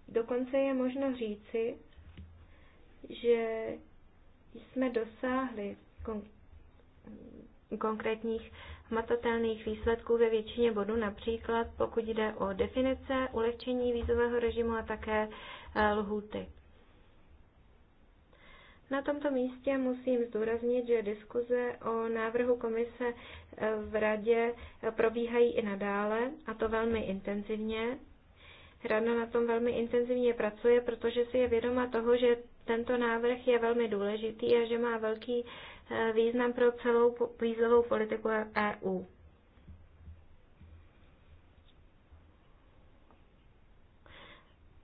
dokonce je možno říci, že jsme dosáhli konkrétních hmatatelných výsledků ve většině bodů, například pokud jde o definice, ulehčení vízového režimu a také eh, lhuty. Na tomto místě musím zdůraznit, že diskuze o návrhu komise eh, v radě eh, probíhají i nadále, a to velmi intenzivně. Rada na tom velmi intenzivně pracuje, protože si je vědoma toho, že tento návrh je velmi důležitý a že má velký Eh, význam pro celou vízovou politiku EU.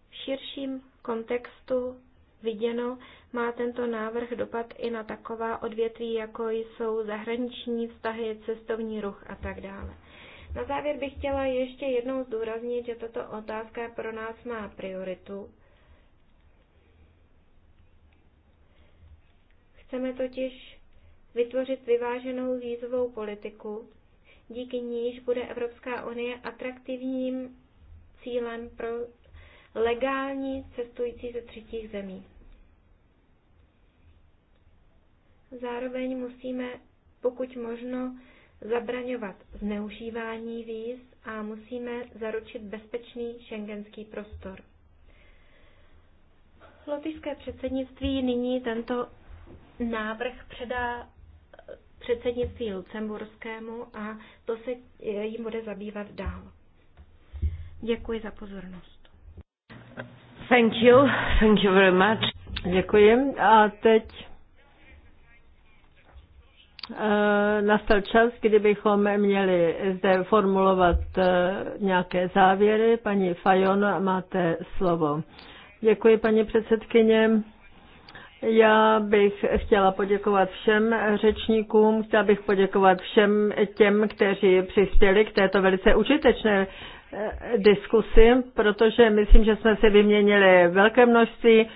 V širším kontextu viděno má tento návrh dopad i na taková odvětví, jako jsou zahraniční vztahy, cestovní ruch a tak dále. Na závěr bych chtěla ještě jednou zdůraznit, že tato otázka pro nás má prioritu. Chceme totiž vytvořit vyváženou vízovou politiku, díky níž bude Evropská unie atraktivním cílem pro legální cestující ze třetích zemí. Zároveň musíme, pokud možno, zabraňovat zneužívání víz a musíme zaručit bezpečný šengenský prostor. Lotyšské předsednictví nyní tento návrh předá předsednictví lucemburskému a to se e, jim bude zabývat dál. Děkuji za pozornost. Thank you. Thank you very much. Děkuji. A teď e, nastal čas, kdybychom měli zde formulovat e, nějaké závěry. Paní Fajon, máte slovo. Děkuji, paní předsedkyně. Já bych chtěla poděkovat všem řečníkům, chtěla bych poděkovat všem těm, kteří přispěli k této velice užitečné eh, diskusi, protože myslím, že jsme si vyměnili velké množství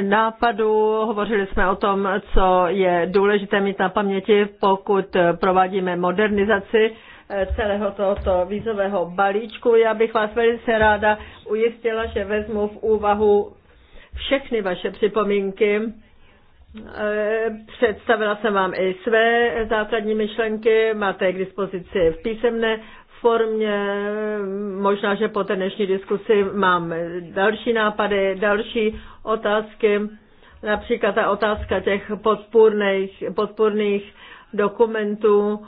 nápadů, hovořili jsme o tom, co je důležité mít na paměti, pokud provádíme modernizaci eh, celého tohoto vízového balíčku. Já bych vás velice ráda ujistila, že vezmu v úvahu všechny vaše připomínky. Eh, představila jsem vám i své základní myšlenky, máte je k dispozici v písemné formě. Možná, že po té dnešní diskusi mám další nápady, další otázky. Například ta otázka těch podpůrných, podpůrných dokumentů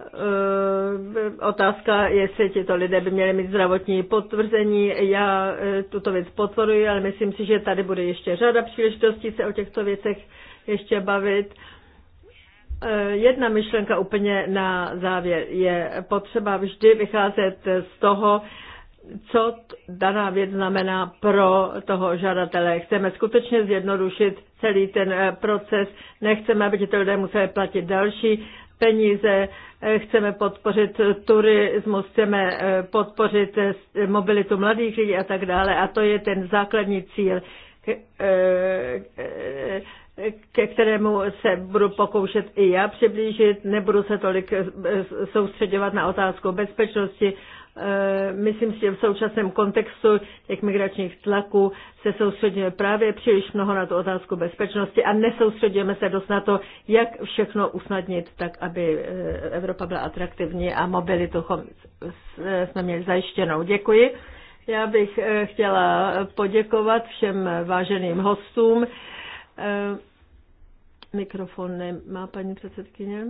Eh, otázka, jestli tito lidé by měli mít zdravotní potvrzení. Já eh, tuto věc potvoruji, ale myslím si, že tady bude ještě řada příležitostí se o těchto věcech ještě bavit. Eh, jedna myšlenka úplně na závěr. Je potřeba vždy vycházet z toho, co daná věc znamená pro toho žadatele. Chceme skutečně zjednodušit celý ten proces, nechceme, aby tyto lidé museli platit další peníze, chceme podpořit turismus, chceme eh, podpořit eh, eh, mobilitu mladých lidí a tak dále. A to je ten základní cíl, ke kterému se budu pokoušet i já přiblížit. Nebudu se tolik soustředovat na otázku bezpečnosti, Eh, myslím si, že v současném kontextu těch migračních tlaků se soustředíme právě příliš mnoho na tu otázku bezpečnosti a nesoustředíme se dost na to, jak všechno usnadnit tak, aby eh, Evropa byla atraktivní a mobilitu eh, jsme měli zajištěnou. Děkuji. Já bych chtěla poděkovat všem váženým hostům. Mikrofon nemá paní předsedkyně.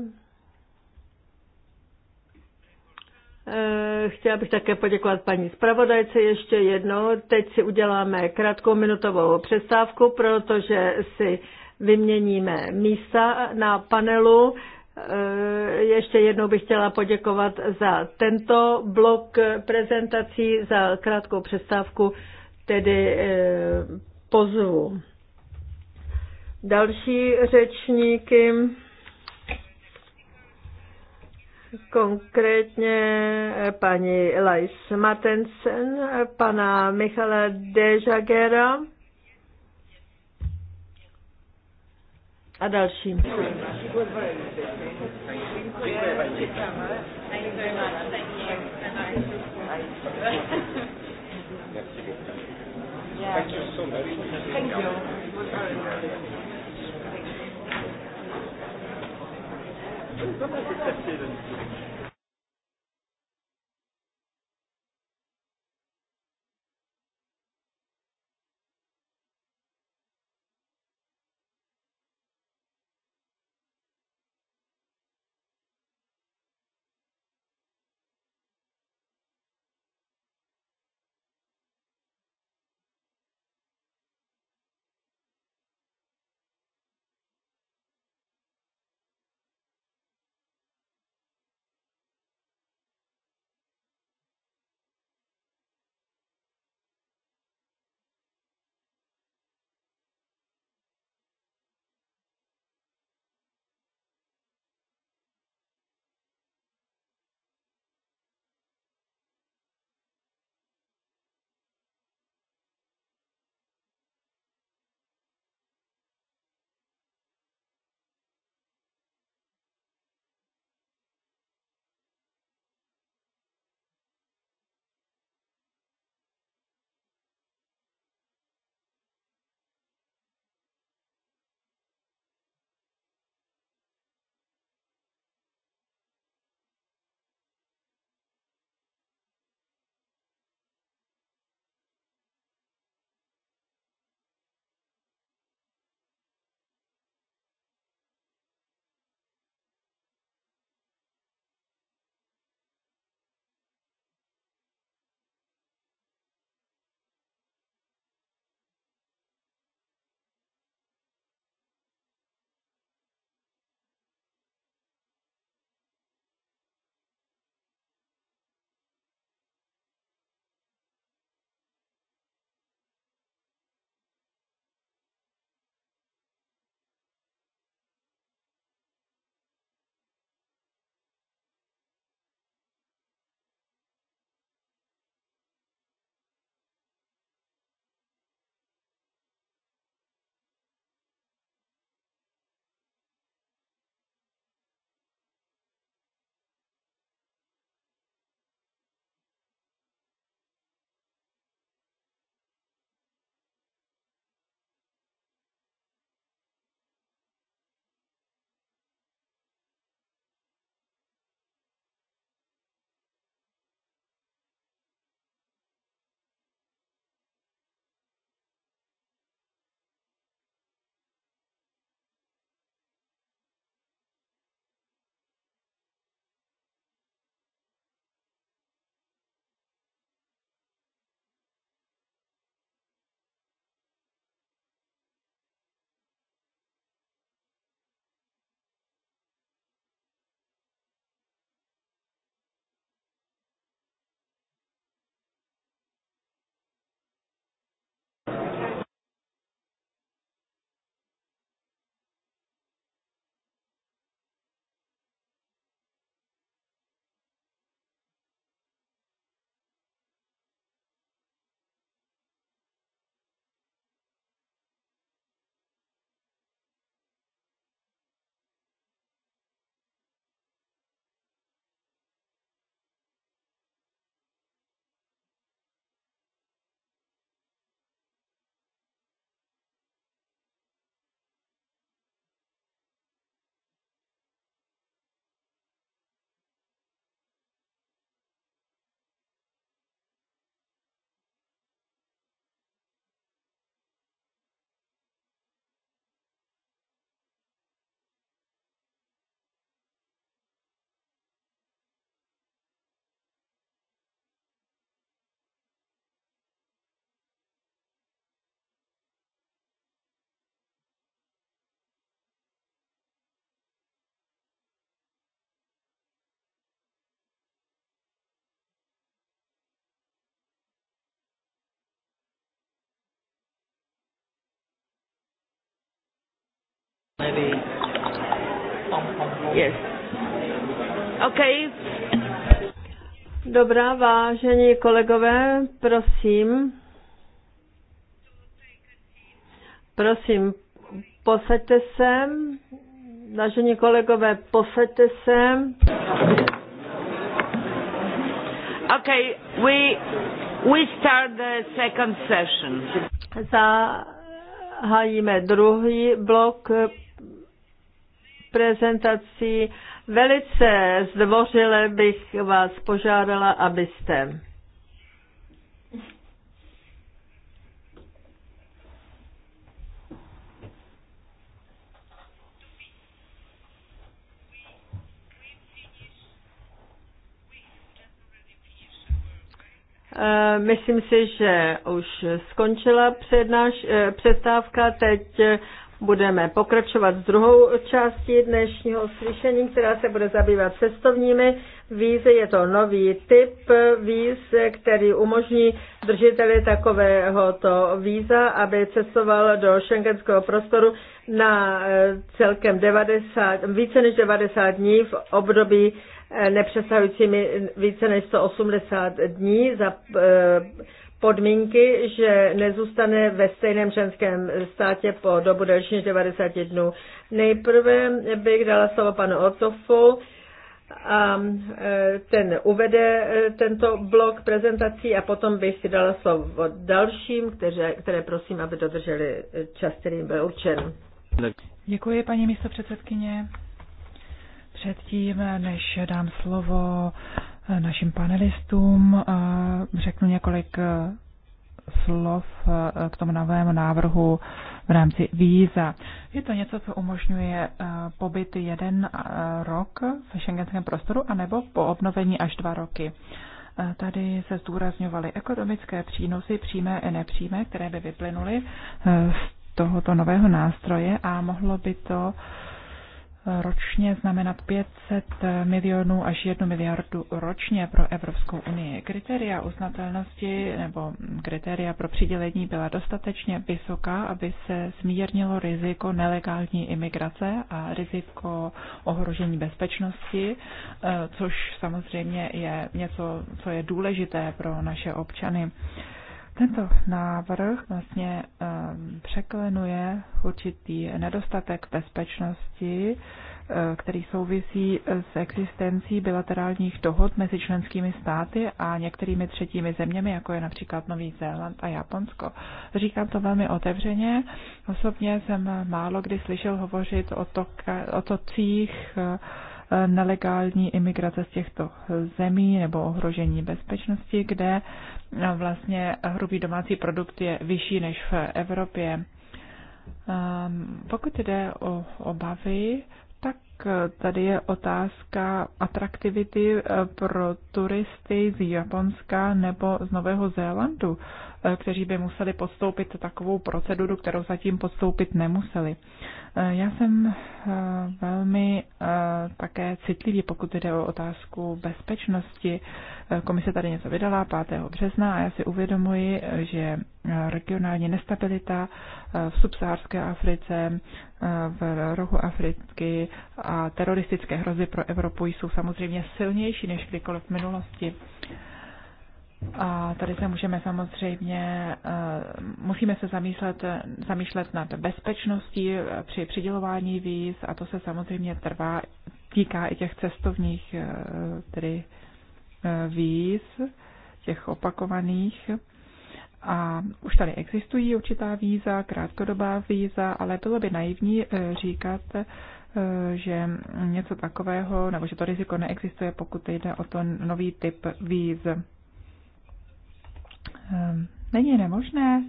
Eh, chtěla bych také poděkovat paní zpravodajce ještě jednou. Teď si uděláme krátkou minutovou přestávku, protože si vyměníme místa na panelu. Eh, ještě jednou bych chtěla poděkovat za tento blok prezentací, za krátkou přestávku, tedy eh, pozvu další řečníky konkrétně eh, paní Elias Martensen, eh, pana Michala Dejagera a další. Thank you so much. Thank you. Comment c'est facile Maybe. Yes. Okay. Dobrá, vážení kolegové, prosím. Prosím, posaďte se. Vážení kolegové, posaďte se. OK, we, we start the second session. Zahájíme druhý blok prezentací. Velice zdvořile bych vás požádala, abyste eh, Myslím si, že už skončila přednáš, eh, přestávka. Teď Budeme pokračovat s druhou částí dnešního slyšení, která se bude zabývat cestovními víze. Je to nový typ víz, který umožní držiteli takovéhoto víza, aby cestoval do šengenského prostoru na eh, celkem 90, více než 90 dní v období eh, nepřesahujícími více než 180 dní za eh, podmínky, že nezůstane ve stejném ženském státě po dobu delší než 90 dnů. Nejprve bych dala slovo panu Otofu um, a eh, ten uvede eh, tento blok prezentací a potom bych si dala slovo dalším, které, které prosím, aby dodrželi čas, který byl určen. Děkuji, paní místo předsedkyně. Předtím, než dám slovo našim panelistům. Řeknu několik e, slov e, k tomu novému návrhu v rámci víza. Je to něco, co umožňuje e, pobyt jeden rok v šengenském prostoru anebo po obnovení až dva roky. Tady se zdůrazňovaly ekonomické přínosy, přímé i nepřímé, které by vyplynuly z tohoto nového nástroje a mohlo by to ročně znamenat 500 milionů až 1 miliardu ročně pro Evropskou unii. Kritéria uznatelnosti nebo kritéria pro přidělení byla dostatečně vysoká, aby se zmírnilo riziko nelegální imigrace a riziko ohrožení bezpečnosti, eh, což samozřejmě je něco, co je důležité pro naše občany. Tento návrh vlastně ehm, překlenuje určitý nedostatek bezpečnosti, ehm, který souvisí s existencí bilaterálních dohod mezi členskými státy a některými třetími zeměmi, jako je například Nový Zéland a Japonsko. Říkám to velmi otevřeně. Osobně jsem málo kdy slyšel hovořit o, toka, o tocích ehm, nelegální imigrace z těchto zemí nebo ohrožení bezpečnosti, kde No, vlastně hrubý domácí produkt je vyšší než v Evropě. Ehm, pokud jde o obavy, tak tady je otázka atraktivity eh, pro turisty z Japonska nebo z Nového Zélandu kteří by museli podstoupit takovou proceduru, kterou zatím podstoupit nemuseli. Eh, já jsem eh, velmi eh, také citlivý, pokud jde o otázku bezpečnosti. Komise tady něco vydala 5. března a já si uvědomuji, že regionální nestabilita v subsaharské Africe, v rohu Afriky a teroristické hrozby pro Evropu jsou samozřejmě silnější než kdykoliv v minulosti. A tady se můžeme samozřejmě, eh, musíme se zamýšlet, zamýšlet nad bezpečností eh, při přidělování víz a to se samozřejmě trvá, týká i těch cestovních eh, tedy víz, těch opakovaných. A už tady existují určitá víza, krátkodobá víza, ale bylo by naivní říkat, že něco takového, nebo že to riziko neexistuje, pokud jde o to nový typ víz. Ehm, není nemožné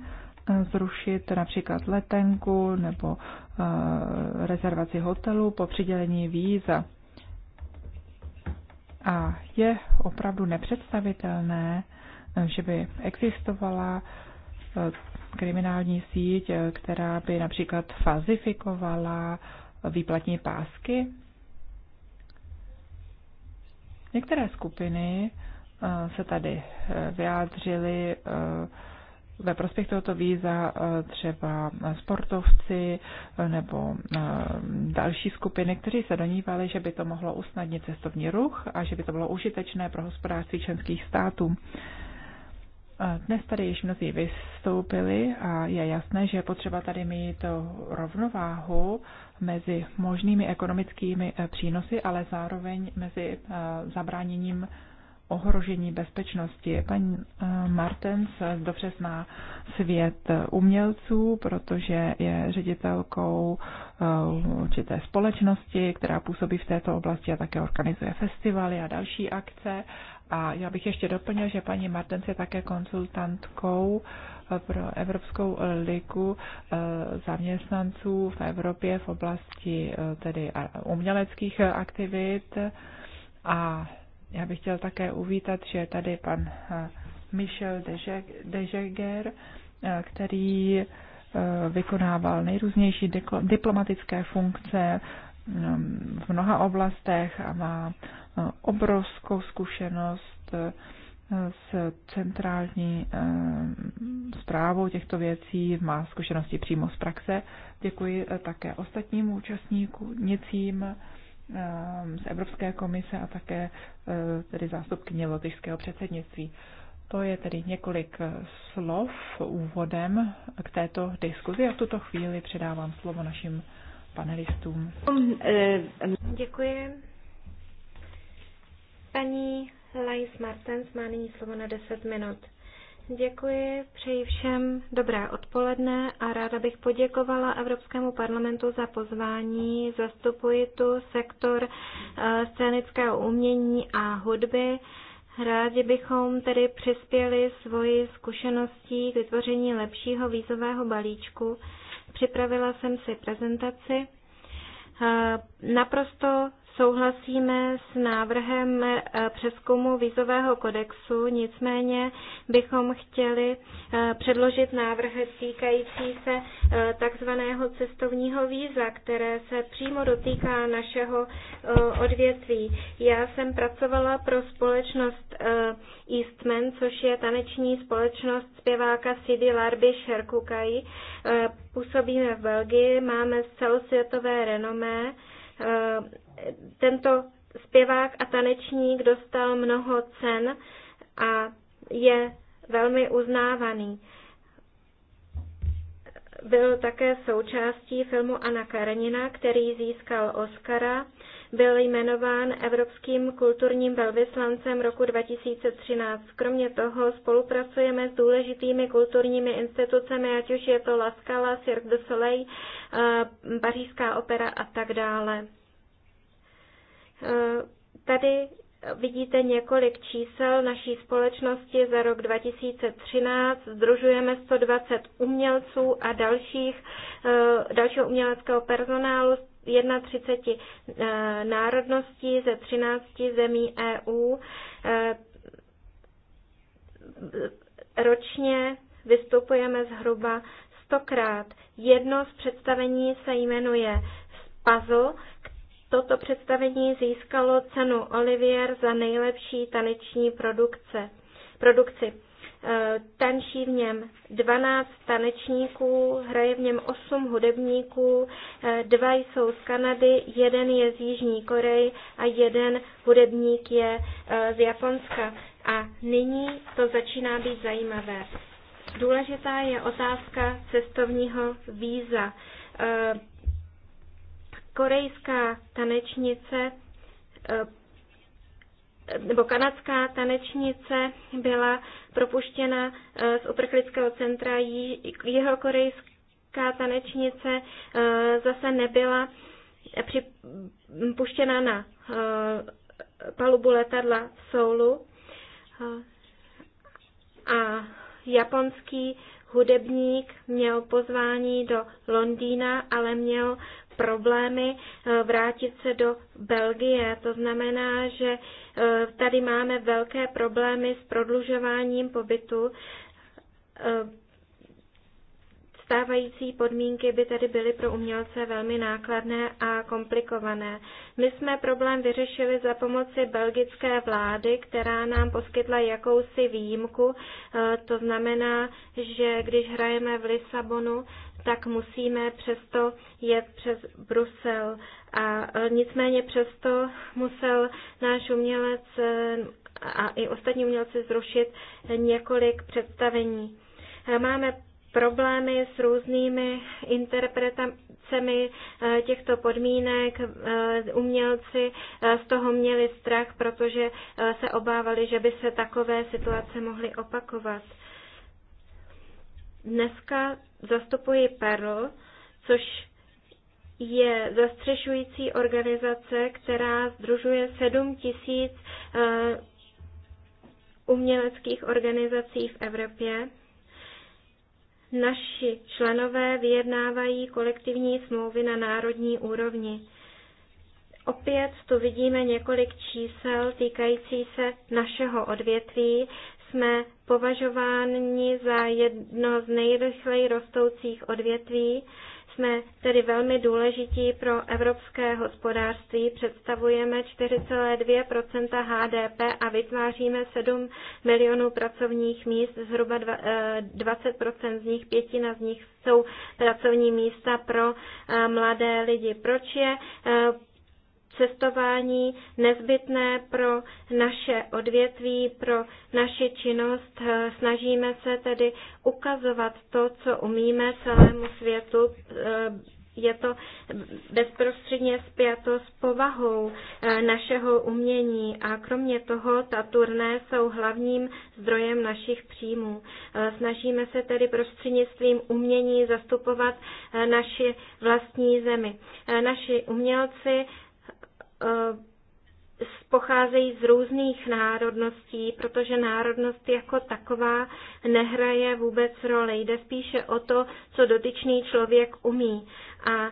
eh, zrušit například letenku nebo eh, rezervaci hotelu po přidělení víza. A je opravdu nepředstavitelné, eh, že by existovala kriminální síť, která by například fazifikovala výplatní pásky. Některé skupiny Eh, se tady eh, vyjádřili eh, ve prospěch tohoto víza třeba sportovci nebo další skupiny, kteří se donívali, že by to mohlo usnadnit cestovní ruch a že by to bylo užitečné pro hospodářství členských států. Dnes tady již mnozí vystoupili a je jasné, že je potřeba tady mít rovnováhu mezi možnými ekonomickými přínosy, ale zároveň mezi zabráněním ohrožení bezpečnosti. Paní eh, Martens dobře zná svět umělců, protože je ředitelkou eh, určité společnosti, která působí v této oblasti a také organizuje festivaly a další akce. A já bych ještě doplnil, že paní Martens je také konzultantkou eh, pro Evropskou ligu zaměstnanců v Evropě v oblasti tedy uměleckých aktivit a já bych chtěl také uvítat, že je tady pan eh, Michel Dejeger, eh, který eh, vykonával nejrůznější diplomatické funkce mm, v mnoha oblastech a má obrovskou zkušenost s centrální zprávou těchto věcí, má zkušenosti přímo z praxe. Děkuji také ostatním účastníkům, Ehm, z Evropské komise a také eh, tedy zástupkyně lotyšského předsednictví. To je tedy několik eh, slov úvodem k této diskuzi a v tuto chvíli předávám slovo našim panelistům. Děkuji. Paní Lais Martens má nyní slovo na 10 minut. Děkuji, přeji všem dobré odpoledne a ráda bych poděkovala Evropskému parlamentu za pozvání. Zastupuji tu sektor eh, scénického umění a hudby. Rádi bychom tedy přispěli svoji zkušeností k vytvoření lepšího vízového balíčku. Připravila jsem si prezentaci. Eh, naprosto souhlasíme s návrhem eh, přeskumu vízového kodexu, nicméně bychom chtěli eh, předložit návrh týkající se eh, takzvaného cestovního víza, které se přímo dotýká našeho odvětví. Já jsem pracovala pro společnost Eastman, což je taneční společnost zpěváka Sidi Larby Šerkukaj. Působíme v Belgii, máme celosvětové renomé tento zpěvák a tanečník dostal mnoho cen a je velmi uznávaný. Byl také součástí filmu Anna Karenina, který získal Oscara. Byl jmenován Evropským kulturním velvyslancem roku 2013. Kromě toho spolupracujeme s důležitými kulturními institucemi, ať už je to Laskala, Cirque du Soleil, eh, Pařížská opera a tak dále. Eh, tady vidíte několik čísel naší společnosti za rok 2013. Združujeme 120 umělců a dalších, eh, dalšího uměleckého personálu 31 eh, národností ze 13 zemí EU. Ročně vystupujeme zhruba stokrát. Jedno z představení se jmenuje Puzzle, Toto představení získalo cenu Olivier za nejlepší taneční produkce, produkci. E, tančí v něm 12 tanečníků, hraje v něm 8 hudebníků, e, dva jsou z Kanady, jeden je z Jižní Koreji a jeden hudebník je e, z Japonska. A nyní to začíná být zajímavé. Důležitá je otázka cestovního víza korejská tanečnice eh, nebo kanadská tanečnice byla propuštěna eh, z uprchlického centra, jeho korejská tanečnice eh, zase nebyla připuštěna na palubu letadla v Soulu a japonský hudebník měl pozvání do Londýna, ale měl problémy eh, vrátit se do Belgie. To znamená, že eh, tady máme velké problémy s prodlužováním pobytu. Eh, stávající podmínky by tedy byly pro umělce velmi nákladné a komplikované. My jsme problém vyřešili za pomoci belgické vlády, která nám poskytla jakousi výjimku. To znamená, že když hrajeme v Lisabonu, tak musíme přesto jet přes Brusel. A e, nicméně přesto musel náš umělec e, a i ostatní umělci zrušit několik představení. E, máme problémy s různými interpretacemi těchto podmínek. Umělci z toho měli strach, protože se obávali, že by se takové situace mohly opakovat. Dneska zastupuji Perl, což je zastřešující organizace, která združuje 7 tisíc eh, uměleckých organizací v Evropě. Naši členové vyjednávají kolektivní smlouvy na národní úrovni. Opět tu vidíme několik čísel týkající se našeho odvětví jsme považováni za jedno z nejrychleji rostoucích odvětví, jsme tedy velmi důležití pro evropské hospodářství, představujeme 4,2 HDP a vytváříme 7 milionů pracovních míst, zhruba 20 eh, z nich, pětina z nich jsou pracovní místa pro eh, mladé lidi. Proč je eh, cestování nezbytné pro naše odvětví, pro naši činnost. Snažíme se tedy ukazovat to, co umíme celému světu. Je to bezprostředně zpěto s povahou eh, našeho umění a kromě toho ta turné jsou hlavním zdrojem našich příjmů. Eh, snažíme se tedy prostřednictvím umění zastupovat eh, naši vlastní zemi. Naši umělci Eh, pocházejí z různých národností, protože národnost jako taková nehraje vůbec roli. Jde spíše o to, co dotyčný člověk umí. A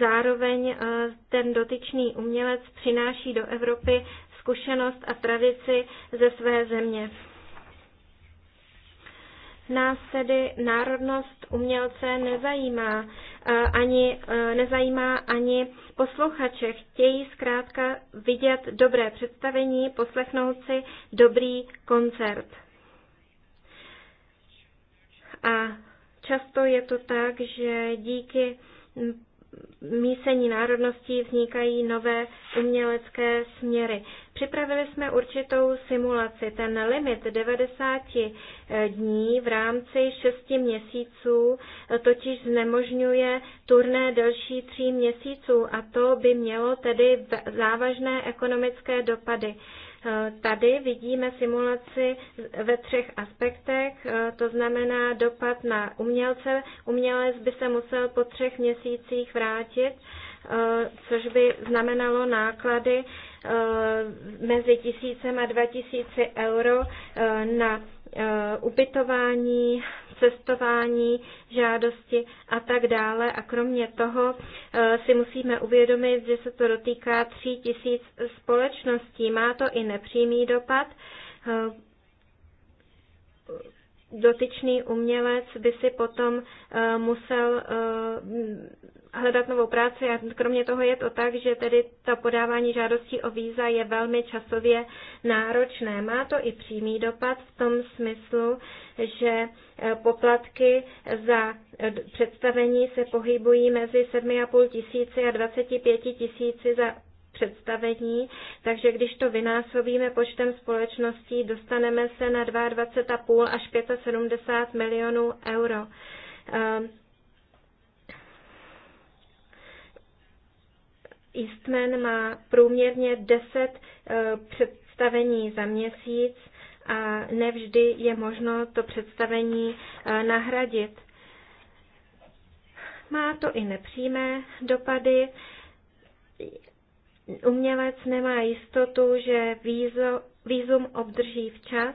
zároveň eh, ten dotyčný umělec přináší do Evropy zkušenost a tradici ze své země nás tedy národnost umělce nezajímá e, ani, e, nezajímá ani posluchače. Chtějí zkrátka vidět dobré představení, poslechnout si dobrý koncert. A často je to tak, že díky mísení národností vznikají nové umělecké směry. Připravili jsme určitou simulaci. Ten limit 90 eh, dní v rámci 6 měsíců eh, totiž znemožňuje turné delší 3 měsíců a to by mělo tedy závažné ekonomické dopady. Eh, tady vidíme simulaci ve třech aspektech, to znamená dopad na umělce. Umělec by se musel po třech měsících vrátit Eh, což by znamenalo náklady eh, mezi tisícem a dva tisíci euro eh, na ubytování, cestování, žádosti a tak dále. A kromě toho si musíme uvědomit, že se to dotýká tří tisíc společností. Má to i nepřímý dopad. Dotyčný umělec by si potom musel hledat novou práci a kromě toho je to tak, že tedy to podávání žádostí o víza je velmi časově náročné. Má to i přímý dopad v tom smyslu, že e, poplatky za e, představení se pohybují mezi 7,5 tisíci a 25 tisíci za představení, takže když to vynásobíme počtem společností, dostaneme se na 22,5 až 75 milionů euro ehm, Eastman má průměrně 10 eh, představení za měsíc a nevždy je možno to představení eh, nahradit. Má to i nepřímé dopady. Umělec nemá jistotu, že výzum vízum obdrží včas,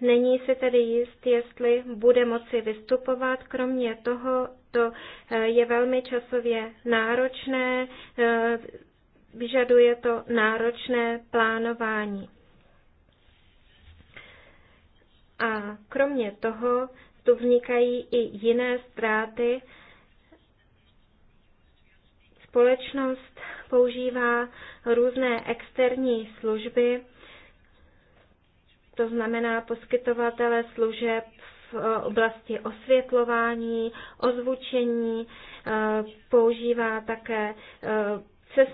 není se tedy jist, jestli bude moci vystupovat. Kromě toho to eh, je velmi časově náročné, eh, vyžaduje to náročné plánování. A kromě toho tu vznikají i jiné ztráty. Společnost používá různé externí služby, to znamená poskytovatele služeb v eh, oblasti osvětlování, ozvučení, eh, používá také eh,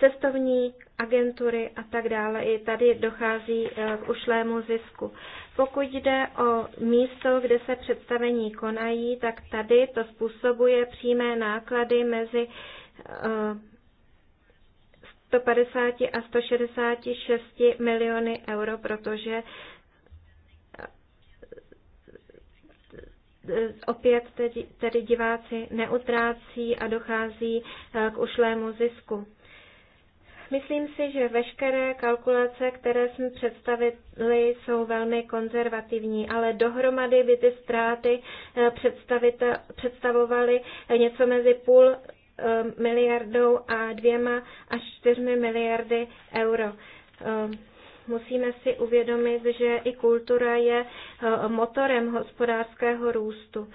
cestovní agentury a tak dále. I tady dochází k ušlému zisku. Pokud jde o místo, kde se představení konají, tak tady to způsobuje přímé náklady mezi 150 a 166 miliony euro, protože opět tedy, tedy diváci neutrácí a dochází eh, k ušlému zisku. Myslím si, že veškeré kalkulace, které jsme představili, jsou velmi konzervativní, ale dohromady by ty ztráty eh, představovaly něco mezi půl eh, miliardou a dvěma až čtyřmi miliardy euro. Musíme si uvědomit, že i kultura je eh, motorem hospodářského růstu.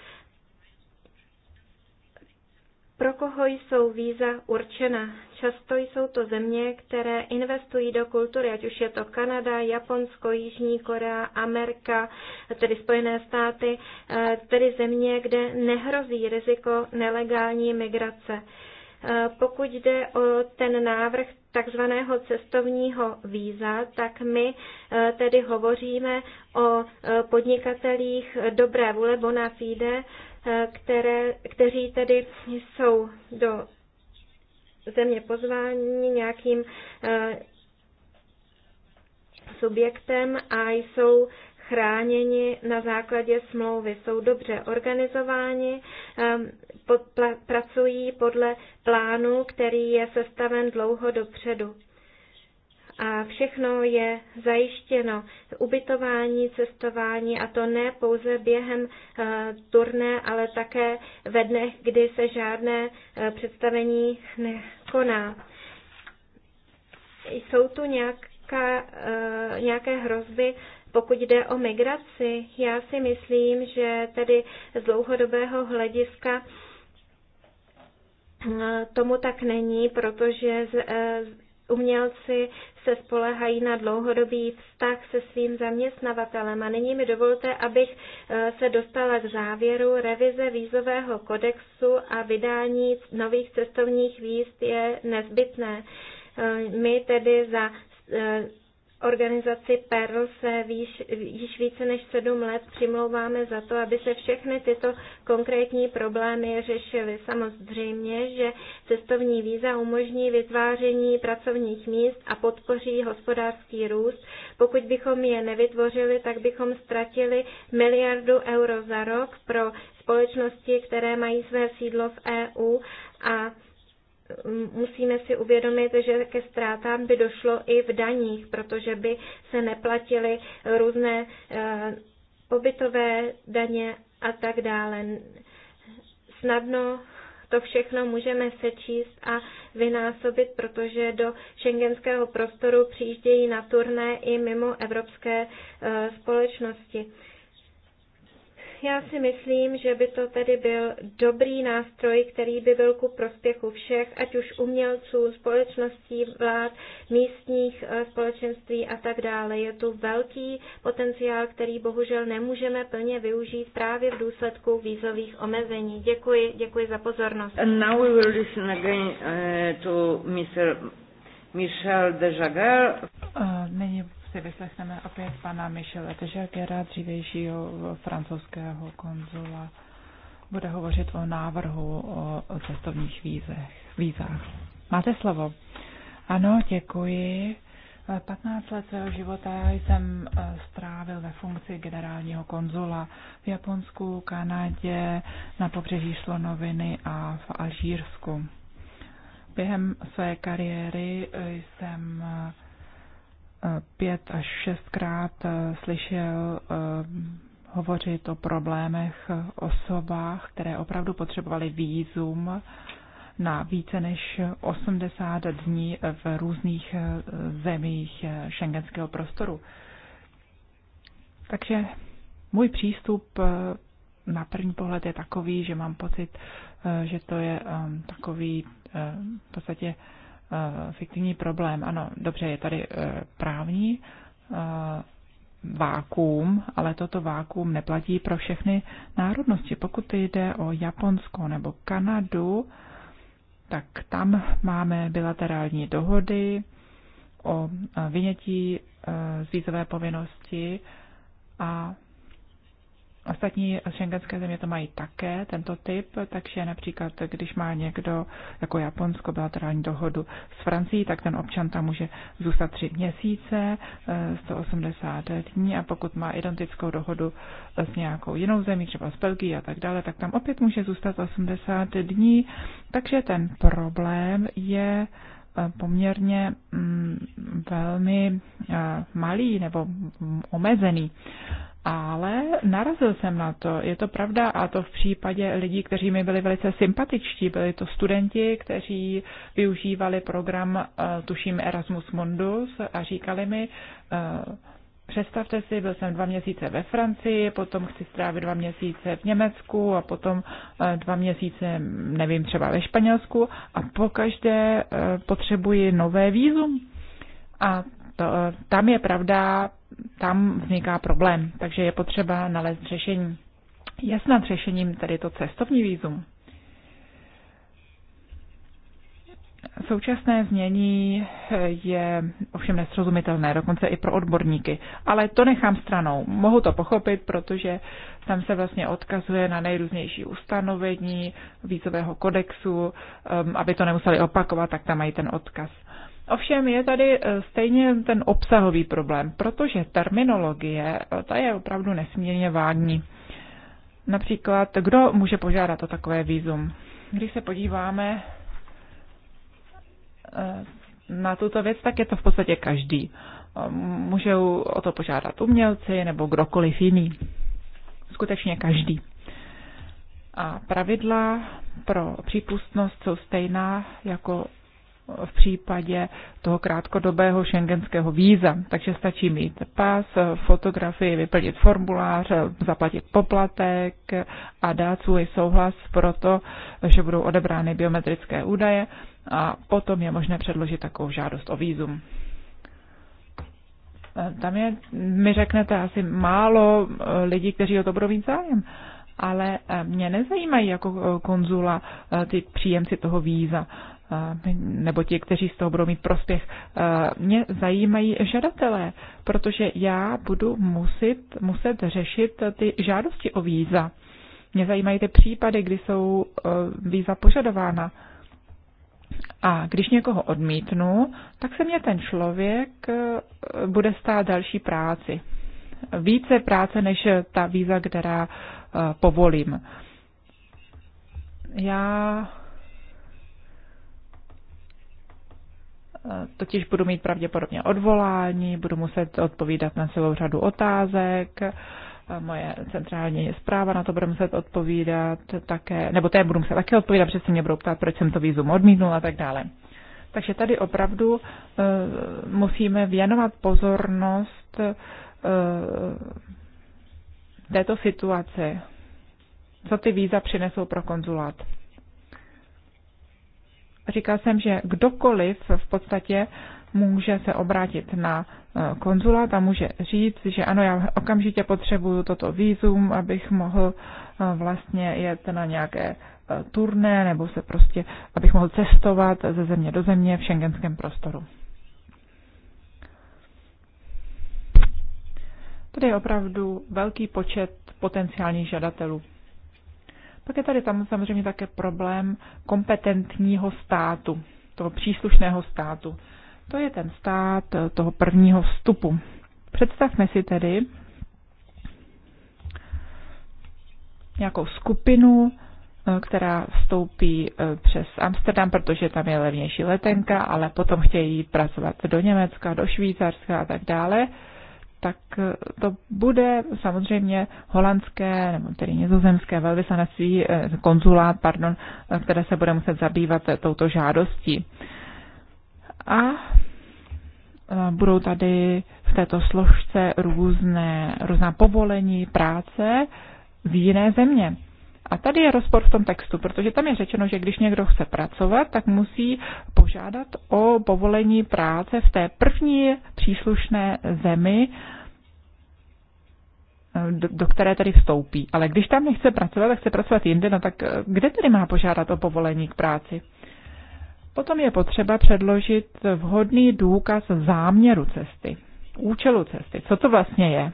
Pro koho jsou víza určena? Často jsou to země, které investují do kultury, ať už je to Kanada, Japonsko, Jižní Korea, Amerika, tedy Spojené státy, eh, tedy země, kde nehrozí riziko nelegální migrace. Eh, pokud jde o ten návrh takzvaného cestovního víza, tak my eh, tedy hovoříme o eh, podnikatelích dobré vůle bona fide, které, kteří tedy jsou do země pozváni nějakým subjektem a jsou chráněni na základě smlouvy. Jsou dobře organizováni, pracují podle plánu, který je sestaven dlouho dopředu. A všechno je zajištěno. Ubytování, cestování a to ne pouze během uh, turné, ale také ve dnech, kdy se žádné uh, představení nekoná. Jsou tu nějaká, uh, nějaké hrozby pokud jde o migraci, já si myslím, že tedy z dlouhodobého hlediska No, tomu tak není, protože eh, umělci se spolehají na dlouhodobý vztah se svým zaměstnavatelem. A nyní mi dovolte, abych eh, se dostala k závěru. Revize vízového kodexu a vydání nových cestovních výst je nezbytné. Eh, my tedy za organizaci PERL se výš, již více než sedm let přimlouváme za to, aby se všechny tyto konkrétní problémy řešily. Samozřejmě, že cestovní víza umožní vytváření pracovních míst a podpoří hospodářský růst. Pokud bychom je nevytvořili, tak bychom ztratili miliardu euro za rok pro společnosti, které mají své sídlo v EU a musíme si uvědomit, že ke ztrátám by došlo i v daních, protože by se neplatily různé eh, pobytové daně a tak dále. Snadno to všechno můžeme sečíst a vynásobit, protože do šengenského prostoru přijíždějí na turné i mimo evropské eh, společnosti. Já si myslím, že by to tedy byl dobrý nástroj, který by byl ku prospěchu všech, ať už umělců, společností, vlád, místních eh, společenství a tak dále. Je tu velký potenciál, který bohužel nemůžeme plně využít právě v důsledku vízových omezení. Děkuji, děkuji za pozornost. And now we will listen again uh, to Mr. Michel de Jager. Uh, si vyslechneme opět pana Michela Težakera, dřívejšího francouzského konzula. Bude hovořit o návrhu o cestovních vízech, vízách. Máte slovo. Ano, děkuji. 15 let svého života jsem eh, strávil ve funkci generálního konzula v Japonsku, Kanadě, na pobřeží Slonoviny a v Alžírsku. Během své kariéry eh, jsem eh, pět až šestkrát eh, slyšel eh, hovořit o problémech eh, osobách, které opravdu potřebovaly výzum na více než 80 dní v různých zemích šengenského prostoru. Takže můj přístup na první pohled je takový, že mám pocit, že to je takový v podstatě Eh, fiktivní problém. Ano, dobře, je tady eh, právní eh, vákuum, ale toto vákuum neplatí pro všechny národnosti. Pokud jde o Japonsko nebo Kanadu, tak tam máme bilaterální dohody o vynětí z vízové povinnosti a Ostatní šengenské země to mají také, tento typ, takže například, když má někdo jako Japonsko bilaterální dohodu s Francií, tak ten občan tam může zůstat tři měsíce, 180 eh, dní a pokud má identickou dohodu s nějakou jinou zemí, třeba s Belgií a tak dále, tak tam opět může zůstat 80 dní, takže ten problém je eh, poměrně mm, velmi eh, malý nebo omezený ale narazil jsem na to, je to pravda, a to v případě lidí, kteří mi byli velice sympatičtí, byli to studenti, kteří využívali program, eh, tuším, Erasmus Mundus a říkali mi, eh, Představte si, byl jsem dva měsíce ve Francii, potom chci strávit dva měsíce v Německu a potom eh, dva měsíce, nevím, třeba ve Španělsku a pokaždé potřebuji nové vízum A to, eh, tam je pravda, tam vzniká problém, takže je potřeba nalézt řešení. Je snad řešením tedy to cestovní výzum. Současné změní eh, je ovšem nesrozumitelné, dokonce i pro odborníky. Ale to nechám stranou. Mohu to pochopit, protože tam se vlastně odkazuje na nejrůznější ustanovení vízového kodexu, ehm, aby to nemuseli opakovat, tak tam mají ten odkaz. Ovšem je tady eh, stejně ten obsahový problém, protože terminologie, eh, ta je opravdu nesmírně vágní. Například, kdo může požádat o takové výzum? Když se podíváme eh, na tuto věc, tak je to v podstatě každý. Můžou o to požádat umělci nebo kdokoliv jiný. Skutečně každý. A pravidla pro přípustnost jsou stejná jako v případě toho krátkodobého šengenského víza. Takže stačí mít pas, fotografii, vyplnit formulář, zaplatit poplatek a dát svůj souhlas pro to, že budou odebrány biometrické údaje a potom je možné předložit takovou žádost o vízum. Tam je, mi řeknete, asi málo eh, lidí, kteří o to budou mít zájem ale eh, mě nezajímají jako eh, konzula ty příjemci toho víza nebo ti, kteří z toho budou mít prospěch. Mě zajímají žadatelé, protože já budu muset, muset řešit ty žádosti o víza. Mě zajímají ty případy, kdy jsou e, víza požadována. A když někoho odmítnu, tak se mě ten člověk e, bude stát další práci. Více práce než ta víza, která e, povolím. Já totiž budu mít pravděpodobně odvolání, budu muset odpovídat na celou řadu otázek, moje centrální zpráva na to bude muset odpovídat také, nebo té budu muset také odpovídat, protože se mě budou ptát, proč jsem to výzum odmítnul a tak dále. Takže tady opravdu e, musíme věnovat pozornost e, této situaci. Co ty víza přinesou pro konzulát? Říkal jsem, že kdokoliv v podstatě může se obrátit na eh, konzulát a může říct, že ano, já okamžitě potřebuju toto výzum, abych mohl eh, vlastně jet na nějaké eh, turné nebo se prostě, abych mohl cestovat ze země do země v šengenském prostoru. Tady je opravdu velký počet potenciálních žadatelů. Pak je tady tam samozřejmě také problém kompetentního státu, toho příslušného státu. To je ten stát toho prvního vstupu. Představme si tedy nějakou skupinu, která vstoupí eh, přes Amsterdam, protože tam je levnější letenka, ale potom chtějí pracovat do Německa, do Švýcarska a tak dále tak eh, to bude samozřejmě holandské nebo tedy nizozemské velvyslanectví, eh, konzulát, pardon, eh, které se bude muset zabývat touto žádostí. A budou tady v této složce různé, různá povolení práce v jiné země. A tady je rozpor v tom textu, protože tam je řečeno, že když někdo chce pracovat, tak musí požádat o povolení práce v té první příslušné zemi, do, do které tedy vstoupí. Ale když tam nechce pracovat tak chce pracovat jinde, no tak eh, kde tedy má požádat o povolení k práci? Potom je potřeba předložit vhodný důkaz záměru cesty, účelu cesty. Co to vlastně je?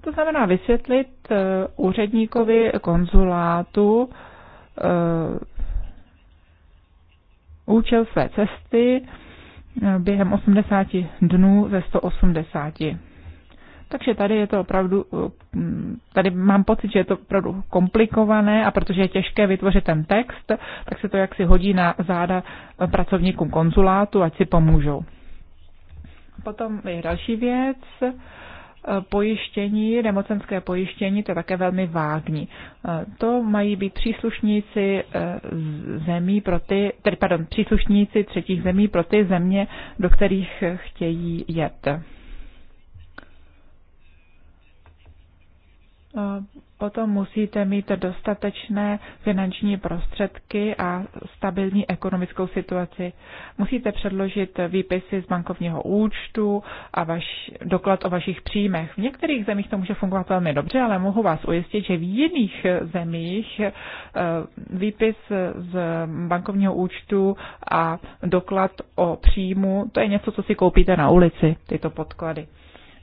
To znamená vysvětlit eh, úředníkovi konzulátu eh, účel své cesty eh, během 80 dnů ze 180. Takže tady je to opravdu, mm, tady mám pocit, že je to opravdu komplikované a protože je těžké vytvořit ten text, tak se to jaksi hodí na záda pracovníkům konzulátu, ať si pomůžou. Potom je další věc, E, pojištění, nemocenské pojištění, to je také velmi vágní. E, to mají být příslušníci e, zemí pro ty, tedy, pardon, příslušníci třetích zemí pro ty země, do kterých chtějí jet potom musíte mít dostatečné finanční prostředky a stabilní ekonomickou situaci. Musíte předložit výpisy z bankovního účtu a vaš, doklad o vašich příjmech. V některých zemích to může fungovat velmi dobře, ale mohu vás ujistit, že v jiných zemích eh, výpis z bankovního účtu a doklad o příjmu, to je něco, co si koupíte na ulici, tyto podklady.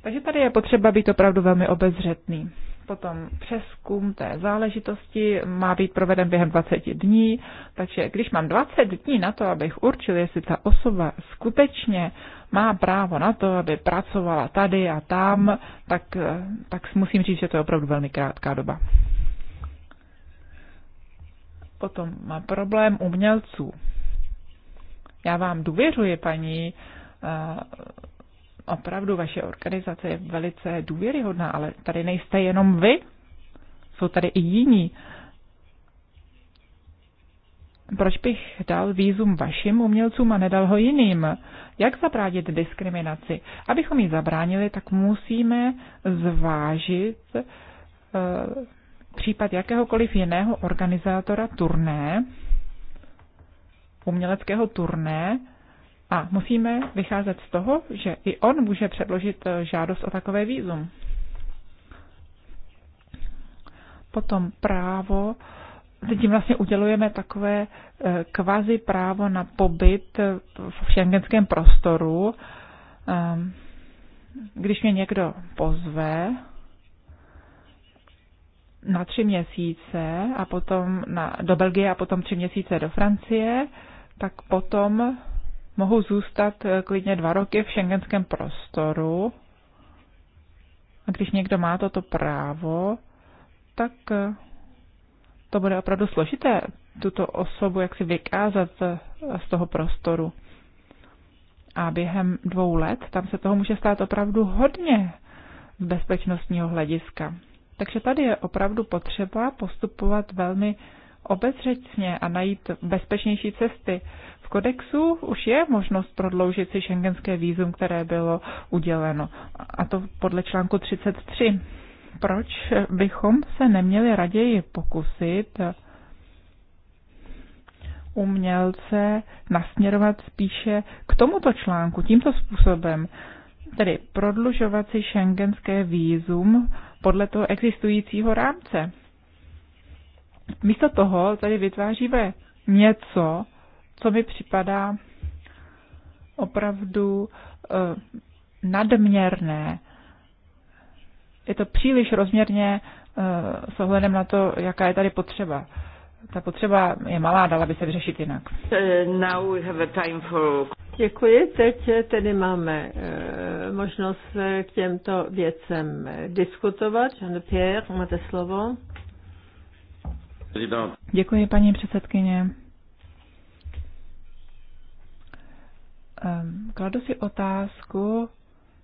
Takže tady je potřeba být opravdu velmi obezřetný. Potom přeskum té záležitosti má být proveden během 20 dní, takže když mám 20 dní na to, abych určil, jestli ta osoba skutečně má právo na to, aby pracovala tady a tam, tak, tak musím říct, že to je opravdu velmi krátká doba. Potom má problém umělců. Já vám důvěřuji, paní eh, opravdu vaše organizace je velice důvěryhodná, ale tady nejste jenom vy, jsou tady i jiní. Proč bych dal výzum vašim umělcům a nedal ho jiným? Jak zabránit diskriminaci? Abychom ji zabránili, tak musíme zvážit e, případ jakéhokoliv jiného organizátora turné, uměleckého turné, a musíme vycházet z toho, že i on může předložit eh, žádost o takové výzum. Potom právo, jim vlastně udělujeme takové eh, kvazi právo na pobyt eh, v šengenském prostoru. Ehm, když mě někdo pozve, na tři měsíce a potom na, do Belgie a potom tři měsíce do Francie, tak potom mohou zůstat eh, klidně dva roky v šengenském prostoru. A když někdo má toto právo, tak eh, to bude opravdu složité tuto osobu jak si vykázat eh, z toho prostoru. A během dvou let tam se toho může stát opravdu hodně z bezpečnostního hlediska. Takže tady je opravdu potřeba postupovat velmi obezřetně a najít bezpečnější cesty. V kodexu už je možnost prodloužit si šengenské výzum, které bylo uděleno. A to podle článku 33. Proč bychom se neměli raději pokusit umělce nasměrovat spíše k tomuto článku tímto způsobem, tedy prodlužovat si šengenské výzum podle toho existujícího rámce. Místo toho tady vytváříme něco, co mi připadá opravdu eh, nadměrné. Je to příliš rozměrně eh, s ohledem na to, jaká je tady potřeba. Ta potřeba je malá, dala by se vyřešit jinak. Eh, Děkuji. Teď tedy máme možnost k těmto věcem diskutovat. Jean-Pierre, máte slovo. Děkuji, paní předsedkyně. Ehm, kladu si otázku,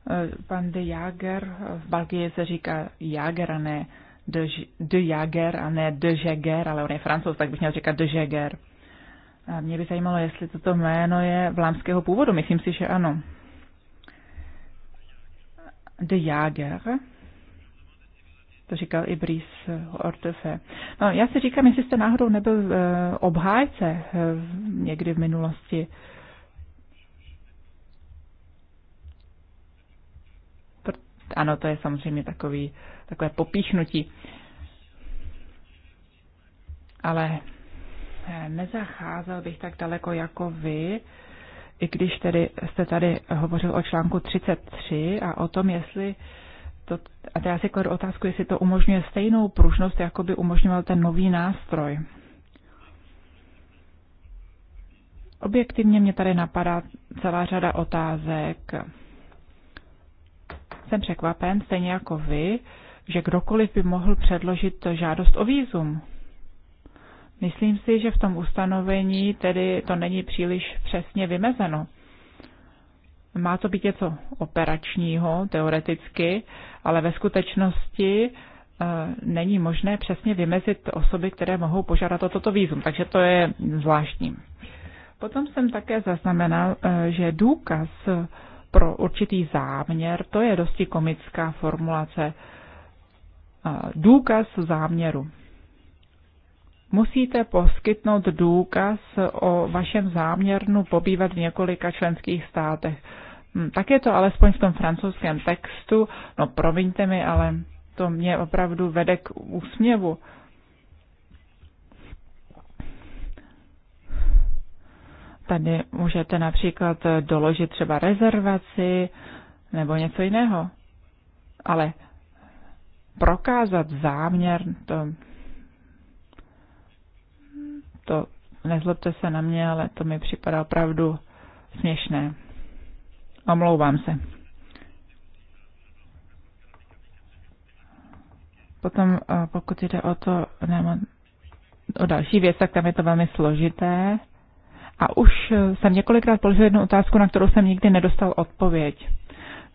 eh, pan de Jager, eh, v Belgii se říká Jager a ne de, de Jager a ne de Jager, ale on je francouz, tak bych měl říkat de Jager. A mě by zajímalo, jestli toto jméno je vlámského původu. Myslím si, že ano. De Jager. To říkal i Brice Ortefe. No, já si říkám, jestli jste náhodou nebyl eh, obhájce někdy v minulosti ano, to je samozřejmě takový, takové popíchnutí. Ale eh, nezacházel bych tak daleko jako vy, i když tedy jste tady hovořil o článku 33 a o tom, jestli to, a já si kladu otázku, jestli to umožňuje stejnou pružnost, jako by umožňoval ten nový nástroj. Objektivně mě tady napadá celá řada otázek jsem překvapen, stejně jako vy, že kdokoliv by mohl předložit žádost o výzum. Myslím si, že v tom ustanovení tedy to není příliš přesně vymezeno. Má to být něco operačního, teoreticky, ale ve skutečnosti e, není možné přesně vymezit osoby, které mohou požádat o toto výzum, takže to je zvláštní. Potom jsem také zaznamenal, e, že důkaz pro určitý záměr, to je dosti komická formulace. Důkaz záměru. Musíte poskytnout důkaz o vašem záměru pobývat v několika členských státech. Hm, tak je to alespoň v tom francouzském textu. No promiňte mi, ale to mě opravdu vede k úsměvu. Tady můžete například doložit třeba rezervaci nebo něco jiného. Ale prokázat záměr, to, to nezlobte se na mě, ale to mi připadá opravdu směšné. Omlouvám se. Potom, eh, pokud jde o to, nebo o další věc, tak tam je to velmi složité. A už eh, jsem několikrát položil jednu otázku, na kterou jsem nikdy nedostal odpověď.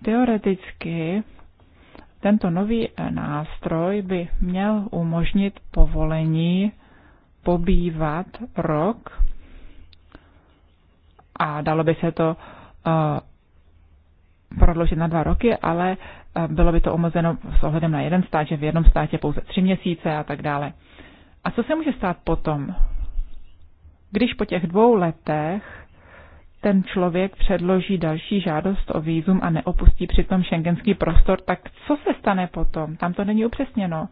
Teoreticky tento nový eh, nástroj by měl umožnit povolení pobývat rok a dalo by se to eh, prodloužit na dva roky, ale bylo by to omezeno s ohledem na jeden stát, že v jednom státě pouze tři měsíce a tak dále. A co se může stát potom? Když po těch dvou letech ten člověk předloží další žádost o výzum a neopustí přitom šengenský prostor, tak co se stane potom? Tam to není upřesněno.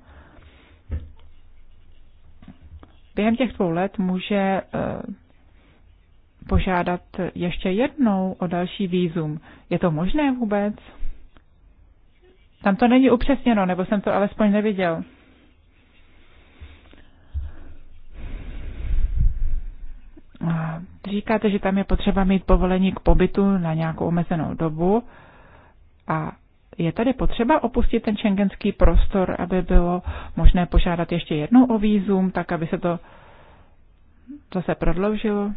Během těch dvou let může eh, požádat ještě jednou o další výzum. Je to možné vůbec? Tam to není upřesněno, nebo jsem to alespoň neviděl. Říkáte, že tam je potřeba mít povolení k pobytu na nějakou omezenou dobu a je tady potřeba opustit ten šengenský prostor, aby bylo možné požádat ještě jednou o výzum, tak aby se to zase prodloužilo?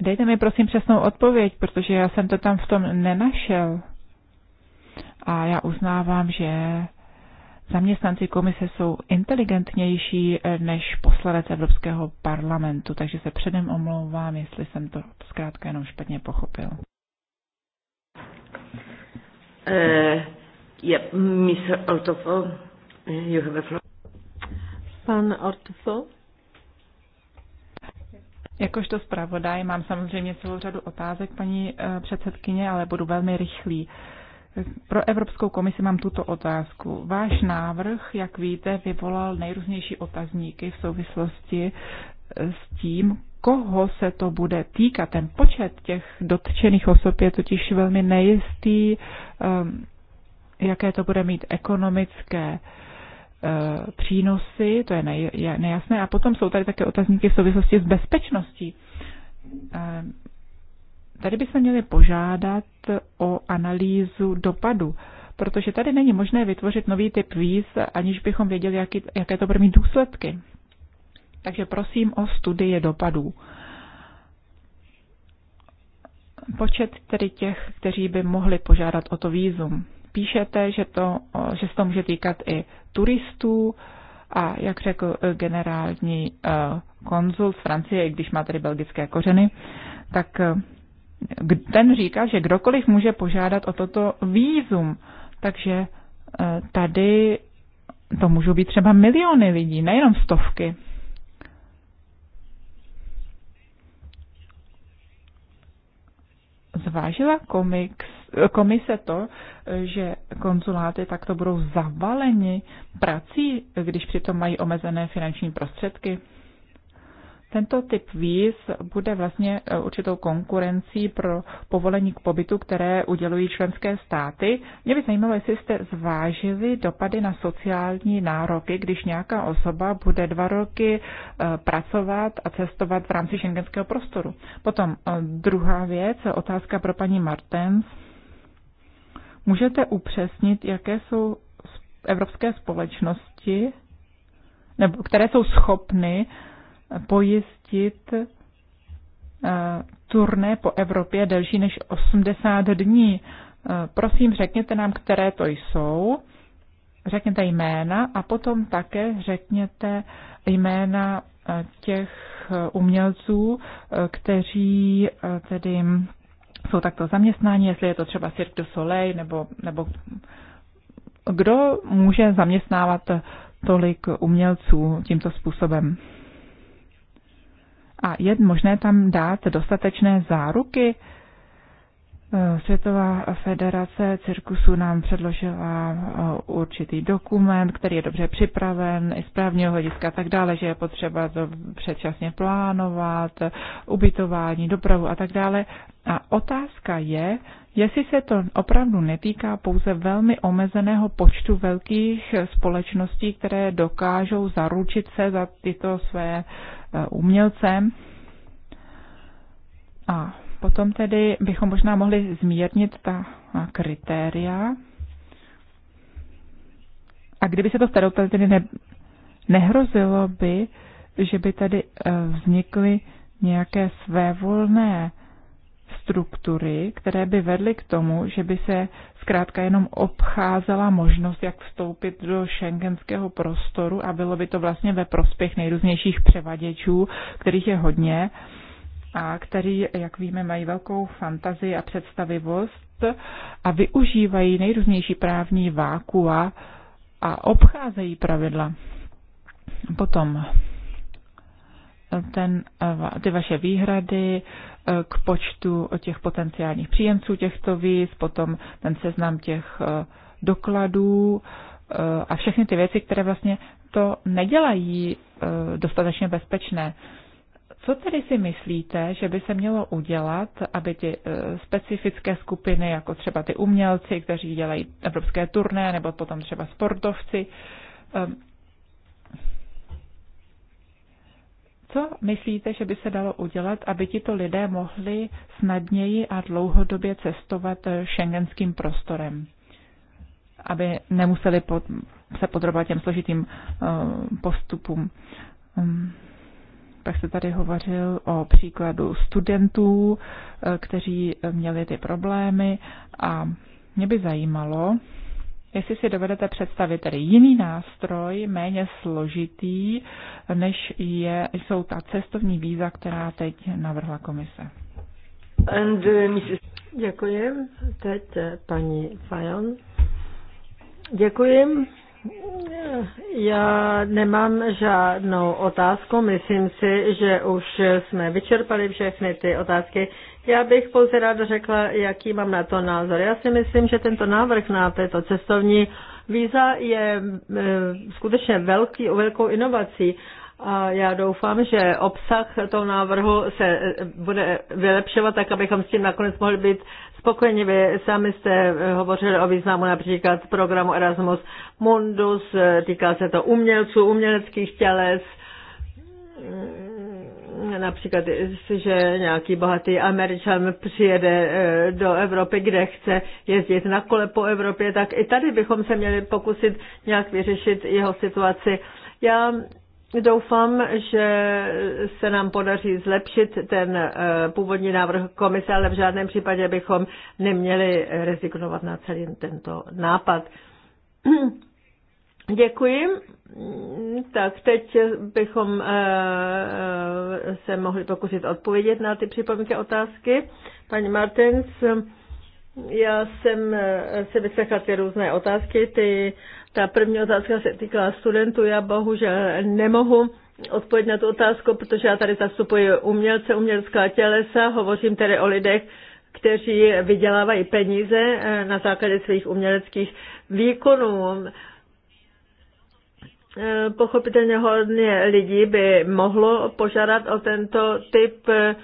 Dejte mi prosím přesnou odpověď, protože já jsem to tam v tom nenašel. A já uznávám, že zaměstnanci komise jsou inteligentnější eh, než poslanec Evropského parlamentu, takže se předem omlouvám, jestli jsem to zkrátka jenom špatně pochopil. Eh, Pan Ortofo? Jakožto zpravodaj mám samozřejmě celou řadu otázek, paní eh, předsedkyně, ale budu velmi rychlý. Uh, pro Evropskou komisi mám tuto otázku. Váš návrh, jak víte, vyvolal nejrůznější otazníky v souvislosti s tím, koho se to bude týkat. Ten počet těch dotčených osob je totiž velmi nejistý, ehm, jaké to bude mít ekonomické eh, přínosy, to je nejasné. A potom jsou tady také otazníky v souvislosti s bezpečností. Ehm, tady bychom měli požádat o analýzu dopadu, protože tady není možné vytvořit nový typ víz, aniž bychom věděli, jaký, jaké to bude mít důsledky. Takže prosím o studie dopadů. Počet tedy těch, kteří by mohli požádat o to vízum. Píšete, že, to, že se to může týkat i turistů a, jak řekl eh, generální eh, konzul z Francie, i když má tedy belgické kořeny, tak eh, ten říká, že kdokoliv může požádat o toto výzum. Takže e, tady to můžou být třeba miliony lidí, nejenom stovky. Zvážila komiks, komise to, že konzuláty takto budou zavaleni prací, když přitom mají omezené finanční prostředky? Tento typ víz bude vlastně eh, určitou konkurencí pro povolení k pobytu, které udělují členské státy. Mě by zajímalo, jestli jste zvážili dopady na sociální nároky, když nějaká osoba bude dva roky eh, pracovat a cestovat v rámci šengenského prostoru. Potom eh, druhá věc, otázka pro paní Martens. Můžete upřesnit, jaké jsou evropské společnosti, nebo které jsou schopny uh, pojistit eh, turné po Evropě delší než 80 dní. Eh, prosím, řekněte nám, které to jsou, řekněte jména a potom také řekněte jména eh, těch umělců, kteří tedy jsou takto zaměstnáni, jestli je to třeba Cirque du Soleil nebo, nebo kdo může zaměstnávat tolik umělců tímto způsobem. A je možné tam dát dostatečné záruky? E, Světová federace cirkusu nám předložila e, určitý dokument, který je dobře připraven i z právního hlediska a tak dále, že je potřeba to předčasně plánovat, ubytování, dopravu a tak dále. A otázka je, jestli se to opravdu netýká pouze velmi omezeného počtu velkých společností, které dokážou zaručit se za tyto své E, umělcem. A potom tedy bychom možná mohli zmírnit ta kritéria. A kdyby se to stalo, tedy ne, nehrozilo by, že by tady e, vznikly nějaké svévolné struktury, které by vedly k tomu, že by se zkrátka jenom obcházela možnost, jak vstoupit do šengenského prostoru a bylo by to vlastně ve prospěch nejrůznějších převaděčů, kterých je hodně a který, jak víme, mají velkou fantazii a představivost a využívají nejrůznější právní vákua a obcházejí pravidla. Potom ten, ty vaše výhrady, k počtu těch potenciálních příjemců těchto víz, potom ten seznam těch eh, dokladů eh, a všechny ty věci, které vlastně to nedělají eh, dostatečně bezpečné. Co tedy si myslíte, že by se mělo udělat, aby ty specifické skupiny, jako třeba ty umělci, kteří dělají evropské turné, nebo potom třeba sportovci, Co myslíte, že by se dalo udělat, aby tito lidé mohli snadněji a dlouhodobě cestovat šengenským eh, prostorem? Aby nemuseli pod, se podrobovat těm složitým uh, postupům. Um, pak se tady hovořil o příkladu studentů, uh, kteří měli ty problémy a mě by zajímalo, jestli si dovedete představit tedy jiný nástroj, méně složitý, než je, jsou ta cestovní víza, která teď navrhla komise. And, uh, Mrs. Děkuji. Teď eh, paní Fajon. Děkuji. Já nemám žádnou otázku. Myslím si, že už jsme vyčerpali všechny ty otázky, já bych pouze ráda řekla, jaký mám na to názor. Já si myslím, že tento návrh na této cestovní víza je e, skutečně velký, velkou inovací. A já doufám, že obsah toho návrhu se e, bude vylepšovat tak, abychom s tím nakonec mohli být spokojeni. Vy sami jste e, hovořili o významu například programu Erasmus Mundus, týká se to umělců, uměleckých těles, například, že nějaký bohatý Američan přijede eh, do Evropy, kde chce jezdit na kole po Evropě, tak i tady bychom se měli pokusit nějak vyřešit jeho situaci. Já Doufám, že se nám podaří zlepšit ten eh, původní návrh komise, ale v žádném případě bychom neměli rezignovat na celý tento nápad. Děkuji. Tak teď bychom eh, eh, se mohli pokusit odpovědět na ty připomínky otázky. Paní Martens, já jsem eh, si vyslechla ty různé otázky. Ty, ta první otázka se týkala studentů. Já bohužel nemohu odpovědět na tu otázku, protože já tady zastupuji umělce, umělecká tělesa, hovořím tedy o lidech, kteří vydělávají peníze na základě svých uměleckých výkonů. Eh, pochopitelně hodně lidí by mohlo požádat o tento typ eh,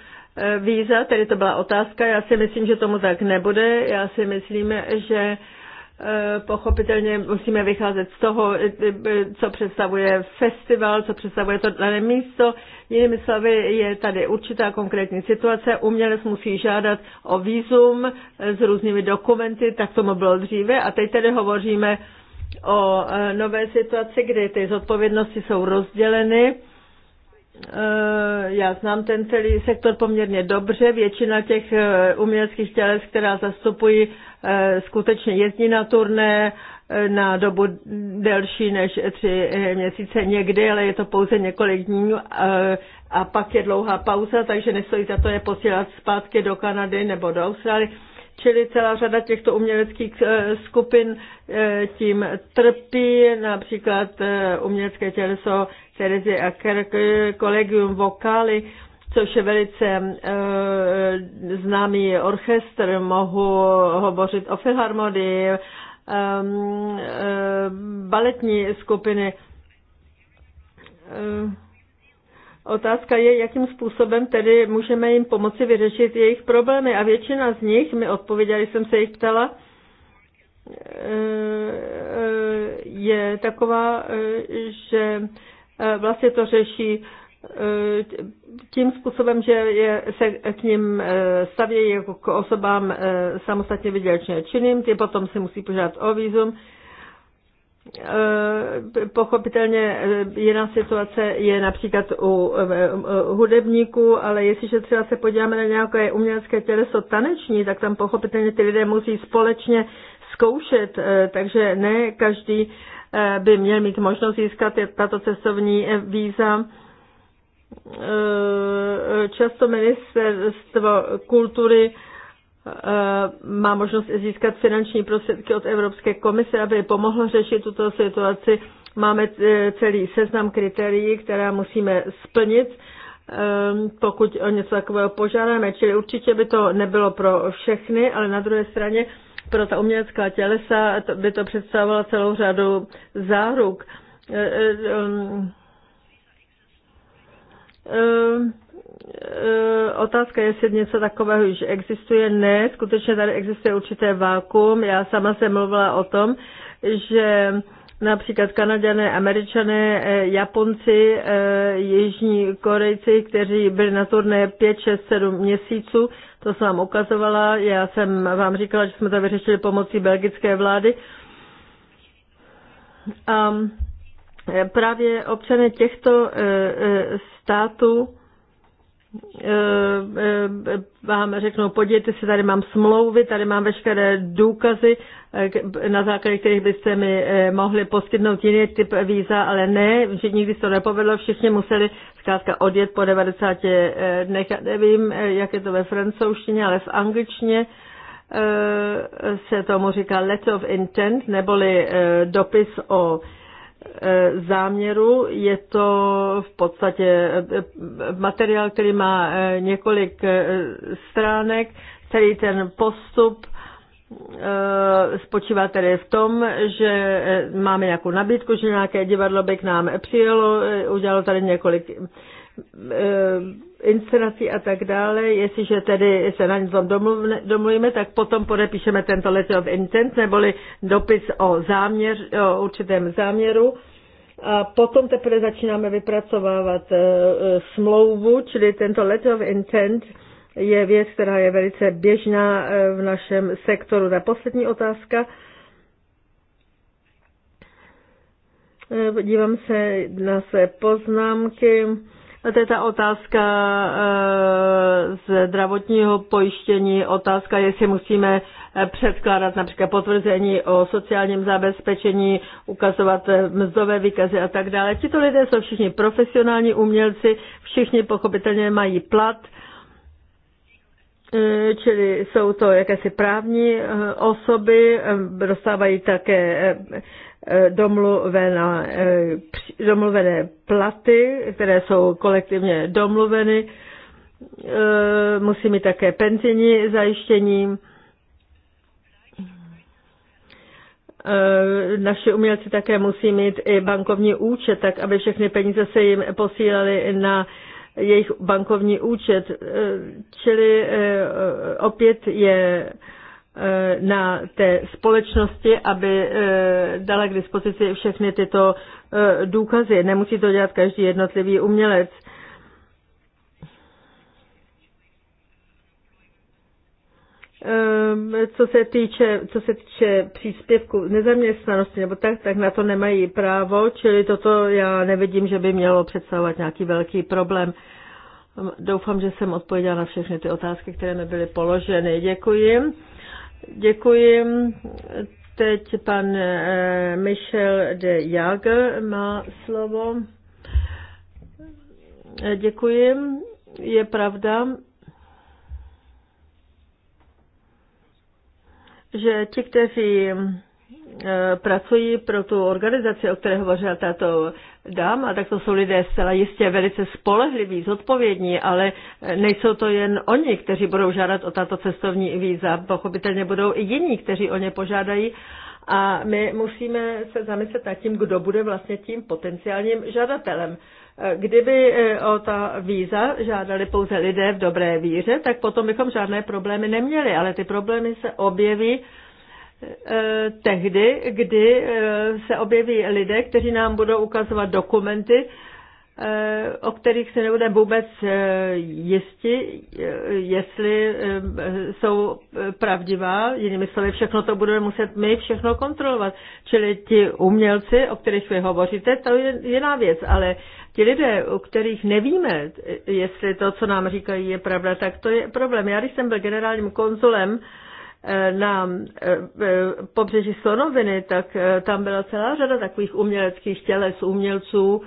víza, tedy to byla otázka. Já si myslím, že tomu tak nebude. Já si myslím, že eh, pochopitelně musíme vycházet z toho, co představuje festival, co představuje to dané místo. Jinými slovy, je tady určitá konkrétní situace. Umělec musí žádat o výzum s různými dokumenty, tak tomu bylo dříve. A teď tedy hovoříme o e, nové situaci, kdy ty zodpovědnosti jsou rozděleny. E, já znám ten celý sektor poměrně dobře. Většina těch e, uměleckých těles, která zastupují, skutečně jezdí na turné na dobu delší než tři měsíce někdy, ale je to pouze několik dní a pak je dlouhá pauza, takže nestojí za to je posílat zpátky do Kanady nebo do Austrálie Čili celá řada těchto uměleckých eh, skupin eh, tím trpí, například eh, umělecké těleso Terezie a Collegium vokály, což je velice známý orchestr, mohu hovořit o filharmonii, baletní skupiny. Otázka je, jakým způsobem tedy můžeme jim pomoci vyřešit jejich problémy. A většina z nich mi odpověděli, jsem se jich ptala, e, e, je taková, e, že vlastně to řeší tím způsobem, že je, se k ním stavějí jako k osobám samostatně vydělečně činným, ty potom si musí požádat o výzum, Eh, pochopitelně eh, jiná situace je například u hudebníků, ale jestliže třeba se podíváme na nějaké umělecké těleso taneční, tak tam pochopitelně ty lidé musí společně zkoušet, eh, takže ne každý by měl mít možnost získat tato cestovní víza. Často ministerstvo kultury má možnost získat finanční prostředky od Evropské komise, aby pomohlo řešit tuto situaci. Máme eh, celý seznam kritérií, která musíme splnit, ehm, pokud o něco takového požádáme. Čili určitě by to nebylo pro všechny, ale na druhé straně pro ta umělecká tělesa by to představovalo celou řadu záruk. Eh, eh, ehm, ehm, Eh, otázka, jestli něco takového již existuje. Ne, skutečně tady existuje určité vákuum. Já sama jsem mluvila o tom, že například Kanaděné, Američané, eh, Japonci, eh, Jižní Korejci, kteří byli na turné 5, 6, 7 měsíců, to jsem vám ukazovala, já jsem vám říkala, že jsme to vyřešili pomocí belgické vlády. A právě občany těchto států Eh, eh, vám řeknou, podívejte se, tady mám smlouvy, tady mám veškeré důkazy, eh, na základě kterých byste mi mohli poskytnout jiný typ víza, ale ne, že nikdy se to nepovedlo, všichni museli zkrátka odjet po 90 dnech. Nevím, jak je to ve francouzštině, ale v angličtině se tomu říká letter of intent, neboli dopis o Eh, záměru. Je to v podstatě eh, materiál, který má eh, několik stránek. Celý ten postup spočívá tedy v tom, že máme nějakou nabídku, že nějaké divadlo by k nám přijelo, udělalo tady několik Eh, inscenací a tak dále. Jestliže tedy se na něco domluvíme, tak potom podepíšeme tento letter of intent, neboli dopis o, záměř, o určitém záměru. A potom teprve začínáme vypracovávat eh, smlouvu, čili tento letter of intent je věc, která je velice běžná eh, v našem sektoru. Ta poslední otázka. Dívám se na své poznámky. To je ta otázka eh, zdravotního pojištění, otázka, jestli musíme eh, předkládat například potvrzení o sociálním zabezpečení, ukazovat eh, mzdové výkazy a tak dále. Tito lidé jsou všichni profesionální umělci, všichni pochopitelně mají plat, čili jsou to jakési právní osoby, dostávají také Eh, domluvené, eh, domluvené platy, které jsou kolektivně domluveny, eh, musí mít také penzijní zajištění. Naši umělci také musí mít i bankovní účet, tak aby všechny peníze se jim posílaly na jejich bankovní účet. Čili opět je Eh, na té společnosti, aby eh, dala k dispozici všechny tyto eh, důkazy. Nemusí to dělat každý jednotlivý umělec. Ehm, co se týče, co se týče příspěvku nezaměstnanosti nebo tak, tak na to nemají právo, čili toto já nevidím, že by mělo představovat nějaký velký problém. Ehm, doufám, že jsem odpověděla na všechny ty otázky, které mi byly položeny. Děkuji. Děkuji. Teď pan eh, Michel de Jager má slovo. Eh, děkuji. Je pravda, že ti, kteří eh, pracují pro tu organizaci, o které hovořila tato dám, a tak to jsou lidé zcela jistě velice spolehliví, zodpovědní, ale nejsou to jen oni, kteří budou žádat o tato cestovní víza. Pochopitelně budou i jiní, kteří o ně požádají. A my musíme se zamyslet nad tím, kdo bude vlastně tím potenciálním žadatelem. Kdyby e, o ta víza žádali pouze lidé v dobré víře, tak potom bychom žádné problémy neměli, ale ty problémy se objeví Eh, tehdy, kdy eh, se objeví lidé, kteří nám budou ukazovat dokumenty, eh, o kterých se nebudeme vůbec jisti, jestli jsou pravdivá. Jinými slovy, všechno to budeme muset my všechno kontrolovat. Čili ti umělci, o kterých vy hovoříte, to je jiná věc, ale ti lidé, o kterých nevíme, jestli to, co nám říkají, je pravda, tak to je problém. Já, když jsem byl generálním konzulem, Eh, na eh, eh, pobřeží Slonoviny, tak tam byla celá řada takových uměleckých těles, umělců,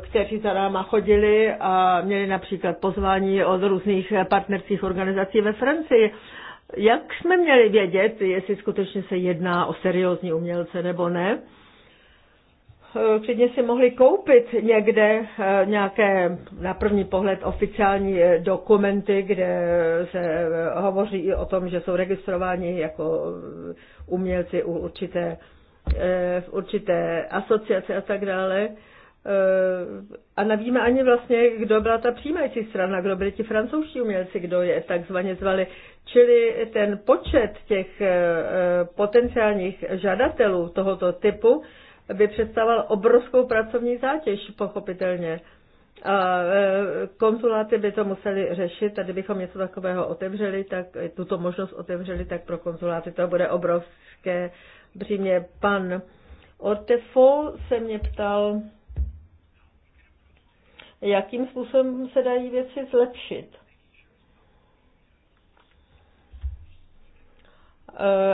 kteří za náma chodili a měli například pozvání od různých partnerských organizací ve Francii. Jak jsme měli vědět, jestli skutečně se jedná o seriózní umělce nebo ne? Eh, klidně si mohli koupit někde eh, nějaké na první pohled oficiální eh, dokumenty, kde se hovoří i o tom, že jsou registrováni jako umělci u určité, v určité asociace a tak dále. A nevíme ani vlastně, kdo byla ta přijímající strana, kdo byli ti francouzští umělci, kdo je takzvaně zvali. Čili ten počet těch potenciálních žadatelů tohoto typu by představoval obrovskou pracovní zátěž, pochopitelně. A e, konzuláty by to museli řešit a kdybychom něco takového otevřeli, tak tuto možnost otevřeli, tak pro konzuláty to bude obrovské břímě. Pan Ortefo se mě ptal, jakým způsobem se dají věci zlepšit.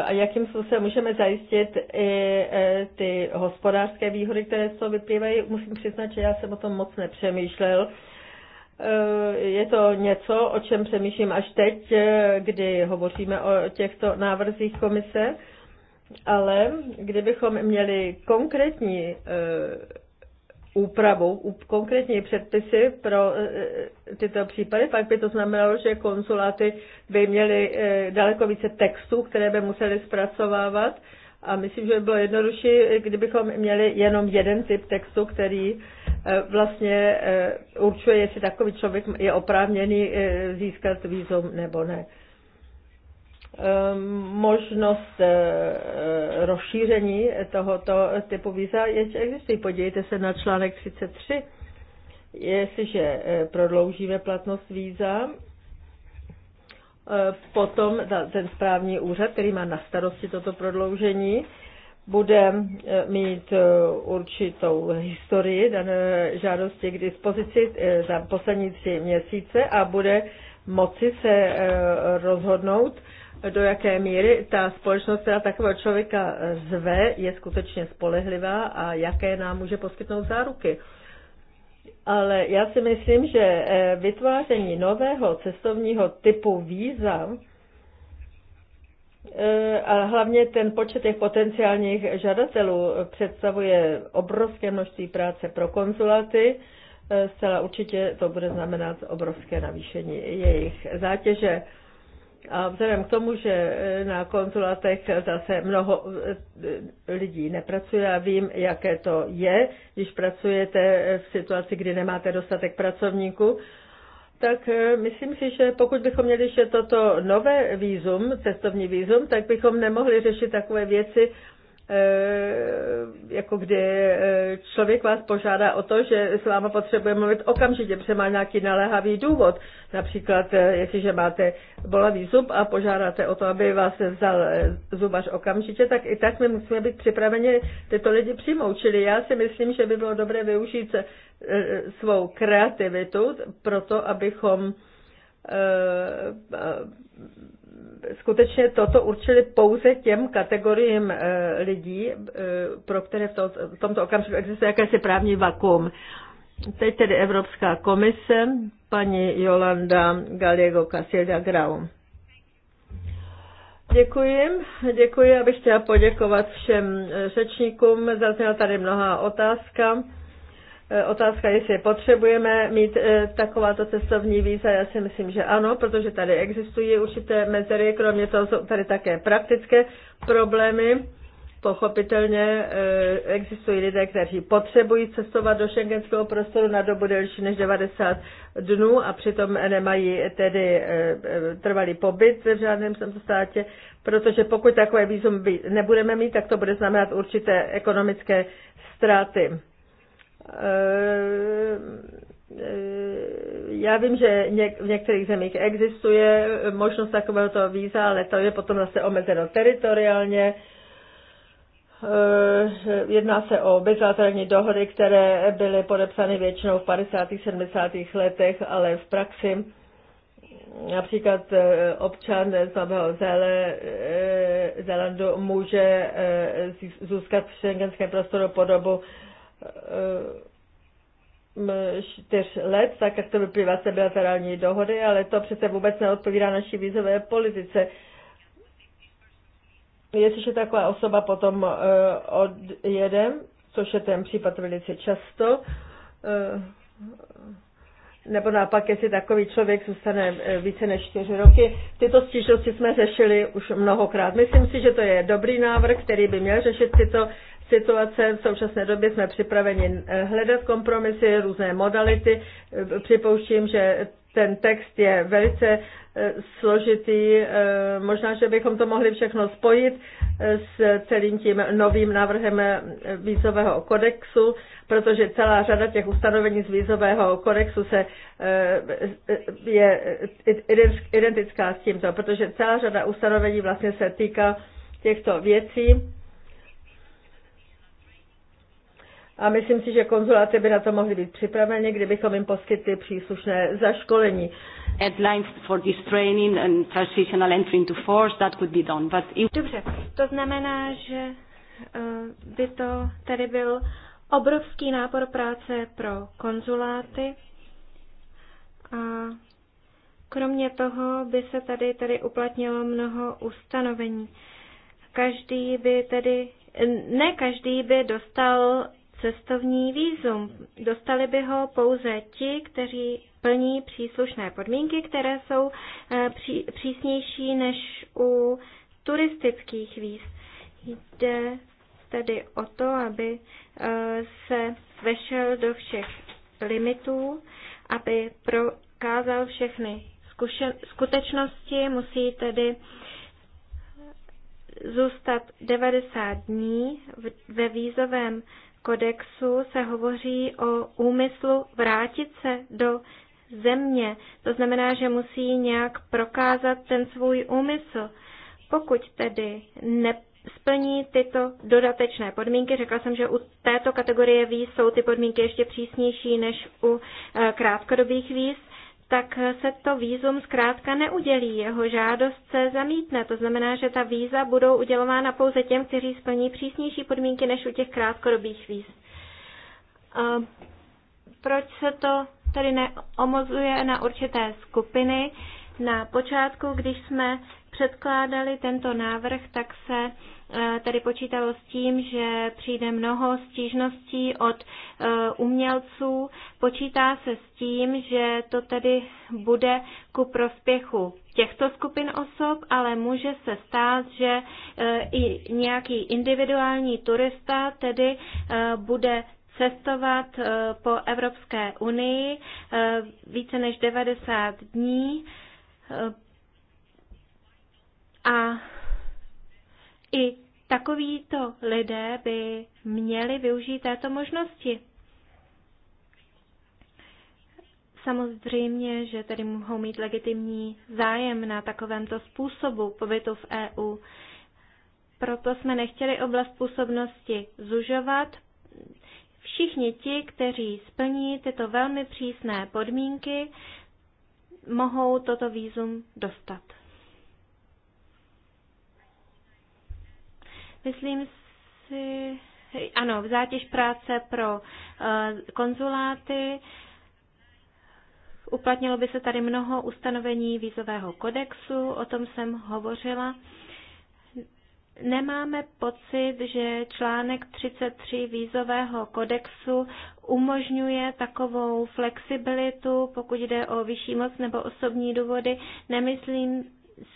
a jakým způsobem můžeme zajistit i e, ty hospodářské výhody, které z toho vyplývají. Musím přiznat, že já jsem o tom moc nepřemýšlel. E, je to něco, o čem přemýšlím až teď, e, kdy hovoříme o těchto návrzích komise, ale kdybychom měli konkrétní úpravou, konkrétní předpisy pro e, e, tyto případy, pak by to znamenalo, že konzuláty by měly e, daleko více textů, které by museli zpracovávat a myslím, že by bylo jednodušší, kdybychom měli jenom jeden typ textu, který vlastně určuje, jestli takový člověk je oprávněný získat výzum nebo ne. Ehm, možnost eh, eh, rozšíření tohoto typu víza ještě existují. Podívejte se na článek 33. Jestliže eh, prodloužíme platnost víza, potom ten správní úřad, který má na starosti toto prodloužení, bude mít určitou historii dané žádosti k dispozici za poslední tři měsíce a bude moci se rozhodnout, do jaké míry ta společnost, která takového člověka zve, je skutečně spolehlivá a jaké nám může poskytnout záruky. Ale já si myslím, že eh, vytváření nového cestovního typu víza eh, a hlavně ten počet těch potenciálních žadatelů představuje obrovské množství práce pro konzulaty. Eh, zcela určitě to bude znamenat obrovské navýšení jejich zátěže. A vzhledem k tomu, že e, na konzulatech zase mnoho e, e, lidí nepracuje, já vím, jaké to je, když pracujete v situaci, kdy nemáte dostatek pracovníků, tak myslím si, že pokud bychom měli ještě toto nové výzum, cestovní výzum, tak bychom nemohli řešit takové věci Eh, jako kdy eh, člověk vás požádá o to, že s váma potřebuje mluvit okamžitě, protože má nějaký naléhavý důvod. Například, eh, jestliže máte bolavý zub a požádáte o to, aby vás vzal zubař okamžitě, tak i tak my musíme být připraveni tyto lidi přijmout. Čili já si myslím, že by bylo dobré využít svou kreativitu proto, abychom skutečně toto určili pouze těm kategoriím eh, lidí, eh, pro které v, to, v tomto okamžiku existuje jakési právní vakuum. Teď tedy Evropská komise, paní Jolanda Gallego Casilda Grau. Děkuji, děkuji, abych chtěla poděkovat všem eh, řečníkům. Zazněla tady mnoha otázka. Eh, otázka, jestli je potřebujeme mít eh, takováto cestovní víza, já si myslím, že ano, protože tady existují určité mezery, kromě toho jsou tady také praktické problémy. Pochopitelně eh, existují lidé, kteří potřebují cestovat do šengenského prostoru na dobu delší než 90 dnů a přitom nemají tedy trvalý pobyt v žádném státě, protože pokud takové výzum nebudeme mít, tak to bude znamenat určité ekonomické ztráty. Eh, eh, já vím, že v některých zemích existuje možnost takovéhoto víza, ale to je potom zase omezeno teritoriálně. Eh, jedná se o bilaterální dohody, které byly podepsány většinou v 50. a 70. letech, ale v praxi například občan z Nového Zélandu může získat v šengenském prostoru podobu Eh, čtyř let, tak jak to vyplývá z bilaterální dohody, ale to přece vůbec neodpovídá naší vízové politice. Jestliže taková osoba potom eh, odjede, což je ten případ velice často, eh, nebo naopak, jestli takový člověk zůstane více než čtyři roky. Tyto stížnosti jsme řešili už mnohokrát. Myslím si, že to je dobrý návrh, který by měl řešit tyto situace. V současné době jsme připraveni eh, hledat kompromisy, různé modality. Eh, připouštím, že ten text je velice eh, složitý. Možná, že bychom to mohli všechno spojit s celým tím novým návrhem vízového kodexu, protože celá řada těch ustanovení z vízového kodexu se je identická s tímto, protože celá řada ustanovení vlastně se týká těchto věcí A myslím si, že konzuláty by na to mohly být připraveny, kdybychom jim poskytli příslušné zaškolení. Dobře, to znamená, že eh, by to tady byl obrovský nápor práce pro konzuláty a kromě toho by se tady tady uplatnilo mnoho ustanovení. Každý by tedy, ne každý by dostal cestovní výzum. Dostali by ho pouze ti, kteří plní příslušné podmínky, které jsou eh, pří, přísnější než u turistických víz. Jde tedy o to, aby eh, se vešel do všech limitů, aby prokázal všechny zkušen- skutečnosti, musí tedy zůstat 90 dní ve vízovém kodexu se hovoří o úmyslu vrátit se do země. To znamená, že musí nějak prokázat ten svůj úmysl. Pokud tedy nesplní tyto dodatečné podmínky, řekla jsem, že u této kategorie víz jsou ty podmínky ještě přísnější než u eh, krátkodobých víz, tak se to výzum zkrátka neudělí. Jeho žádost se zamítne. To znamená, že ta víza budou udělována pouze těm, kteří splní přísnější podmínky než u těch krátkodobých víz. Proč se to tedy neomozuje na určité skupiny? Na počátku, když jsme předkládali tento návrh, tak se tady počítalo s tím, že přijde mnoho stížností od e, umělců. Počítá se s tím, že to tedy bude ku prospěchu těchto skupin osob, ale může se stát, že e, i nějaký individuální turista tedy e, bude cestovat po Evropské unii více než 90 dní a i Takovýto lidé by měli využít této možnosti. Samozřejmě, že tedy mohou mít legitimní zájem na takovémto způsobu pobytu v EU. Proto jsme nechtěli oblast působnosti zužovat. Všichni ti, kteří splní tyto velmi přísné podmínky, mohou toto výzum dostat. Myslím si, ano, v zátěž práce pro eh, konzuláty. Uplatnilo by se tady mnoho ustanovení vízového kodexu, o tom jsem hovořila. Nemáme pocit, že článek 33 vízového kodexu umožňuje takovou flexibilitu, pokud jde o vyšší moc nebo osobní důvody. Nemyslím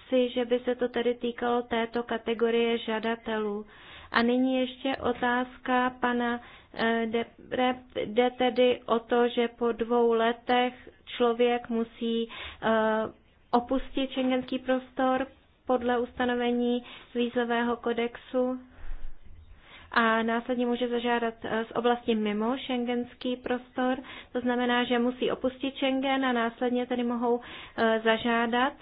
si, že by se to tedy týkalo této kategorie žadatelů. A nyní ještě otázka pana eh, Depre. Jde tedy o to, že po dvou letech člověk musí eh, opustit šengenský prostor podle ustanovení vízového kodexu a následně může zažádat eh, z oblasti mimo šengenský prostor. To znamená, že musí opustit Schengen a následně tedy mohou zažádat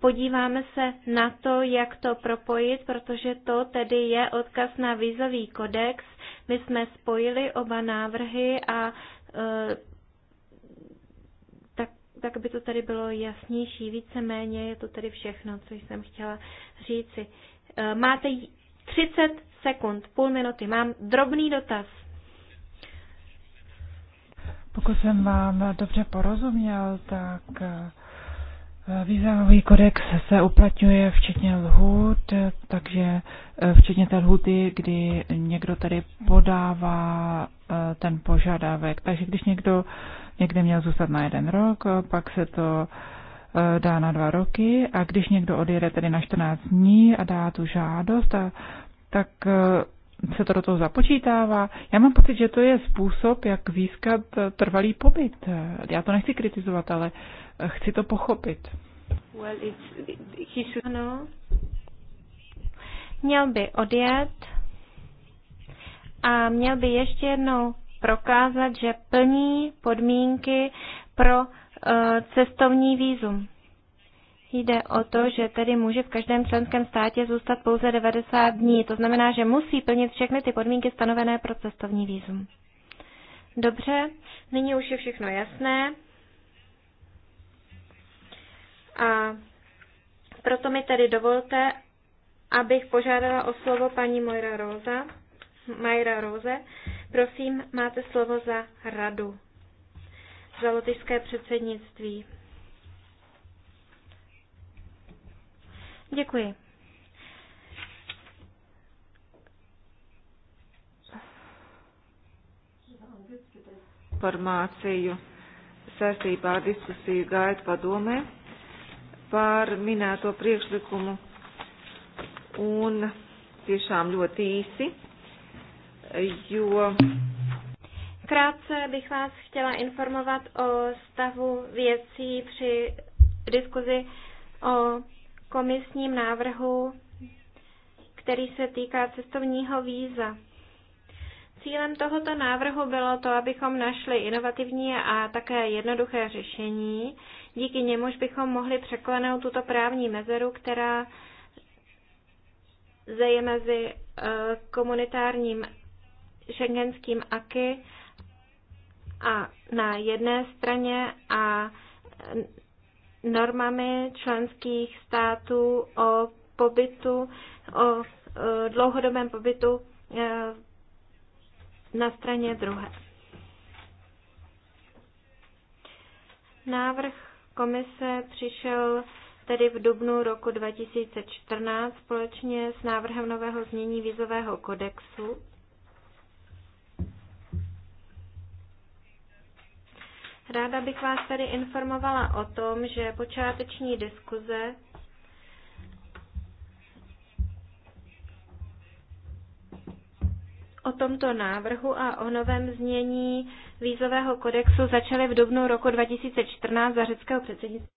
Podíváme se na to, jak to propojit, protože to tedy je odkaz na vízový kodex. My jsme spojili oba návrhy a e, tak, tak by to tady bylo jasnější. Víceméně je to tady všechno, co jsem chtěla říci. E, máte 30 sekund, půl minuty. Mám drobný dotaz. Pokud jsem vám dobře porozuměl, tak e, Eh, vízový kodex se uplatňuje včetně lhůt, eh, takže eh, včetně té lhuty, kdy někdo tady podává ten požadavek. Takže když někdo někde měl zůstat na jeden rok, pak se to dá na dva roky a když někdo odjede tedy na 14 dní a dá tu žádost, tak se to do toho započítává. Já mám pocit, že to je způsob, jak získat trvalý pobyt. Já to nechci kritizovat, ale chci to pochopit. Well, it's, he's... Ano. Měl by odjet a měl by ještě jednou prokázat, že plní podmínky pro uh, cestovní výzum. Jde o to, že tedy může v každém členském státě zůstat pouze 90 dní. To znamená, že musí plnit všechny ty podmínky stanovené pro cestovní výzum. Dobře, nyní už je všechno jasné. A proto mi tedy dovolte, abych požádala o slovo paní Moira Rosa. Majra Rose. Prosím, máte slovo za radu, za lotyšské předsednictví. Děkuji. Informāciju saistībā ar diskusiju gaidu padomē par minēto priekšlikumu un tiešām ļoti īsi, jo. Krátce bych vás chtěla informovat o stavu věcí při diskuzi o komisním návrhu, který se týká cestovního víza. Cílem tohoto návrhu bylo to, abychom našli inovativní a také jednoduché řešení, díky němuž bychom mohli překlenout tuto právní mezeru, která zeje mezi e, komunitárním šengenským aky a na jedné straně a normami členských států o pobytu, o e, dlouhodobém pobytu e, na straně druhé. Návrh komise přišel tedy v dubnu roku 2014 společně s návrhem nového znění vizového kodexu. Ráda bych vás tady informovala o tom, že počáteční diskuze o tomto návrhu a o novém znění vízového kodexu začaly v dubnu roku 2014 za řeckého předsednictví.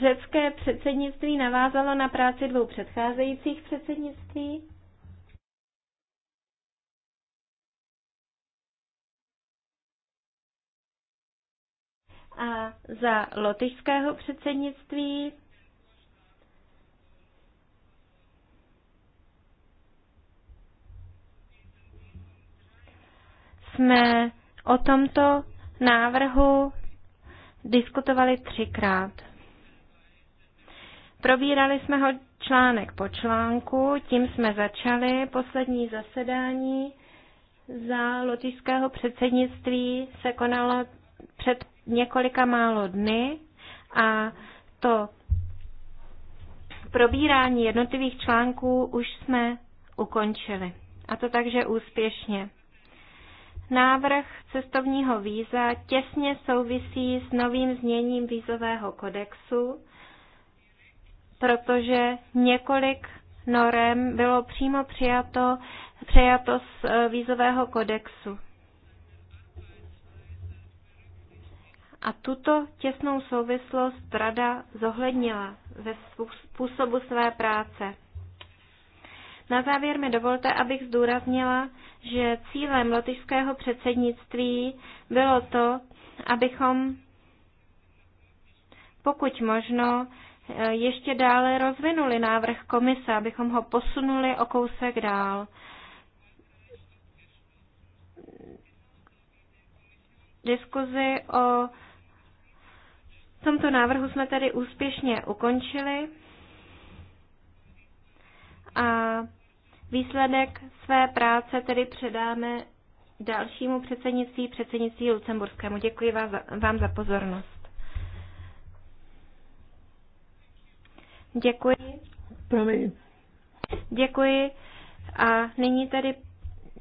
Řecké předsednictví navázalo na práci dvou předcházejících předsednictví. a za lotyšského předsednictví jsme o tomto návrhu diskutovali třikrát. Probírali jsme ho článek po článku, tím jsme začali poslední zasedání za lotyšského předsednictví se konalo před několika málo dny a to probírání jednotlivých článků už jsme ukončili. A to takže úspěšně. Návrh cestovního víza těsně souvisí s novým zněním vízového kodexu, protože několik norem bylo přímo přijato, přijato z eh, vízového kodexu. A tuto těsnou souvislost rada zohlednila ve způsobu své práce. Na závěr mi dovolte, abych zdůraznila, že cílem lotyšského předsednictví bylo to, abychom pokud možno eh, ještě dále rozvinuli návrh komise, abychom ho posunuli o kousek dál. Diskuzi o v tomto návrhu jsme tedy úspěšně ukončili a výsledek své práce tedy předáme dalšímu předsednictví, předsednictví Lucemburskému. Děkuji vám za pozornost. Děkuji. Promiň. Děkuji. A nyní tedy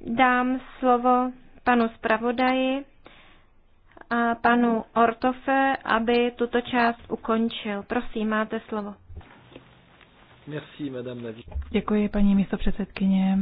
dám slovo panu zpravodaji a panu Ortofe, aby tuto část ukončil. Prosím, máte slovo. Merci, madame Děkuji, paní místopředsedkyně.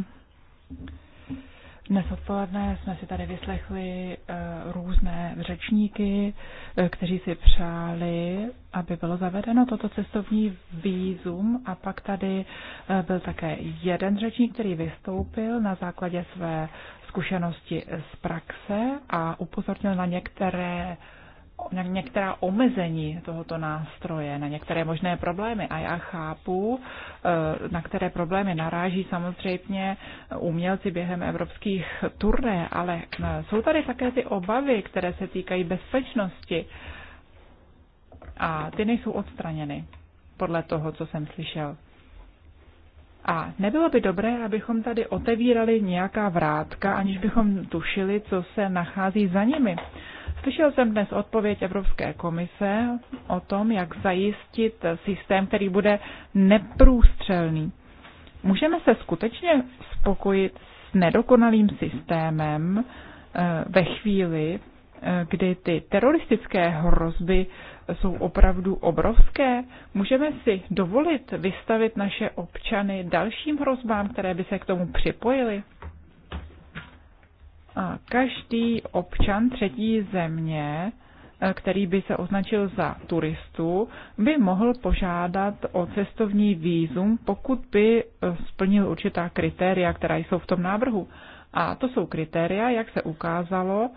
Dnes odpoledne jsme si tady vyslechli eh, různé řečníky, eh, kteří si přáli, aby bylo zavedeno toto cestovní výzum a pak tady eh, byl také jeden řečník, který vystoupil na základě své zkušenosti z praxe a upozornil na některé na některá omezení tohoto nástroje, na některé možné problémy. A já chápu, eh, na které problémy naráží samozřejmě umělci během evropských turné, ale eh, jsou tady také ty obavy, které se týkají bezpečnosti. A ty nejsou odstraněny, podle toho, co jsem slyšel. A nebylo by dobré, abychom tady otevírali nějaká vrátka, aniž bychom tušili, co se nachází za nimi. Slyšel jsem dnes odpověď Evropské komise o tom, jak zajistit systém, který bude neprůstřelný. Můžeme se skutečně spokojit s nedokonalým systémem eh, ve chvíli, kdy ty teroristické hrozby jsou opravdu obrovské, můžeme si dovolit vystavit naše občany dalším hrozbám, které by se k tomu připojily? Každý občan třetí země, eh, který by se označil za turistu, by mohl požádat o cestovní výzum, pokud by eh, splnil určitá kritéria, která jsou v tom návrhu. A to jsou kritéria, jak se ukázalo,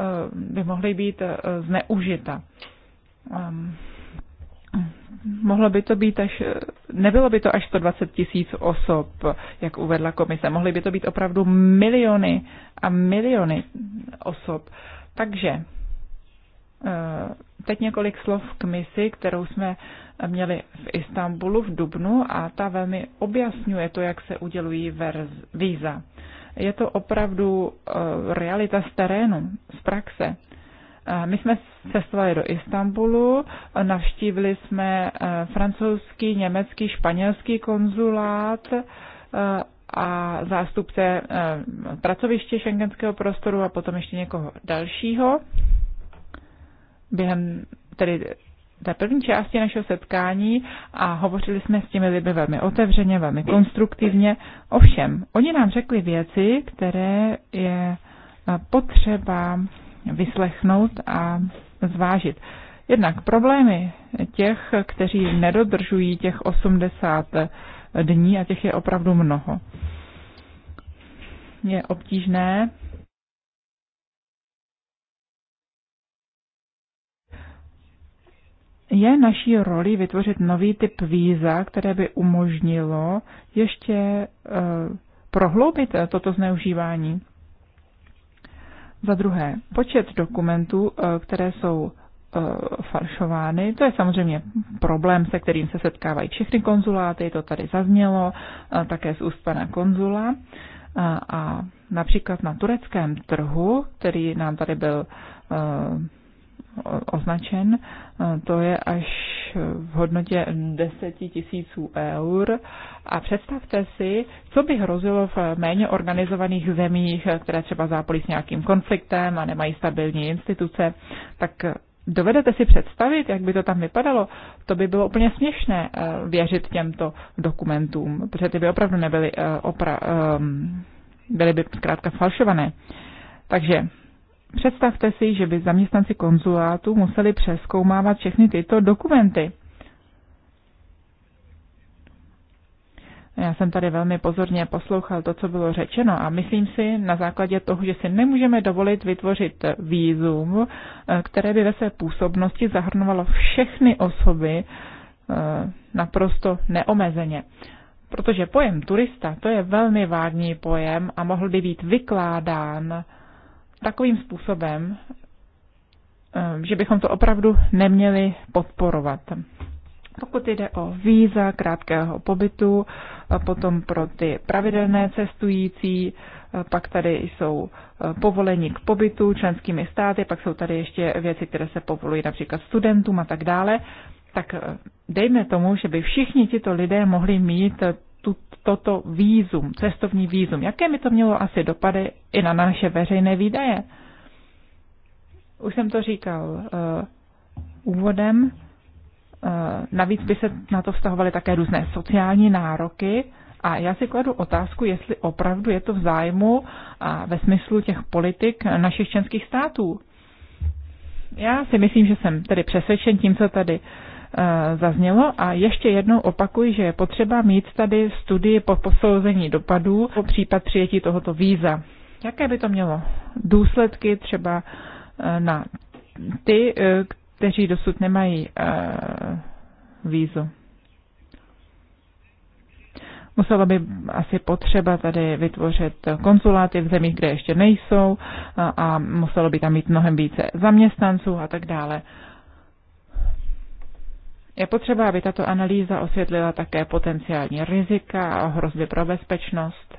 Eh, by mohly být eh, zneužita. Ehm, mohlo by to být až, nebylo by to až 120 tisíc osob, jak uvedla komise, mohly by to být opravdu miliony a miliony osob. Takže eh, teď několik slov k misi, kterou jsme měli v Istanbulu v Dubnu a ta velmi objasňuje to, jak se udělují víza je to opravdu eh, realita z terénu, z praxe. Eh, my jsme cestovali do Istanbulu, eh, navštívili jsme francouzský, německý, španělský konzulát a zástupce pracoviště šengenského prostoru a potom ještě někoho dalšího. Během tedy té první části našeho setkání a hovořili jsme s těmi lidmi velmi otevřeně, velmi konstruktivně. Ovšem, oni nám řekli věci, které je eh, potřeba vyslechnout a zvážit. Jednak problémy těch, kteří nedodržují těch 80 eh, dní a těch je opravdu mnoho. Je obtížné je naší roli vytvořit nový typ víza, které by umožnilo ještě eh, prohloubit eh, toto zneužívání. Za druhé, počet dokumentů, eh, které jsou falšovány. To je samozřejmě problém, se kterým se setkávají všechny konzuláty, to tady zaznělo také z úst pana konzula. A například na tureckém trhu, který nám tady byl označen, e, to je až v hodnotě 10 tisíců eur. A představte si, co by hrozilo v méně organizovaných zemích, které třeba zápolí s nějakým konfliktem a nemají stabilní instituce, tak e, Dovedete si představit, jak by to tam vypadalo? To by bylo úplně směšné e, věřit těmto dokumentům, protože ty by opravdu nebyly, opra, byly by zkrátka falšované. Takže Představte si, že by zaměstnanci konzulátu museli přeskoumávat všechny tyto dokumenty. Já jsem tady velmi pozorně poslouchal to, co bylo řečeno a myslím si na základě toho, že si nemůžeme dovolit vytvořit výzum, které by ve své působnosti zahrnovalo všechny osoby eh, naprosto neomezeně. Protože pojem turista, to je velmi vágní pojem a mohl by být vykládán takovým způsobem, eh, že bychom to opravdu neměli podporovat. Pokud jde o víza krátkého pobytu, eh, potom pro ty pravidelné cestující, eh, pak tady jsou povolení k pobytu členskými státy, pak jsou tady ještě věci, které se povolují například studentům a tak dále, tak dejme tomu, že by všichni tito lidé mohli mít tu, toto výzum, cestovní výzum. Jaké mi to mělo asi dopady i na naše veřejné výdaje? Už jsem to říkal uh, úvodem. Uh, navíc by se na to vztahovaly také různé sociální nároky. A já si kladu otázku, jestli opravdu je to v zájmu a ve smyslu těch politik našich členských států. Já si myslím, že jsem tedy přesvědčen tím, co tady Eh, zaznělo a ještě jednou opakuji, že je potřeba mít tady studii po posouzení dopadů o případ přijetí tohoto víza. Jaké by to mělo důsledky třeba eh, na ty, eh, kteří dosud nemají vízu? Musela by asi potřeba tady vytvořit konzuláty v zemích, kde ještě nejsou a muselo by tam mít mnohem více zaměstnanců a tak dále. Je potřeba, aby tato analýza osvětlila také potenciální rizika a hrozby pro bezpečnost.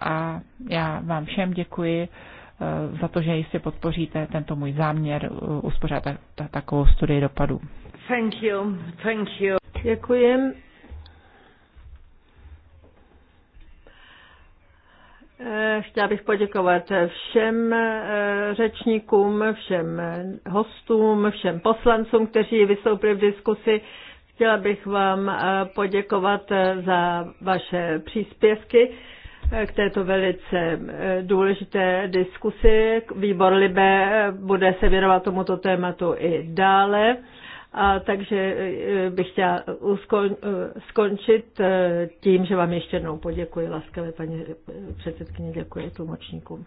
A já vám všem děkuji eh, za to, že jistě podpoříte tento můj záměr eh, uspořádat takovou studii dopadů. Thank you. Thank you. Děkuji. Eh, chtěla bych poděkovat všem eh, řečníkům, všem hostům, všem poslancům, kteří vystoupili v diskusi. Chtěla bych vám eh, poděkovat za vaše příspěvky k této velice důležité diskusi. Výbor Libe bude se věnovat tomuto tématu i dále. A takže e, e, bych chtěla e, skončit tím, že vám ještě jednou poděkuji, laskavé paní předsedkyně, děkuji tlumočníkům.